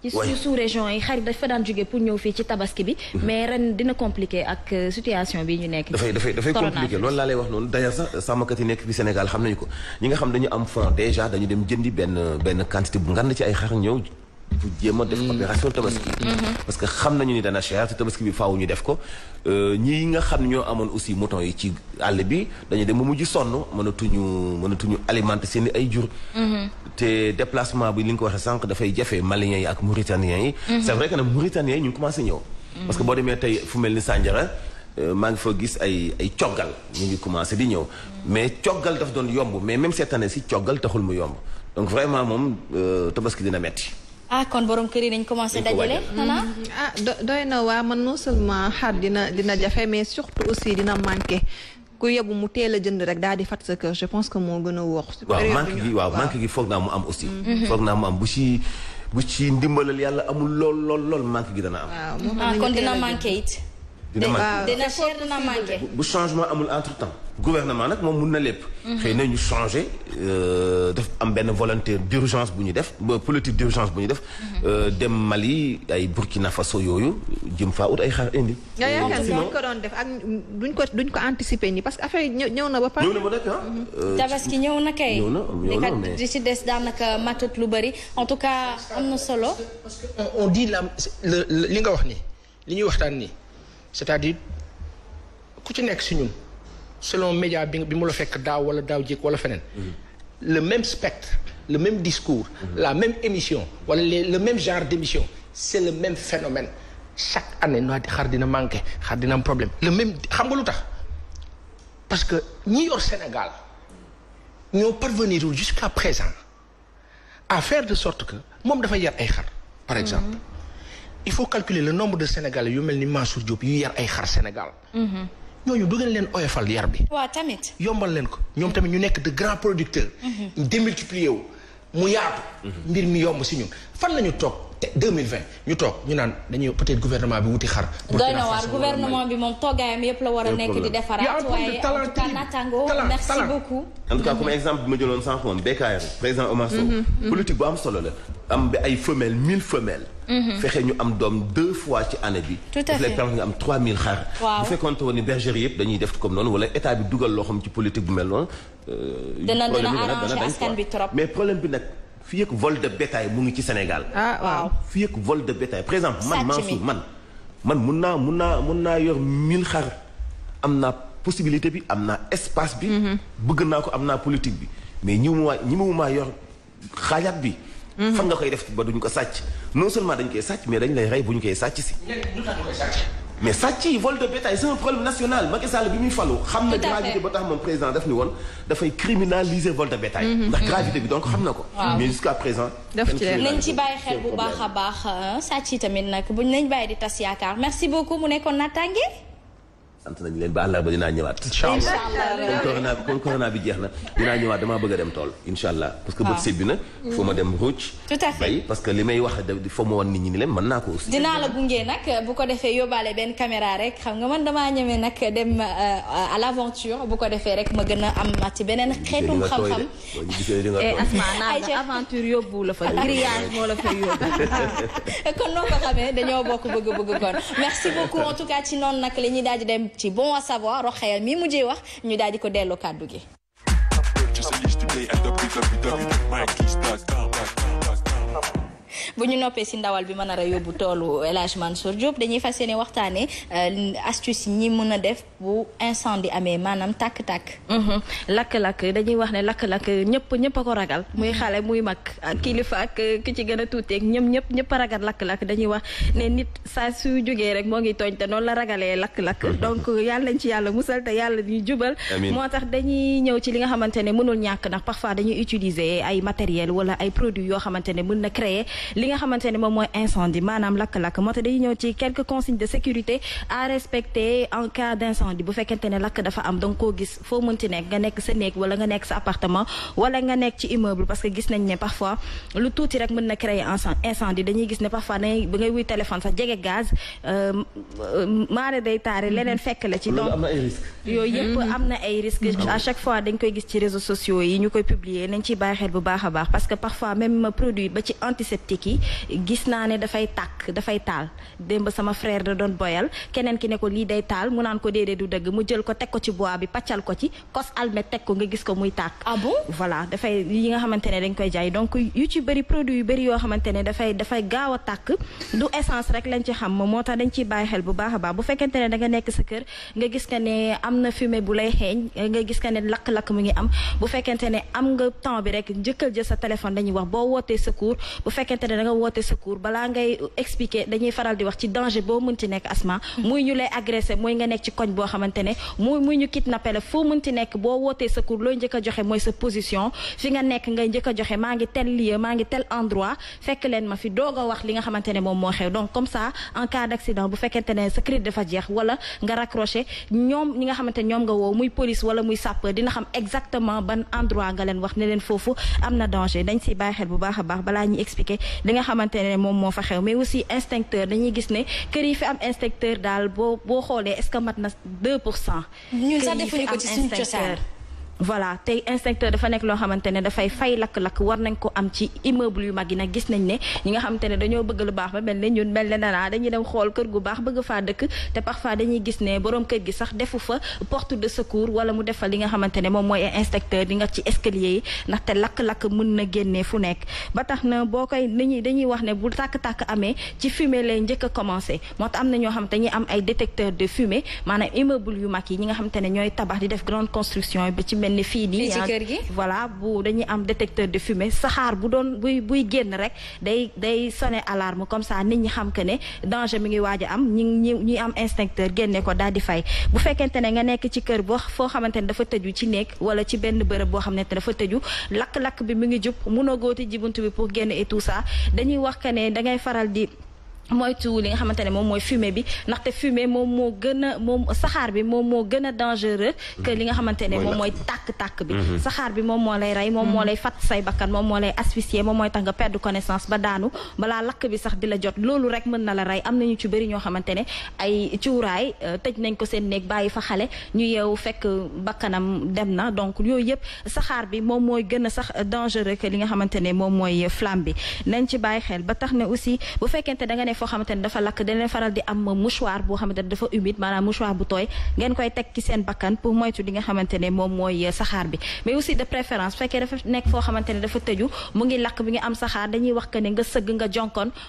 Speaker 2: ci sous yi xar dafa daan jóge pour ñëw fii ci tabaski bi. Mhm. mais ren dina compliqué ak euh, situation bi ñu nekk. dafay dafay dafay compliqué loolu
Speaker 10: laa lay wax noonu d'ailleurs sax sàmmkat yi nekk fi Sénégal xam nañu ko ñi nga xam dañu am franc déjà dañu dem jëndi benn benn quantité bu ngan ngand ci ay xar ñëw. pour jéem a def mm. opération tabaski mm-hmm. parce que xam nañu ni dana cher te tabaski bi faaw ñu def ko euh, ñii nga xam ne ñoo amoon aussi mouton yi ci àll bi dañu dem ba mujj sonn mënatuñu mënatuñu alimenter seen ay jur mm-hmm. te déplacement bi li nga ko waxee sànq dafay jafe maliens yi ak mauritaniens yi mm-hmm. c'est vrai que nag yi ñu ngi commencé ñëw parce que boo demee tey fu mel ni Sandiara euh, maa ngi foo gis ay ay coggal ñu ngi commencé di ñëw mais coggal daf doon yomb mais même cette année si coggal taxul mu yomb donc vraiment moom euh, tabaski dina metti ah kon borom kër
Speaker 2: yi dañ commencé
Speaker 3: dajale
Speaker 1: xanaa
Speaker 2: mm-hmm. ah doy
Speaker 3: na waa man non seulement xar dina dina jafe mais surtout aussi dina manqué ku yebu mu teel a jënd rek daal di fat sa kër je pense que moo gën a wóor waaw manque gi waaw manque
Speaker 10: gi foog naa mu am aussi mm-hmm. Mm-hmm. foog naa mu am bu ci bu ci ndimbalal yàlla amul lool lool lool manque gi dana
Speaker 2: am ah, kon dina manqué it
Speaker 10: dina manqué dina changement amul entre temps gouvernement moom mun na lépp. xëy na ñu changé euh, daf am benn volonté d'urgence bu ñu def politique d'urgence bu ñu def. Mhm. Euh, dem Mali ay Burkina Faso yooyu jëm faa ut ay xaar indi. nga yaakaar euh, duñ ko
Speaker 3: doon def ak duñ ko parce que affaire yi ñëw
Speaker 2: ñëw na ba nag ah.
Speaker 6: Mhm. tabaski
Speaker 2: ñëw na kay. di lu bari en tout cas am na solo. parce
Speaker 5: li nga wax nii li ñuy waxtaan nii. c'est-à-dire ku ci nekk si ñun selon média bi bi mu la fekk daaw wala daaw jékk wala feneen mhm. le même spectre le même discours mhm. la même émission wala le même genre d'émission c'est le même phénomène chaque année noo xar dina manqué xar dina problème le même xam nga lu tax parce que ñi yor Sénégal ñoo parvenir jusqu'à présent à faire de sorte que moom dafay yar ay xar par exemple mhm. il faut calculer le nombre de Sénégalais yu mel ni Mansour Diop yu yar ay xar Sénégal. Mhm. ñooñu du ngeen leen oyofal yar bi.
Speaker 2: waaw tamit.
Speaker 5: yombal leen ko ñoom tamit ñu nekk de grands producteurs. Mhm. démultiplier wu mu yaatu. Mhm. mbir mi yomb si ñun fan lañu toog. te 2020 ñu toog ñu naan dañuy peut-être gouvernement bi
Speaker 10: wuti xar. doy na waar gouvernement
Speaker 2: bi moom toggaayam yëpp la war a nekk di defaraat. waaye
Speaker 10: en ma jëloon sànq moom BKR président Omar Sow. Mm-hmm, mm-hmm. politique bu am solo la. am bi ay femelles mille femelles. Mm-hmm. fexe ñu am doom deux ci année bi. tout à xar. bu fekkoon woon ni bergerie yëpp dañuy def comme noonu wala état bi dugal loo xam ci politique bu mel noonu. Euh, dana dana arrangé askan bi trop mais problème bi nag. fii ak vol de bétail mu ngi ci Sénégal. ah waaw fii ak vol de bétail par exemple. man Mansour man man mun naa mun naa mun naa yor 1000 xar am naa possibilité bi am naa espace bi. Mhm. bëgg naa ko am naa politique bi mais ñi mu ma ñi mu ma yor xaajaat bi. Mhm. fan nga koy def ba duñ ko sàcc non seulement dañ koy sàcc mais dañ lay rey bu ñu koy sàcc si. mais sàcc yi vol de bétail c'est un problème national Macky Sall bi muy falu xam na gravité ba tax moom président daf ni woon dafay criminaliser vol de mhm. ndax gravité bi donc xam na ko nañ ci bàyyi xel bu baax a
Speaker 2: baax sàcc yi tamit nag buñ nañ bàyyi di tas yaakaar merci beaucoup mu nekkoon naataange
Speaker 10: sant nañ leen ba àllarba dinaa ñëwaat. incha allah kon corona kon corona bi jeex na dinaa ñëwaat damaa bëgg a dem tool incha allah. parce que bët séddu na. foo ma dem ruuj. tout à fait parce que li may wax de foo ma wan nit ñi ni leen mën naa ko aussi. dinaa la
Speaker 2: gunge nag bu ko defee yóbbaale benn caméra rek xam nga man damaa ñeme nag dem euh, à l'aventure bu ko defee rek ma gën a am ci beneen xeetum xam-xam. Eh, asma naa aventure yóbbu la fa grillage moo la fa yóbbu. kon noo ko xamee ci bon à savoir Rokhaya mi mujjee wax ñu daal di ko delloo kàddu gi. bu ñu noppee si ndawal bi mën a yóbbu toolu El Hadj Mansour Diop dañuy fas yéene waxtaanee euh, astuce ñi mën a def bu incendie amee maanaam tàkk-tàkk. Mhm. lakk-lakk dañuy wax ne lakk-lakk ñëpp ñëpp ko ragal muy mhm. xale muy mag ak ak euh, ki ci gën a tuuteeg ñoom ñëpp ñëpp a lakk-lakk dañuy wax ne nit saa su jógee rek moo ngi tooñ te noonu la ragalee lakk-lakk mhm. donc yàlla nañ ci yàlla musal te yàlla ñu jubal. moo tax dañuy ñëw ci li nga xamante ne mënul ñàkk ndax parfois dañuy utiliser ay matériel wala ay produits yoo xamante ne mën na créer li nga xamante ne moom mooy incendie maanaam lakk-lakk moo tax dañuy ñëw ci quelques consignes de sécurité à respecter en cas d' bu fekkente ne lakk dafa am donc koo gis foo mënti nekk nga nekk sa néeg wala nga nekk sa appartement wala nga nekk ci immeuble parfois lu ngay wuy téléphone sax jege gaz euh, euh, maare day taare leneen fekk la ci donc yooyu yëpp am na ay risques mm-hmm. à chaque fois dañ koy gis ci réseaux sociaux yi ñu koy publier nañ a ci antiseptique bi gis naa ne dafay tàkk dafay taal démb sama frère da doon boyal keneen ki ne ko lii day taal mu naan ko déedéet du dëgg mu jël ko teg ko ci bois bi paccal ko ci kos almet teg ko nga gis ko muy tàkk ah bon voilà yi nga xamante ne dañ koy jaay donc yu ci bëri produit yu bëri yoo xamante ne dafay dafay gaaw a tàkk du essence rek lañ ci xam moo tax dañ ciy bàyyi xel bu baax a baax bu fekkente ne da nga nekk sa kër nga gis ka ne am na fumée bu lay xeeñ nga gis ka ne lakk-lakk mu ngi am bu fekkente ne am nga temps bi rek njëkkal jël sa téléphone dañuy wax wootee secours bu fekkente ne nga woote secours balaa ngay expliquer dañuy faral di wax ci danger boo mënti nekk asma muy ñu lay agressé muy nga nekk ci koñ boo xamante ne muy muy ñu kidnappé la foo mënti nekk boo wootee secours looy njëkk a joxe mooy sa position fi nga nekk ngay njëkk a joxe maa ngi tel lieu maa ngi tel endroit fekk leen ma fi doog a wax li nga xamante ne moom moo xew donc comme ça en cas d' accident bu fekkente ne sa cri dafa jeex wala nga raccroché ñoom ñi nga xamante woo muy police wala muy sapeur dina xam exactement ban endroit nga leen wax ne leen foofu am na danger dañ si bàyyi xel bu baax a baax balaa nga xamante ne moom moo fa xew mais aussi inspecteur dañuy gis ne kër yi fi am inspecteur daal boo boo xoolee est-ce que mat na 2 pour cent. ñun sax defuñu ko ci suñu voilà tey inspecteur dafa nekk loo xamante ne dafay fay lakk-lakk war nañ ko am ci immeuble yu mag yi nag gis nañ ne ñi nga xamante ne dañoo bëgg lu baax ba mel ne ñun mel ne danaa dañuy dem xool kër gu baax bëgg faa dëkk te parfois dañuy gis ne borom kër gi sax defu fa porte de secours wala mu def li nga xamante ne moom mooy inspecteur di nga ci escalier yi ndaxte lakk-lakk mën na génnee fu nekk ba tax na boo koy dañuy dañuy wax ne bu tàkk-tàkk amee ci fumée lay njëkk commencé moo am na ñoo xamante ñi am ay détecteur de fumée maanaam immeuble yu mag yi ñi nga xamante ne ñooy tabax di def grande construction bi mel ni fii nii ci am détecteur de fume saxaar bu doon buy buy génn rek day day sonné alarme comme ça nit ñi xam que ne danger mu ngi waaj a am ñi ñi ñuy am instincteur génne ko daal di fay bu fekkente ne nga nekk ci kër boo foo xamante ne dafa tëju ci néeg wala ci benn bërëb boo xamante ne dafa tëju lakk-lakk bi mu ngi jub mënoo góoti ji bunt bi pour génn et tout dañuy wax que ne dangay faral di moytu li nga xamante ne moom mooy fumée bi ndaxte fumée moom moo gën a moom saxaar bi moom moo gën a dangereux que li nga xamante ne moom mooy tàkk-tàkk bi mm-hmm. saxaar bi moom moo lay rey moom moo lay fatt say bakkan moom moo lay asphyxier moom mooy tax nga perdre connaissance ba daanu balaa lakk bi sax di la jot loolu rek mën na la rey am nañu ci bëri ñoo xamante ne ay cuuraay euh, tëj nañ ko seen néeg bàyyi fa xale ñu yeewu fekk bakkanam dem na donc yooyu yëpp saxaar bi moom mooy gën a sax dangereux que li nga xamante ne moom mooy flam bi nañ ci bàyyi xel ba tax ne aussi bu fekkente da ne foo xamante ne dafa lakk dina leen faral di am mouchoir boo xamante ne dafa humide maanaam mouchoir bu tooy ngeen koy teg ci seen bakkan pour moytu li nga xamante ne moom mooy euh, saxaar bi mais aussi de préférence fekkee dafa nekk foo nga am saxaar dañuy wax que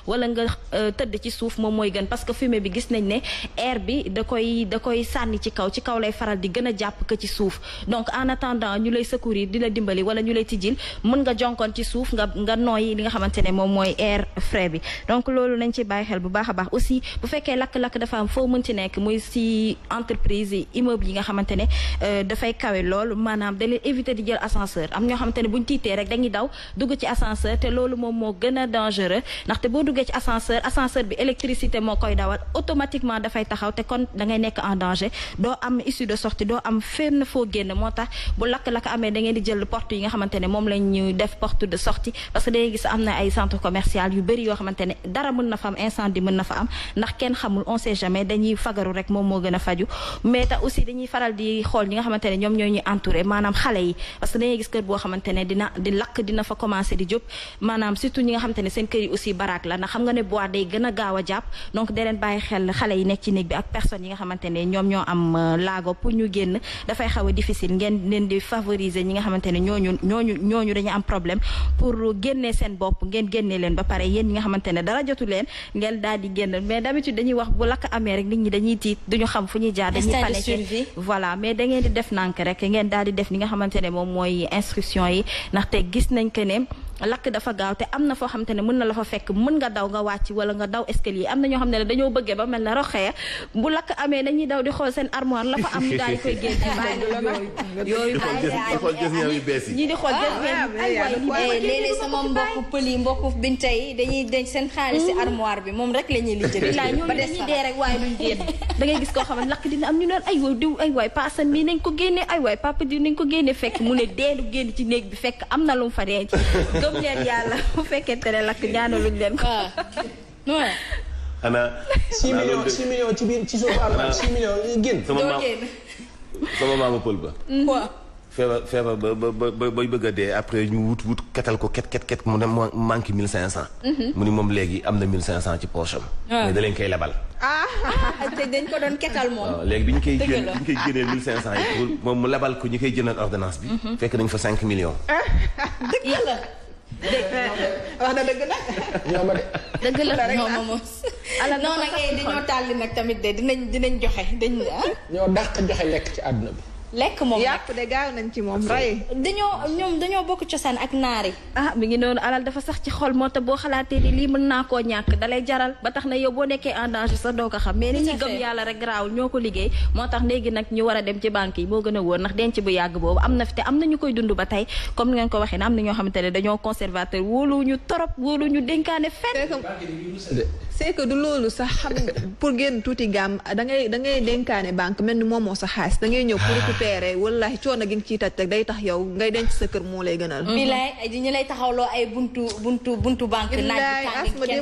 Speaker 2: wala nga euh, tëdd ci suuf moom mooy gën parce que fumée bi gis nañ ne air bi da koy da koy sànni ci kaw ci kaw lay faral di gën a jàpp que ci suuf donc en attendant ñu lay secourir di la dimbali wala ñu lay tijjil mën nga jonkoon ci suuf nga nga nooyi li nga xamante ne moom mooy air frais bi donc loolu nañ ci bàyyi bàyyi a baax aussi bu fekkee lakk-lakk dafa am foo mënti nekk muy si entreprise yi immeuble yi nga xamante euh, dafay kawe lool maanaam da éviter di jël ascenseur am ñoo xamante ne buñ tiitee rek dañuy daw dugg ci ascenseur te loolu moom moo gën a dangereux ndaxte boo duggee ci ascenseur ascenseur bi électricité moo koy dawal automatiquement dafay taxaw te kon da ngay nekk en danger doo am issue de sortie doo am fenn foo génn moo tax bu lakk-lakk amee da ngeen di incendie mën na fa am ndax a faju mais ta aussi surtout ñi nga xamante seen kër yi aussi baraak la ndax xam nga ne bois day gën a gaaw a jàpp donc da leen bàyyi xel xale yi nekk ci néeg bi ak personnes euh, ñi nga xamante ñooñu ñooñu dañu am problème pour génnee seen bopp ngeen génnee leen ba pare yéen ñi nga xamante dara jotu leen ngeen daal di génn mais d'habitude dañuy wax bu lakk amee rek nit ñi dañuy tiit duñu xam fu ñuy jaar dañuy paniqué voilà mais da ngeen di def nànk rek ngeen daal di def li nga xamante ne moom mooy instruction yi te gis nañ que ne lakk dafa gaaw te am na foo xam te ne mën na la fa fekk mën nga daw nga wàcc wala nga daw escalier am na ñoo xam ne dañoo bëggee ba mel na roxee bu lakk amee dañuy daw di xool seen armoire la fa am ñu daal di koy génn
Speaker 1: yooyu ñii di xool ah, léeg-léeg sama mbokku
Speaker 2: pël yi mbokku binte yi seen xaalis si armoire bi moom rek la ñuy lijjanti laay ñoom dañuy dee rek waaye duñ génn da gis koo xam ne lakk dina am ñu naan ay waay diw ay nañ ko génnee ay waay papa diw nañ ko génnee fekk mu ne deelu génn ci néeg bi fekk am na lu mu fa denc gëm leen yàlla bu fekkee tere lakk ñaanaluñ leen ko. Ah. non.
Speaker 10: xanaa. 6 millions millions
Speaker 9: ci
Speaker 1: na 6
Speaker 10: millions génn. sama
Speaker 1: maam maamu pël ba. Mm. quoi.
Speaker 10: feebar feebar ba ba ba bay bëgg a dee après ñu wut wut ketal ko ket ket ket mu ne manque mill cinq cent mm-hmm. mu ni moom léegi am na mille cinq cent ci poche am ah. koy lebal
Speaker 1: ah. ah
Speaker 2: te dañ ko doon ketal moom
Speaker 10: léegi bi ñu koy génn bi ñu koy génnee mille cinq cent yi moom mu lebal ko ñu koy jëndal ordonnance bi mm-hmm. fekk nañ fa cinq millions
Speaker 2: dëgg wax na dëgg nag. ñoom de. dëgg la ñoom moom.
Speaker 1: ala noonu nag eh, dañoo
Speaker 2: tàlli nag tamit de dinañ dinañ joxe dañ. Ah. ñoo dàq
Speaker 5: joxe lekk ci àdduna bi.
Speaker 2: lekk moom yàpp de gaaw nañ ci moom rey. dañoo ñoom dañoo bokk cosaan ak naar yi ah mu ngi noonu alal dafa sax ci xol moo tax boo xalaatee ni lii mën naa koo ñàkk dalay jaral ba tax na yow boo nekkee en sax doo ko xam. mais ni ñi gëm yàlla rek raawul ñoo ko liggéey. moo tax léegi nag ñu war a dem ci banque yi moo gën a wóor ndax denc bu yàgg boobu am na fi te am na ñu koy dund ba tey comme ngeen ko waxee ne am na ñoo xamante ne dañoo conservateur wóoluwuñu torop wóoluwuñu dénkaane fenn. c'est que du loolu sax pour génn
Speaker 3: tuuti gàmm da ngay da ngay dénkaane banque mel ni moom moo sa xaalis da ngay ñëw pour ah. récupérer wallaahi coono gi nga taj rek day tax yow ngay denc sa kër moo lay gënal. Mm-hmm. bilaay
Speaker 2: ñu lay taxawloo ay buntu buntu buntu banque. naaj bi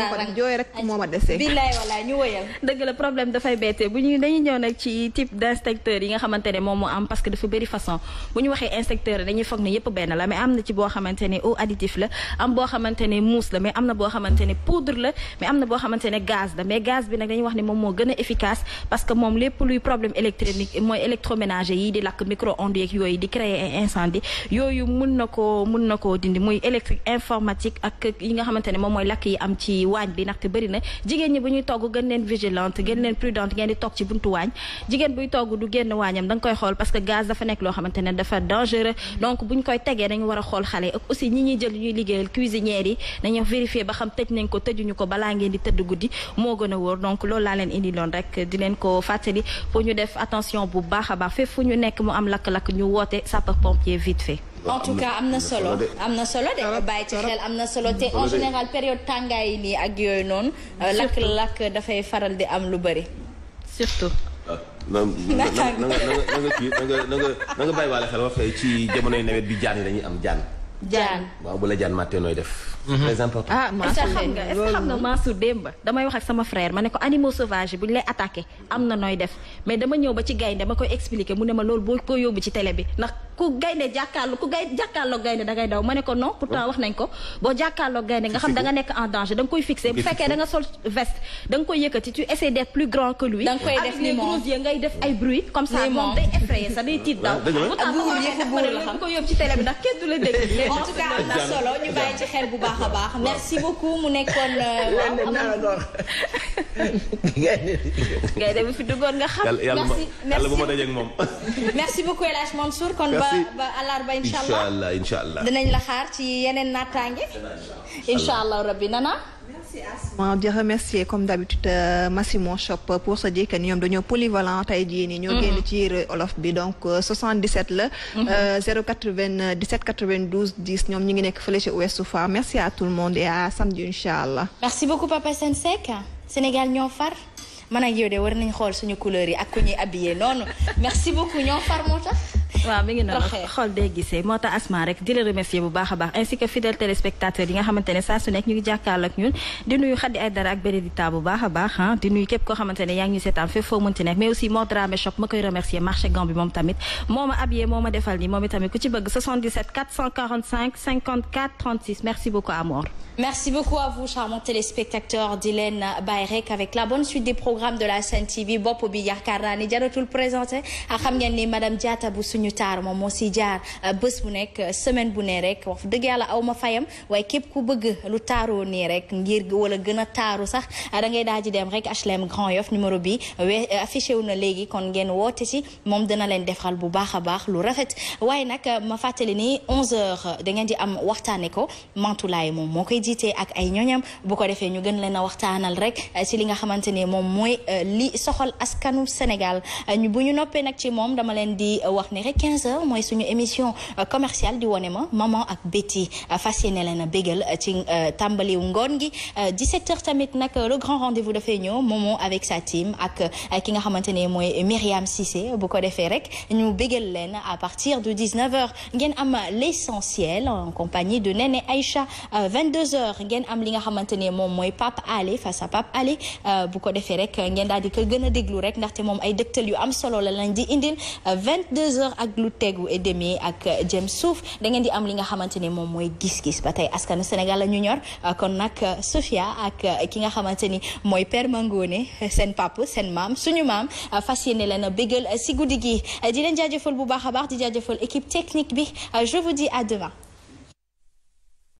Speaker 2: tàng rek moo ma dese. bilaay walaay ñu woyal. dëgg la problème dafay bette bu ñu dañuy ñëw nag ci type d'inspecteur yi nga xamante ne moom moo am parce que dafa bëri façon bu ñu waxee inspecteur dañuy foog ne yëpp benn la mais am na ci boo xamante ne eau additif la am boo xamante ne mousse la mai am na boo xamante ne poudre la am boo xamante gaz la mais gaz bi nag dañuy wax ne moom moo gën a efficace parce que moom lépp luy problème électronique mooy électroménager yi di lakk micro-ondes yooyu di créer incendie yooyu mun na koo mun na koo dindi muy électrique informatique ak yi nga xamante moom mooy lakk yi am ci waañ bi ndaxte bëri jigéen ñi bu ñuy togg gën leen vigilante gën leen prudente ngeen di toog ci buntu waañ jigéen buy togg du génn waañam da koy xool parce di tëdd guddi moo gën a wóor donc loolu laa leen indi loon rek di leen ko fàttali pour ñu def attention bu baax a baax fépp fu ñu nekk mu am lakk-lakk ñu woote sapeur pompier vite fait. en tout cas am na solo am na solo de bàyyi ci xel am na solo te en général période tàngaay nii ak yooyu noonu. Euh, lakk-lakk dafay faral di am lu bari
Speaker 1: surtout.
Speaker 10: Ah, na na nga na nga na nga bàyyi waale xel wax ci jamonoy nawet bi jaan yi am jaan. jaan waaw bu la jaan màttee nooy def. Mhm. très important. ah
Speaker 2: Mansour xam nga est ce que xam nga démb damay wax ak sama frère ma ne ko animaux sauvages bu ñu lay attaqué am na nooy def mais dama ñëw ba ci gaynde ma koy expliqué mu ne ma loolu boo ko yóbbu ci télé bi ndax. ku gaynde jàkkaarloo ku gay jàkkaarloo gaynde da ngay daw ma ne ko non pourtant wax nañ ko boo jàkkaarloo gaynde nga xam da nga nekk en danger da nga koy fixé bu fekkee da nga sol veste da nga koy yëkkati tu essaies d'être def moom xam ko yóbbu ci télé bi na solo ñu bàyyi a baax. merci beaucoup mu nekkoon. Euh, gaynde bi fi duggoon nga xam. merci merci yàlla moom. merci kon ba passé ba àllarba incha allah incha allah dinañ la xaar ci yeneen naataange. incha allah rabbi nana. merci Asma
Speaker 3: di remercier comme d'habitude euh, Massimo Shop euh, pour se dire que ñoom dañoo polyvalent tey jii nii. ñoo mhm. génn ci olof bi donc 77 euh, la. 097 mhm. 92 ñoom ñu ngi nekk fële ci Ouest Foire merci à tout le
Speaker 2: monde et à samedi incha allah. merci beaucoup Papa Sène Seck Sénégal ñoo far. man ak yow de war nañ xool suñu couleur yi ak ku ñuy noonu merci beaucoup ñoo far moo tax waaw mi ngi noonu xool day gisee moo asma rek di la remercier bu baax a baax ainsi que fidèle téléspectateur yi nga xamante ne saa su ñu ngi jàkkaarloo ak ñun di nuyu Khady Aïdara ak Bénédicta bu baax a baax ah di nuyu képp koo xamante ne yaa ngi ñu seetaan fépp foo munti nekk mais aussi Mor Dramé shop ma koy remercier marché Gambie moom tamit moo ma habillé moo ma defal nii moom itamit ku ci bëgg merci beaucoup à Mor merci beaucoup à vous charmants téléspectateurs suñu taar moom moo si jaar euh, bés bu nekk euh, semaine bu nee rek wax dëgg yàlla aw ma fayam waaye képp ku bëgg lu taaroo nii rek ngir wala gën a taaru sax euh, da ngay daal di dem rek HLM Grand Yoff numéro bi we affiché wu na léegi kon ngeen woote ci moom dana leen defaral bu baax a baax lu rafet waaye nag ma fàttali ni 11h da di am waxtaanee ko Mantoulaye moom moo koy jiitee ak ay ñoñam bu defee ñu gën leen a waxtaanal rek ci li nga xamante ni moom mooy li soxal askanu Sénégal bu ñu noppee nag ci moom dama leen di wax ni rek 15h mooy suñu émission euh, commerciale di wone ma maman ak Betty euh, fas yéene leen a bégal euh, ci tàmbaliw ngoon gi 17h tamit nag le grand rendez-vous dafay ñëw Momo avec sa team ak ki nga xamante ne mooy Myriam Cissé bu ko defee rek ñu bégal leen à partir de 19h ngeen am l'essentiel en compagnie de Nene Aïcha 22h ngeen am li nga xamante ne moom mooy Pape Alé face à Pape Alé bu ko defee rek ngeen daal di ko gën a déglu rek ndaxte moom ay dëktal yu am solo la lañ di indil ak lu tegu et demi ak jëm suuf da ngeen di am li nga xamante ne moom mooy gis-gis ba tey askanu Sénégal la ñu ñor euh, kon nag euh, Sofia ak euh, ki nga xamante ni mooy Père Mangone seen pap seen maam suñu maam fas yéene leen a bégal si guddi gi di leen jaajëfal bu baax a baax di jaajëfal équipe technique bi je vous dis à